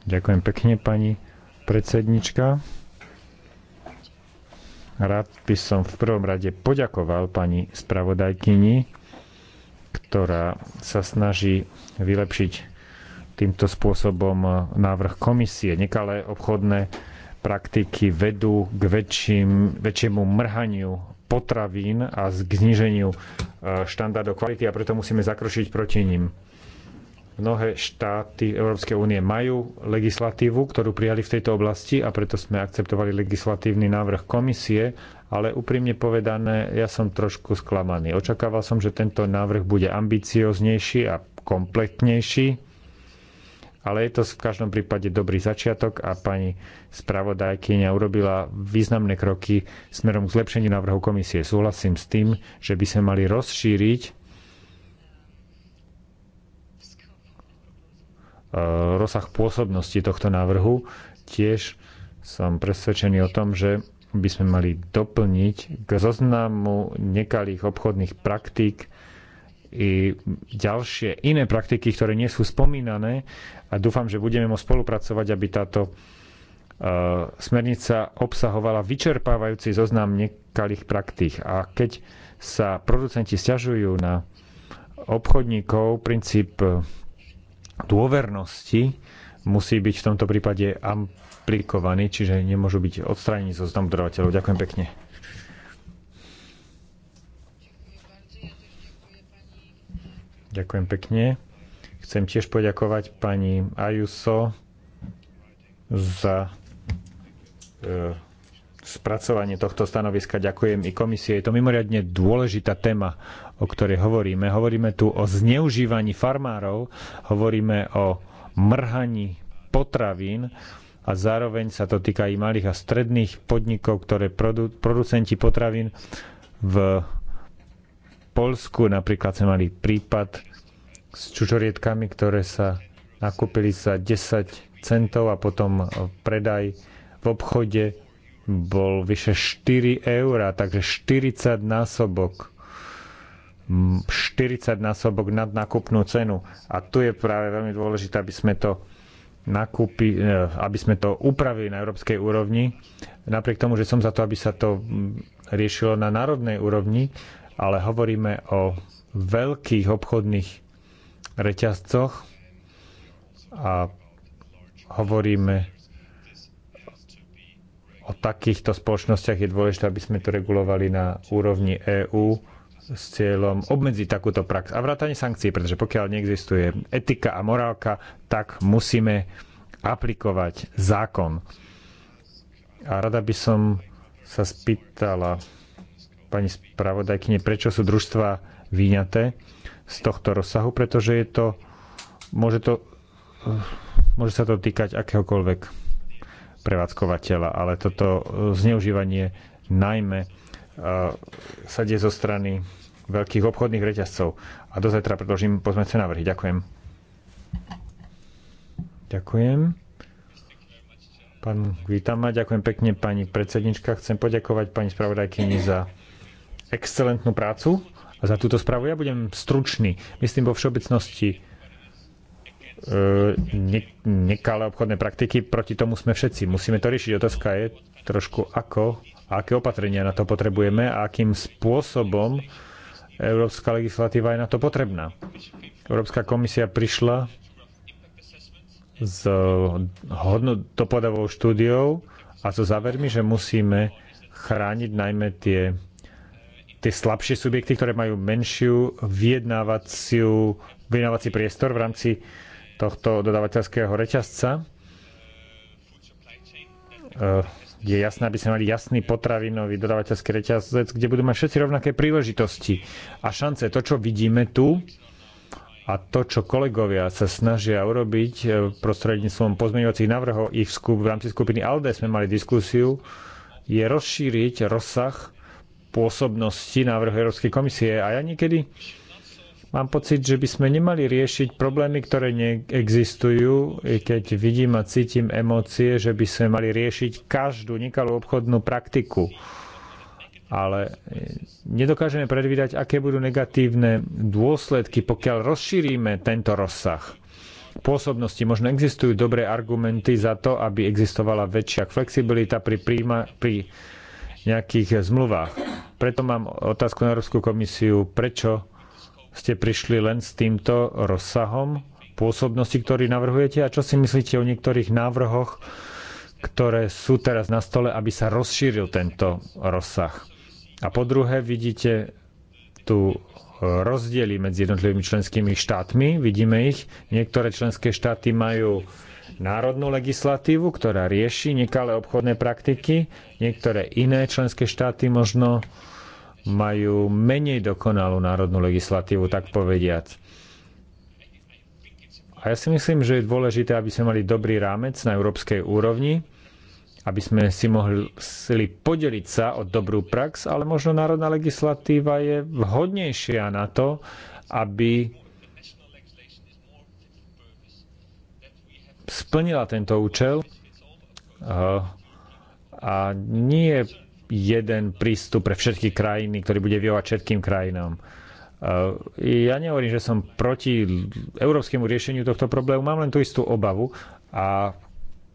Ďakujem pekne, pani predsednička. Rád by som v prvom rade poďakoval pani spravodajkyni, ktorá sa snaží vylepšiť týmto spôsobom návrh komisie. Nekalé obchodné praktiky vedú k väčším, väčšiemu mrhaniu potravín a k zniženiu e, štandardov kvality a preto musíme zakročiť proti ním. Mnohé štáty Európskej únie majú legislatívu, ktorú prijali v tejto oblasti a preto sme akceptovali legislatívny návrh komisie, ale úprimne povedané, ja som trošku sklamaný. Očakával som, že tento návrh bude ambicioznejší a kompletnejší, ale je to v každom prípade dobrý začiatok a pani spravodajkyňa urobila významné kroky smerom k zlepšeniu návrhu komisie. Súhlasím s tým, že by sme mali rozšíriť Eh, rozsah pôsobnosti tohto návrhu. Tiež som presvedčený o tom, že by sme mali doplniť k zoznamu nekalých obchodných praktík i ďalšie iné praktiky, ktoré nie sú spomínané a dúfam, že budeme môcť spolupracovať, aby táto eh, smernica obsahovala vyčerpávajúci zoznam nekalých praktík. A keď sa producenti stiažujú na obchodníkov, princíp eh, dôvernosti musí byť v tomto prípade aplikovaný, čiže nemôžu byť odstranení zo znamu dodávateľov. Ďakujem pekne. Ďakujem pekne. Chcem tiež poďakovať pani Ajuso za e, spracovanie tohto stanoviska. Ďakujem i komisie. Je to mimoriadne dôležitá téma o ktorej hovoríme. Hovoríme tu o zneužívaní farmárov, hovoríme o mrhaní potravín a zároveň sa to týka i malých a stredných podnikov, ktoré produ- producenti potravín v Polsku napríklad sme mali prípad s čužorietkami, ktoré sa nakúpili za 10 centov a potom predaj v obchode bol vyše 4 eur, takže 40 násobok 40 násobok nad nákupnú cenu. A tu je práve veľmi dôležité, aby sme to nakúpi, e, aby sme to upravili na európskej úrovni. Napriek tomu, že som za to, aby sa to riešilo na národnej úrovni, ale hovoríme o veľkých obchodných reťazcoch a hovoríme o takýchto spoločnostiach je dôležité, aby sme to regulovali na úrovni EÚ s cieľom obmedziť takúto prax a vrátanie sankcií, pretože pokiaľ neexistuje etika a morálka, tak musíme aplikovať zákon. A rada by som sa spýtala pani spravodajkyne, prečo sú družstva vyňaté z tohto rozsahu, pretože je to, môže, to, môže sa to týkať akéhokoľvek prevádzkovateľa, ale toto zneužívanie najmä eh, sa deje zo strany veľkých obchodných reťazcov. A do zajtra predložím pozmeňujúce návrhy. Ďakujem. Ďakujem. Pán Vítama, ďakujem pekne pani predsednička. Chcem poďakovať pani spravodajkyni za excelentnú prácu a za túto správu. Ja budem stručný. Myslím vo všeobecnosti e, ne, nekalé obchodné praktiky, proti tomu sme všetci. Musíme to riešiť. Otázka je trošku ako, a aké opatrenia na to potrebujeme a akým spôsobom Európska legislatíva je na to potrebná. Európska komisia prišla s eh, hodnotopodavou štúdiou a so závermi, že musíme chrániť najmä tie, tie slabšie subjekty, ktoré majú menšiu vyjednávaciu, vyjednávací priestor v rámci tohto dodávateľského reťazca. Eh, je jasné, aby sme mali jasný potravinový dodávateľský reťazec, kde budú mať všetci rovnaké príležitosti a šance. To, čo vidíme tu a to, čo kolegovia sa snažia urobiť e, prostredníctvom pozmeňovacích návrhov, ich v, skup, v rámci skupiny ALDE sme mali diskusiu, je rozšíriť rozsah pôsobnosti návrhu Európskej komisie. A ja niekedy Mám pocit, že by sme nemali riešiť problémy, ktoré neexistujú, keď vidím a cítim emócie, že by sme mali riešiť každú nekalú obchodnú praktiku. Ale e, nedokážeme predvídať, aké budú negatívne dôsledky, pokiaľ rozšírime tento rozsah pôsobnosti. Možno existujú dobré argumenty za to, aby existovala väčšia flexibilita pri, príjma, pri nejakých zmluvách. Preto mám otázku na Európsku komisiu, prečo ste prišli len s týmto rozsahom pôsobnosti, ktorý navrhujete a čo si myslíte o niektorých návrhoch, ktoré sú teraz na stole, aby sa rozšíril tento rozsah. A po druhé, vidíte tu rozdiely medzi jednotlivými členskými štátmi. Vidíme ich. Niektoré členské štáty majú národnú legislatívu, ktorá rieši nekalé obchodné praktiky. Niektoré iné členské štáty možno uh, majú menej dokonalú národnú legislatívu, tak povediac. A ja si myslím, že je dôležité, aby sme mali dobrý rámec na európskej úrovni, aby sme si mohli podeliť sa o dobrú prax, ale možno národná legislatíva je vhodnejšia na to, aby splnila tento účel a nie jeden prístup pre všetky krajiny, ktorý bude vyhovať všetkým krajinám. E, ja nehovorím, že som proti európskemu riešeniu tohto problému, mám len tú istú obavu a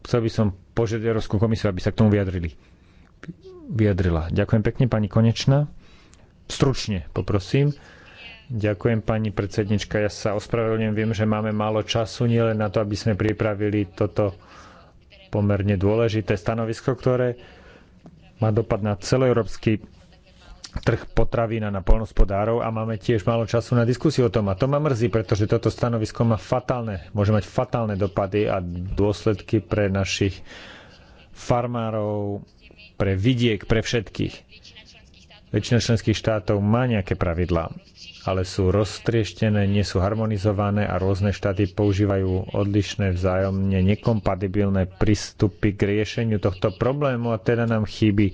chcel by som požiadať Európsku komisiu, aby sa k tomu vyjadrili. Vyjadrila. Ďakujem pekne, pani Konečná. Stručne, poprosím. Ďakujem, pani predsednička. Ja sa ospravedlňujem, viem, že máme málo času, nielen na to, aby sme pripravili toto pomerne dôležité stanovisko, ktoré má dopad na celoeurópsky trh potravín a na polnospodárov a máme tiež málo času na diskusiu o tom. A to ma mrzí, pretože toto stanovisko má fatálne, môže mať fatálne dopady a dôsledky pre našich farmárov, pre vidiek, pre všetkých. Väčšina členských štátov má nejaké pravidlá ale sú roztrieštené, nie sú harmonizované a rôzne štáty používajú odlišné vzájomne nekompatibilné prístupy k riešeniu tohto problému a teda nám chýbi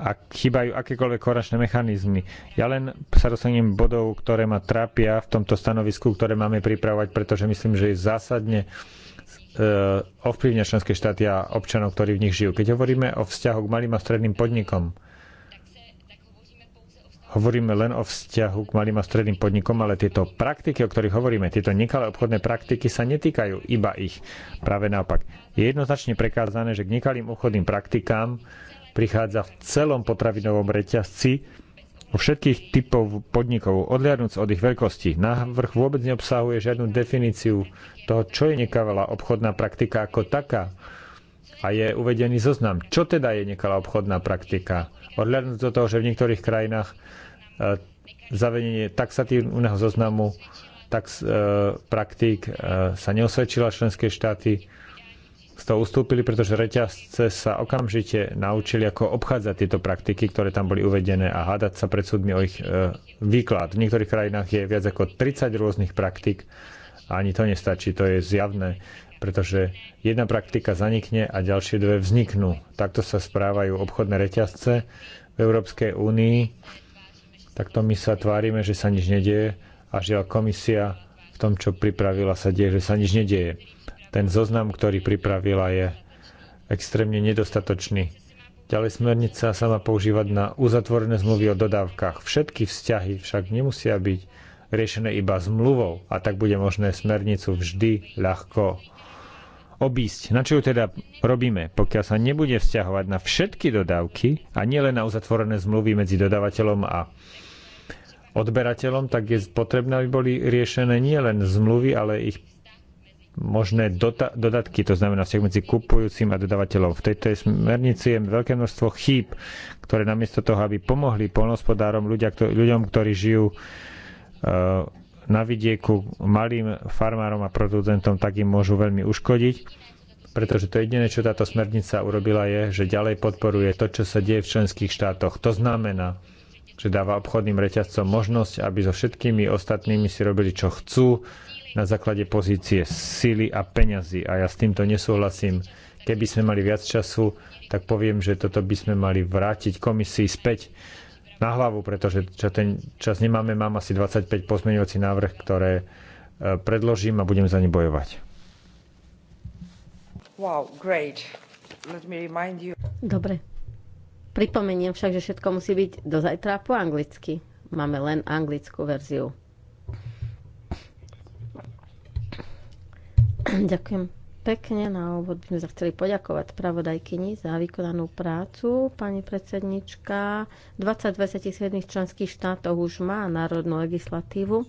a chýbajú akékoľvek koračné mechanizmy. Ja len sa dostanem bodov, ktoré ma trápia v tomto stanovisku, ktoré máme pripravovať, pretože myslím, že je zásadne e, ovplyvňa členské štáty a občanov, ktorí v nich žijú. Keď hovoríme o vzťahu k malým a stredným podnikom, hovoríme len o vzťahu k malým a stredným podnikom, ale tieto praktiky, o ktorých hovoríme, tieto nekalé obchodné praktiky sa netýkajú iba ich. Práve naopak. Je jednoznačne prekázané, že k nekalým obchodným praktikám prichádza v celom potravinovom reťazci u všetkých typov podnikov, odliadnúc od ich veľkosti. Návrh vôbec neobsahuje žiadnu definíciu toho, čo je nekalá obchodná praktika ako taká a je uvedený zoznam. Čo teda je nekalá obchodná praktika? Odhľadnúť do toho, že v niektorých krajinách e, zavedenie taxatívneho zoznamu tax, e, praktík e, sa neosvedčila členské štáty z toho ustúpili, pretože reťazce sa okamžite naučili, ako obchádzať tieto praktiky, ktoré tam boli uvedené a hádať sa pred súdmi o ich e, výklad. V niektorých krajinách je viac ako 30 rôznych praktik a ani to nestačí, to je zjavné pretože jedna praktika zanikne a ďalšie dve vzniknú. Takto sa správajú obchodné reťazce v Európskej únii. Takto my sa tvárime, že sa nič nedieje a žiaľ komisia v tom, čo pripravila, sa deje, že sa nič nedieje. Ten zoznam, ktorý pripravila, je extrémne nedostatočný. Ďalej smernica sa má používať na uzatvorené zmluvy o dodávkach. Všetky vzťahy však nemusia byť riešené iba zmluvou a tak bude možné smernicu vždy ľahko obísť. Na čo ju teda robíme? Pokiaľ sa nebude vzťahovať na všetky dodávky a nielen na uzatvorené zmluvy medzi dodávateľom a odberateľom, tak je potrebné, aby boli riešené nielen zmluvy, ale ich možné dodatky, to znamená vzťah medzi kupujúcim a dodávateľom. V tejto smernici je veľké množstvo chýb, ktoré namiesto toho, aby pomohli polnospodárom, ľudia, ľuďom, ktorí žijú uh, na vidieku malým farmárom a producentom, tak im môžu veľmi uškodiť pretože to jediné, čo táto smernica urobila, je, že ďalej podporuje to, čo sa deje v členských štátoch. To znamená, že dáva obchodným reťazcom možnosť, aby so všetkými ostatnými si robili, čo chcú na základe pozície sily a peňazí. A ja s týmto nesúhlasím. Keby sme mali viac času, tak poviem, že toto by sme mali vrátiť komisii späť na hlavu, pretože čo ten čas nemáme, mám asi 25 pozmeňovací návrh, ktoré e, predložím a budem za ne bojovať. Wow, great. Let me remind you. Dobre. Pripomeniem však, že všetko musí byť do zajtra po anglicky. Máme len anglickú verziu. (clears throat) Ďakujem pekne. Na úvod by sme sa chceli poďakovať pravodajkyni za vykonanú prácu. Pani predsednička, 20 27 členských štátov už má národnú legislatívu,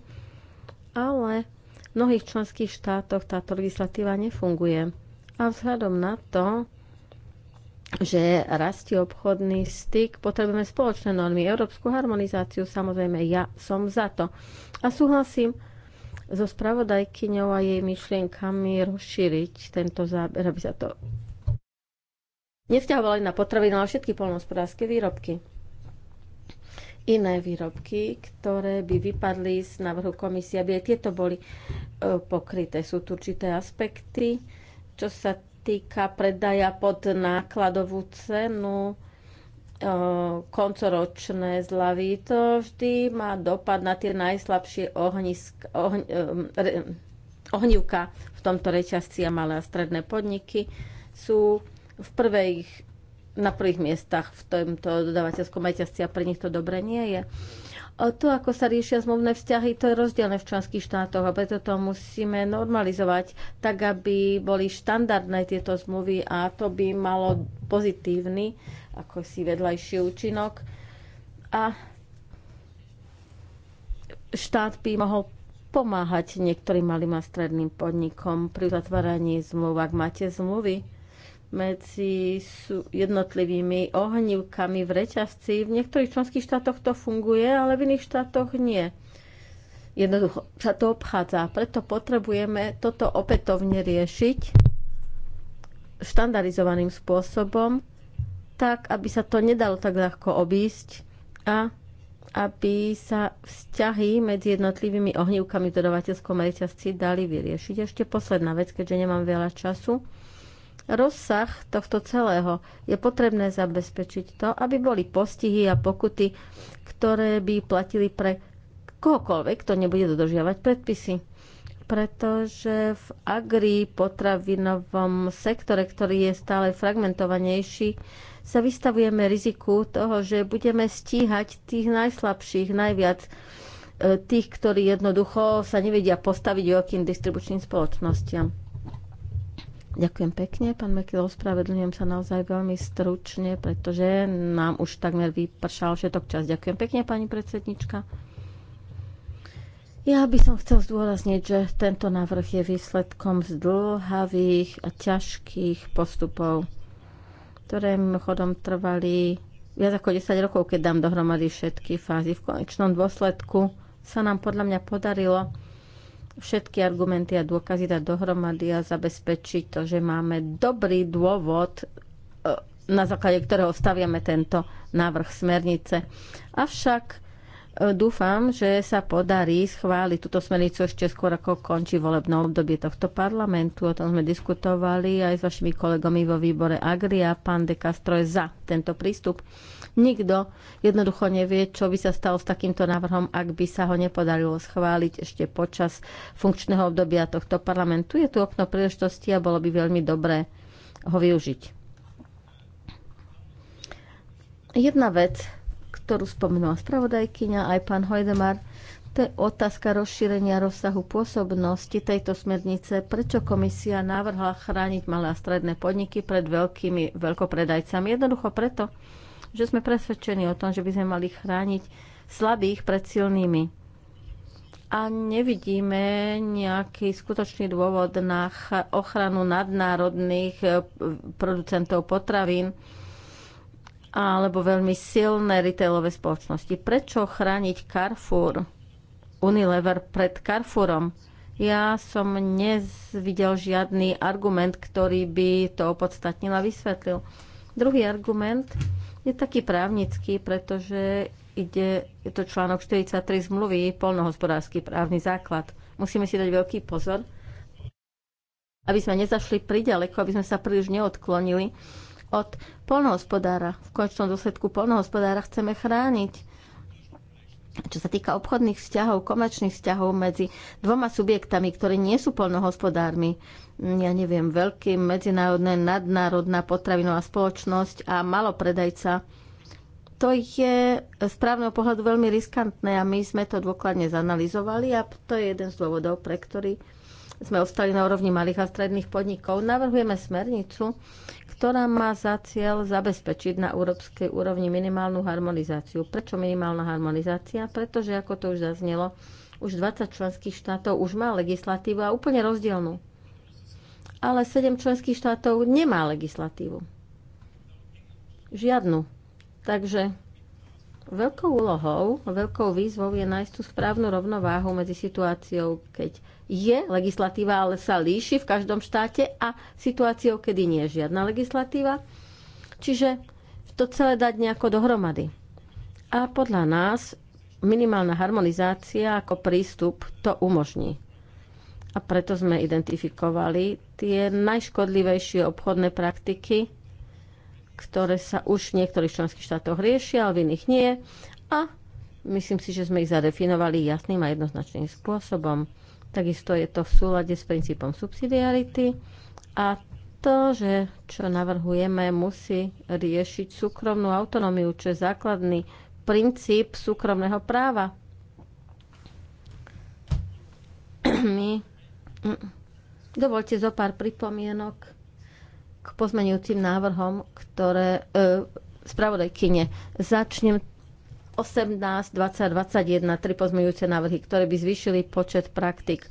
ale v mnohých členských štátoch táto legislatíva nefunguje. A vzhľadom na to, že rastie obchodný styk, potrebujeme spoločné normy, európsku harmonizáciu, samozrejme ja som za to. A súhlasím so spravodajkyňou a jej myšlienkami rozšíriť tento záber, aby sa to nevzťahovali na potraviny, ale všetky polnohospodárske výrobky. Iné výrobky, ktoré by vypadli z návrhu komisie, aby aj tieto boli e, pokryté. Sú tu určité aspekty, čo sa týka predaja pod nákladovú cenu, koncoročné zlavy. To vždy má dopad na tie najslabšie ohnisk, ohň, hm, eh, ohnívka v tomto reťazci a malé a stredné podniky sú v prvých, na prvých miestach v tomto dodavateľskom reťazci a pre nich to dobre nie je. O to, ako sa riešia zmluvné vzťahy, to je rozdielne v členských štátoch a preto to musíme normalizovať tak, aby boli štandardné tieto zmluvy a to by malo pozitívny ako si vedľajší účinok. A štát by mohol pomáhať niektorým malým a stredným podnikom pri zatváraní zmluv. Ak máte zmluvy medzi jednotlivými ohnívkami v reťazci, v niektorých členských štátoch to funguje, ale v iných štátoch nie. Jednoducho sa to obchádza. Preto potrebujeme toto opätovne riešiť štandardizovaným spôsobom, tak aby sa to nedalo tak ľahko obísť a aby sa vzťahy medzi jednotlivými ohnívkami v dodavateľskom reťazci dali vyriešiť. Ešte posledná vec, keďže nemám veľa času. Rozsah tohto celého je potrebné zabezpečiť to, aby boli postihy a pokuty, ktoré by platili pre kohokoľvek, kto nebude dodržiavať predpisy. Pretože v agri potravinovom sektore, ktorý je stále fragmentovanejší, sa vystavujeme riziku toho, že budeme stíhať tých najslabších najviac, e, tých, ktorí jednoducho sa nevedia postaviť veľkým distribučným spoločnostiam. Ďakujem pekne, pán Mekil, ospravedlňujem sa naozaj veľmi stručne, pretože nám už takmer vypršal všetok čas. Ďakujem pekne, pani predsednička. Ja by som chcel zdôrazniť, že tento návrh je výsledkom zdlhavých a ťažkých postupov ktoré mimochodom trvali viac ako 10 rokov, keď dám dohromady všetky fázy. V konečnom dôsledku sa nám podľa mňa podarilo všetky argumenty a dôkazy dať dohromady a zabezpečiť to, že máme dobrý dôvod, e, na základe ktorého staviame tento návrh smernice. Avšak E, dúfam, že sa podarí schváliť túto smernicu ešte skôr, ako končí volebné obdobie tohto parlamentu. O tom sme diskutovali aj s vašimi kolegami vo výbore Agria. Pán de Castro je za tento prístup. Nikto jednoducho nevie, čo by sa stalo s takýmto návrhom, ak by sa ho nepodarilo schváliť ešte počas funkčného obdobia tohto parlamentu. Je tu okno príležitosti a bolo by veľmi dobré ho využiť. Jedna vec, ktorú spomenula spravodajkyňa aj pán Hojdemar, to je otázka rozšírenia rozsahu pôsobnosti tejto smernice. Prečo komisia navrhla chrániť malé a stredné podniky pred veľkými veľkopredajcami? Jednoducho preto, že sme presvedčení o tom, že by sme mali chrániť slabých pred silnými. A nevidíme nejaký skutočný dôvod na ochranu nadnárodných eh, producentov potravín, alebo veľmi silné retailové spoločnosti. Prečo chrániť Carrefour, Unilever pred Carrefourom? Ja som nezvidel žiadny argument, ktorý by to opodstatnil a vysvetlil. Druhý argument je taký právnický, pretože ide, je to článok 43 zmluvy, polnohospodársky právny základ. Musíme si dať veľký pozor, aby sme nezašli priďaleko, aby sme sa príliš neodklonili od polnohospodára. V končnom dôsledku polnohospodára chceme chrániť. Čo sa týka obchodných vzťahov, komerčných vzťahov medzi dvoma subjektami, ktoré nie sú polnohospodármi, ja neviem, veľký medzinárodná nadnárodná potravinová spoločnosť a malopredajca, to je z právneho pohľadu veľmi riskantné a my sme to dôkladne zanalizovali a to je jeden z dôvodov, pre ktorý sme ostali na úrovni malých a stredných podnikov. Navrhujeme smernicu, ktorá má za cieľ zabezpečiť na európskej úrovni minimálnu harmonizáciu. Prečo minimálna harmonizácia? Pretože, ako to už zaznelo, už 20 členských štátov už má legislatívu a úplne rozdielnú. Ale 7 členských štátov nemá legislatívu. Žiadnu. Takže Veľkou úlohou, veľkou výzvou je nájsť tú správnu rovnováhu medzi situáciou, keď je legislatíva, ale sa líši v každom štáte a situáciou, kedy nie je žiadna legislatíva. Čiže to celé dať nejako dohromady. A podľa nás minimálna harmonizácia ako prístup to umožní. A preto sme identifikovali tie najškodlivejšie obchodné praktiky, ktoré sa už v niektorých členských štátoch riešia, ale v iných nie. A myslím si, že sme ich zadefinovali jasným a jednoznačným spôsobom. Takisto je to v súlade s princípom subsidiarity a to, že čo navrhujeme, musí riešiť súkromnú autonómiu, čo je základný princíp súkromného práva. My... (clears throat) Dovolte zo pár pripomienok k pozmenujúcim návrhom, ktoré e, spravodajkyne. Začnem 18, 20, 21, tri pozmenujúce návrhy, ktoré by zvýšili počet praktik.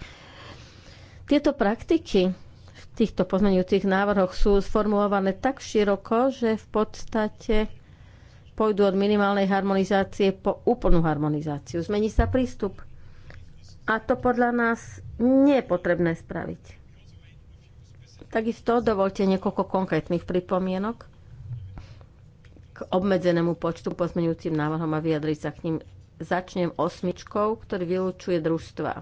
Tieto praktiky v týchto pozmenujúcich návrhoch sú sformulované tak široko, že v podstate pôjdu od minimálnej harmonizácie po úplnú harmonizáciu. Zmení sa prístup. A to podľa nás nie je potrebné spraviť. Takisto dovolte niekoľko konkrétnych pripomienok k obmedzenému počtu pozmeňujúcim návrhom a vyjadriť sa k ním. Začnem osmičkou, ktorý vylúčuje družstva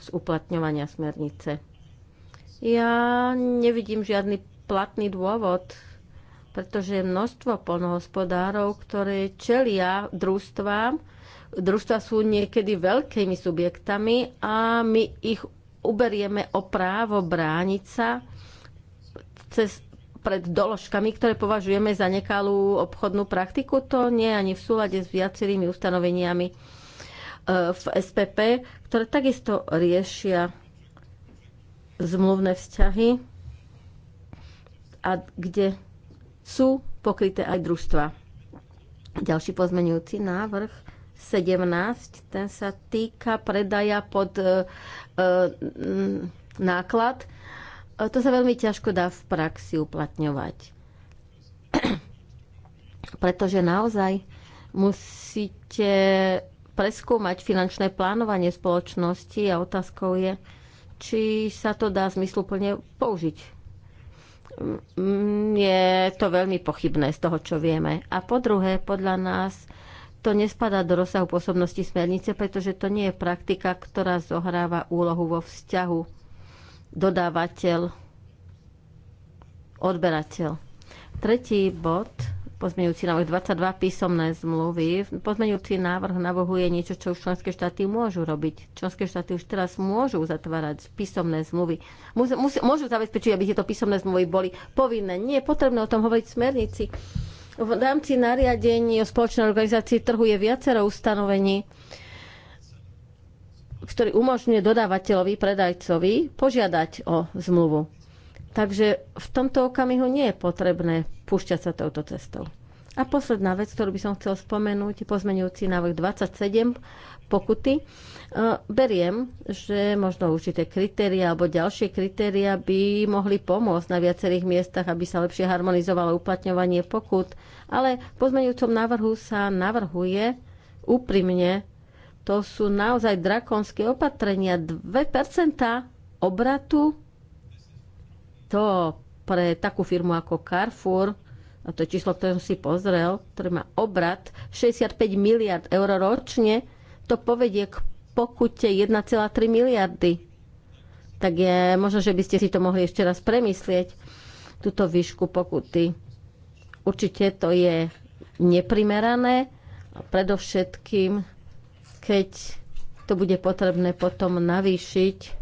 z uplatňovania smernice. Ja nevidím žiadny platný dôvod, pretože je množstvo polnohospodárov, ktoré čelia družstvám. Družstva sú niekedy veľkými subjektami a my ich uberieme o právo brániť sa cez, pred doložkami, ktoré považujeme za nekalú obchodnú praktiku. To nie je ani v súlade s viacerými ustanoveniami e, v SPP, ktoré takisto riešia zmluvné vzťahy a kde sú pokryté aj družstva. Ďalší pozmenujúci návrh 17, ten sa týka predaja pod e, E, náklad, e, to sa veľmi ťažko dá v praxi uplatňovať. (clears throat) Pretože naozaj musíte preskúmať finančné plánovanie spoločnosti a otázkou je, či sa to dá zmysluplne použiť. Je to veľmi pochybné z toho, čo vieme. A po druhé, podľa nás to nespadá do rozsahu pôsobnosti smernice, pretože to nie je praktika, ktorá zohráva úlohu vo vzťahu dodávateľ, odberateľ. Tretí bod, pozmeňujúci návrh 22 písomné zmluvy. Pozmeňujúci návrh navohuje niečo, čo už členské štáty môžu robiť. Členské štáty už teraz môžu zatvárať písomné zmluvy. Môžu, môžu zabezpečiť, aby tieto písomné zmluvy boli povinné. Nie je potrebné o tom hovoriť v smernici v rámci nariadení o spoločnej organizácii trhu je viacero ustanovení, ktorý umožňuje dodávateľovi, predajcovi požiadať o zmluvu. Takže v tomto okamihu nie je potrebné púšťať sa touto cestou. A posledná vec, ktorú by som chcel spomenúť, je pozmenujúci návrh 27 pokuty. Beriem, že možno určité kritéria alebo ďalšie kritéria by mohli pomôcť na viacerých miestach, aby sa lepšie harmonizovalo uplatňovanie pokut, ale v pozmeňujúcom návrhu sa navrhuje úprimne, to sú naozaj drakonské opatrenia, 2% obratu, to pre takú firmu ako Carrefour, a to je číslo, ktoré som si pozrel, ktorý má obrat 65 miliard eur ročne, to povedie k pokute 1,3 miliardy. Tak je možno, že by ste si to mohli ešte raz premyslieť, túto výšku pokuty. Určite to je neprimerané a predovšetkým, keď to bude potrebné potom navýšiť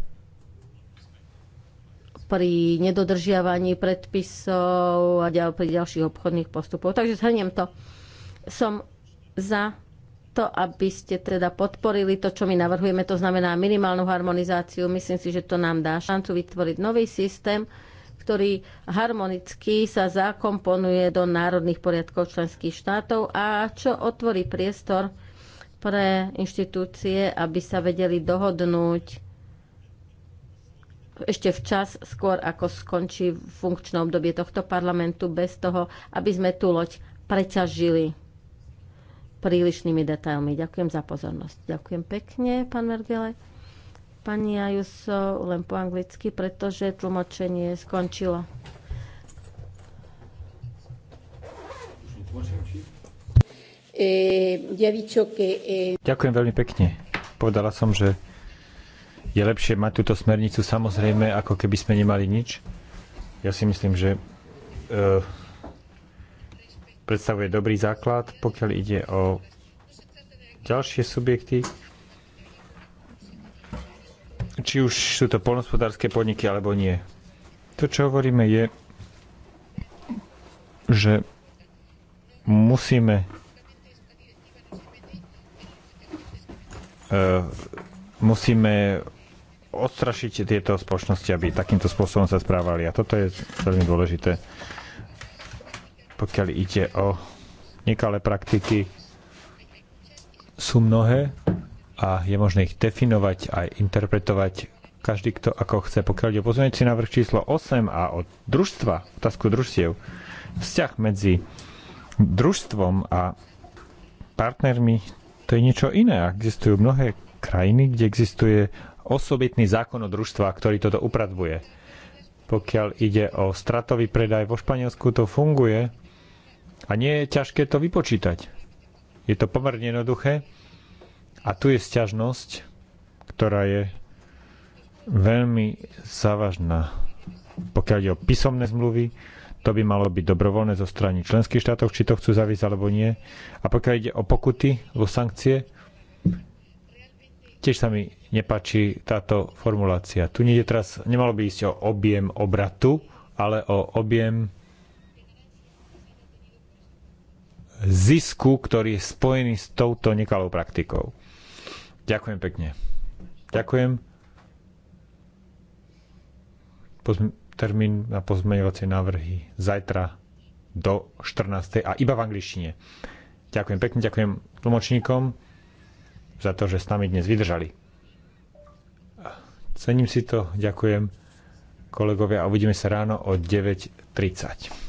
pri nedodržiavaní predpisov a ďal, pri ďalších obchodných postupov. Takže zhrniem to. Som za to, aby ste teda podporili to, čo my navrhujeme, to znamená minimálnu harmonizáciu. Myslím si, že to nám dá šancu vytvoriť nový systém, ktorý harmonicky sa zakomponuje do národných poriadkov členských štátov a čo otvorí priestor pre inštitúcie, aby sa vedeli dohodnúť ešte včas, skôr ako skončí funkčné obdobie tohto parlamentu, bez toho, aby sme tú loď preťažili prílišnými detailmi. Ďakujem za pozornosť. Ďakujem pekne, pán Mergele. Pani Ajuso, len po anglicky, pretože tlmočenie skončilo. E, e, Ďakujem veľmi pekne. Povedala som, že je lepšie mať túto smernicu samozrejme, ako keby sme nemali nič. Ja si myslím, že e, predstavuje dobrý základ. Pokiaľ ide o ďalšie subjekty, či už sú to polnospodárske podniky alebo nie. To, čo hovoríme, je, že musíme uh, musíme odstrašiť tieto spoločnosti, aby takýmto spôsobom sa správali. A toto je veľmi dôležité pokiaľ ide o nekalé praktiky, sú mnohé a je možné ich definovať aj interpretovať každý, kto ako chce. Pokiaľ ide o na návrh číslo 8 a od družstva, otázku družstiev, vzťah medzi družstvom a partnermi, to je niečo iné. Existujú mnohé krajiny, kde existuje osobitný zákon o družstva, ktorý toto upravuje. Pokiaľ ide o stratový predaj vo Španielsku, to funguje, a nie je ťažké to vypočítať. Je to pomerne jednoduché. A tu je sťažnosť, ktorá je veľmi závažná. Pokiaľ ide o písomné zmluvy, to by malo byť dobrovoľné zo strany členských štátov, či to chcú zaviesť alebo nie. A pokiaľ ide o pokuty vo sankcie, tiež sa mi nepáči táto formulácia. Tu nie je teraz, nemalo by ísť o objem obratu, ale o objem zisku, ktorý je spojený s touto nekalou praktikou. Ďakujem pekne. Ďakujem. Pozm- termín na pozmeňovacie návrhy zajtra do 14. a iba v angličtine. Ďakujem pekne, ďakujem tlmočníkom za to, že s nami dnes vydržali. Cením si to, ďakujem kolegovia a uvidíme sa ráno o 9.30.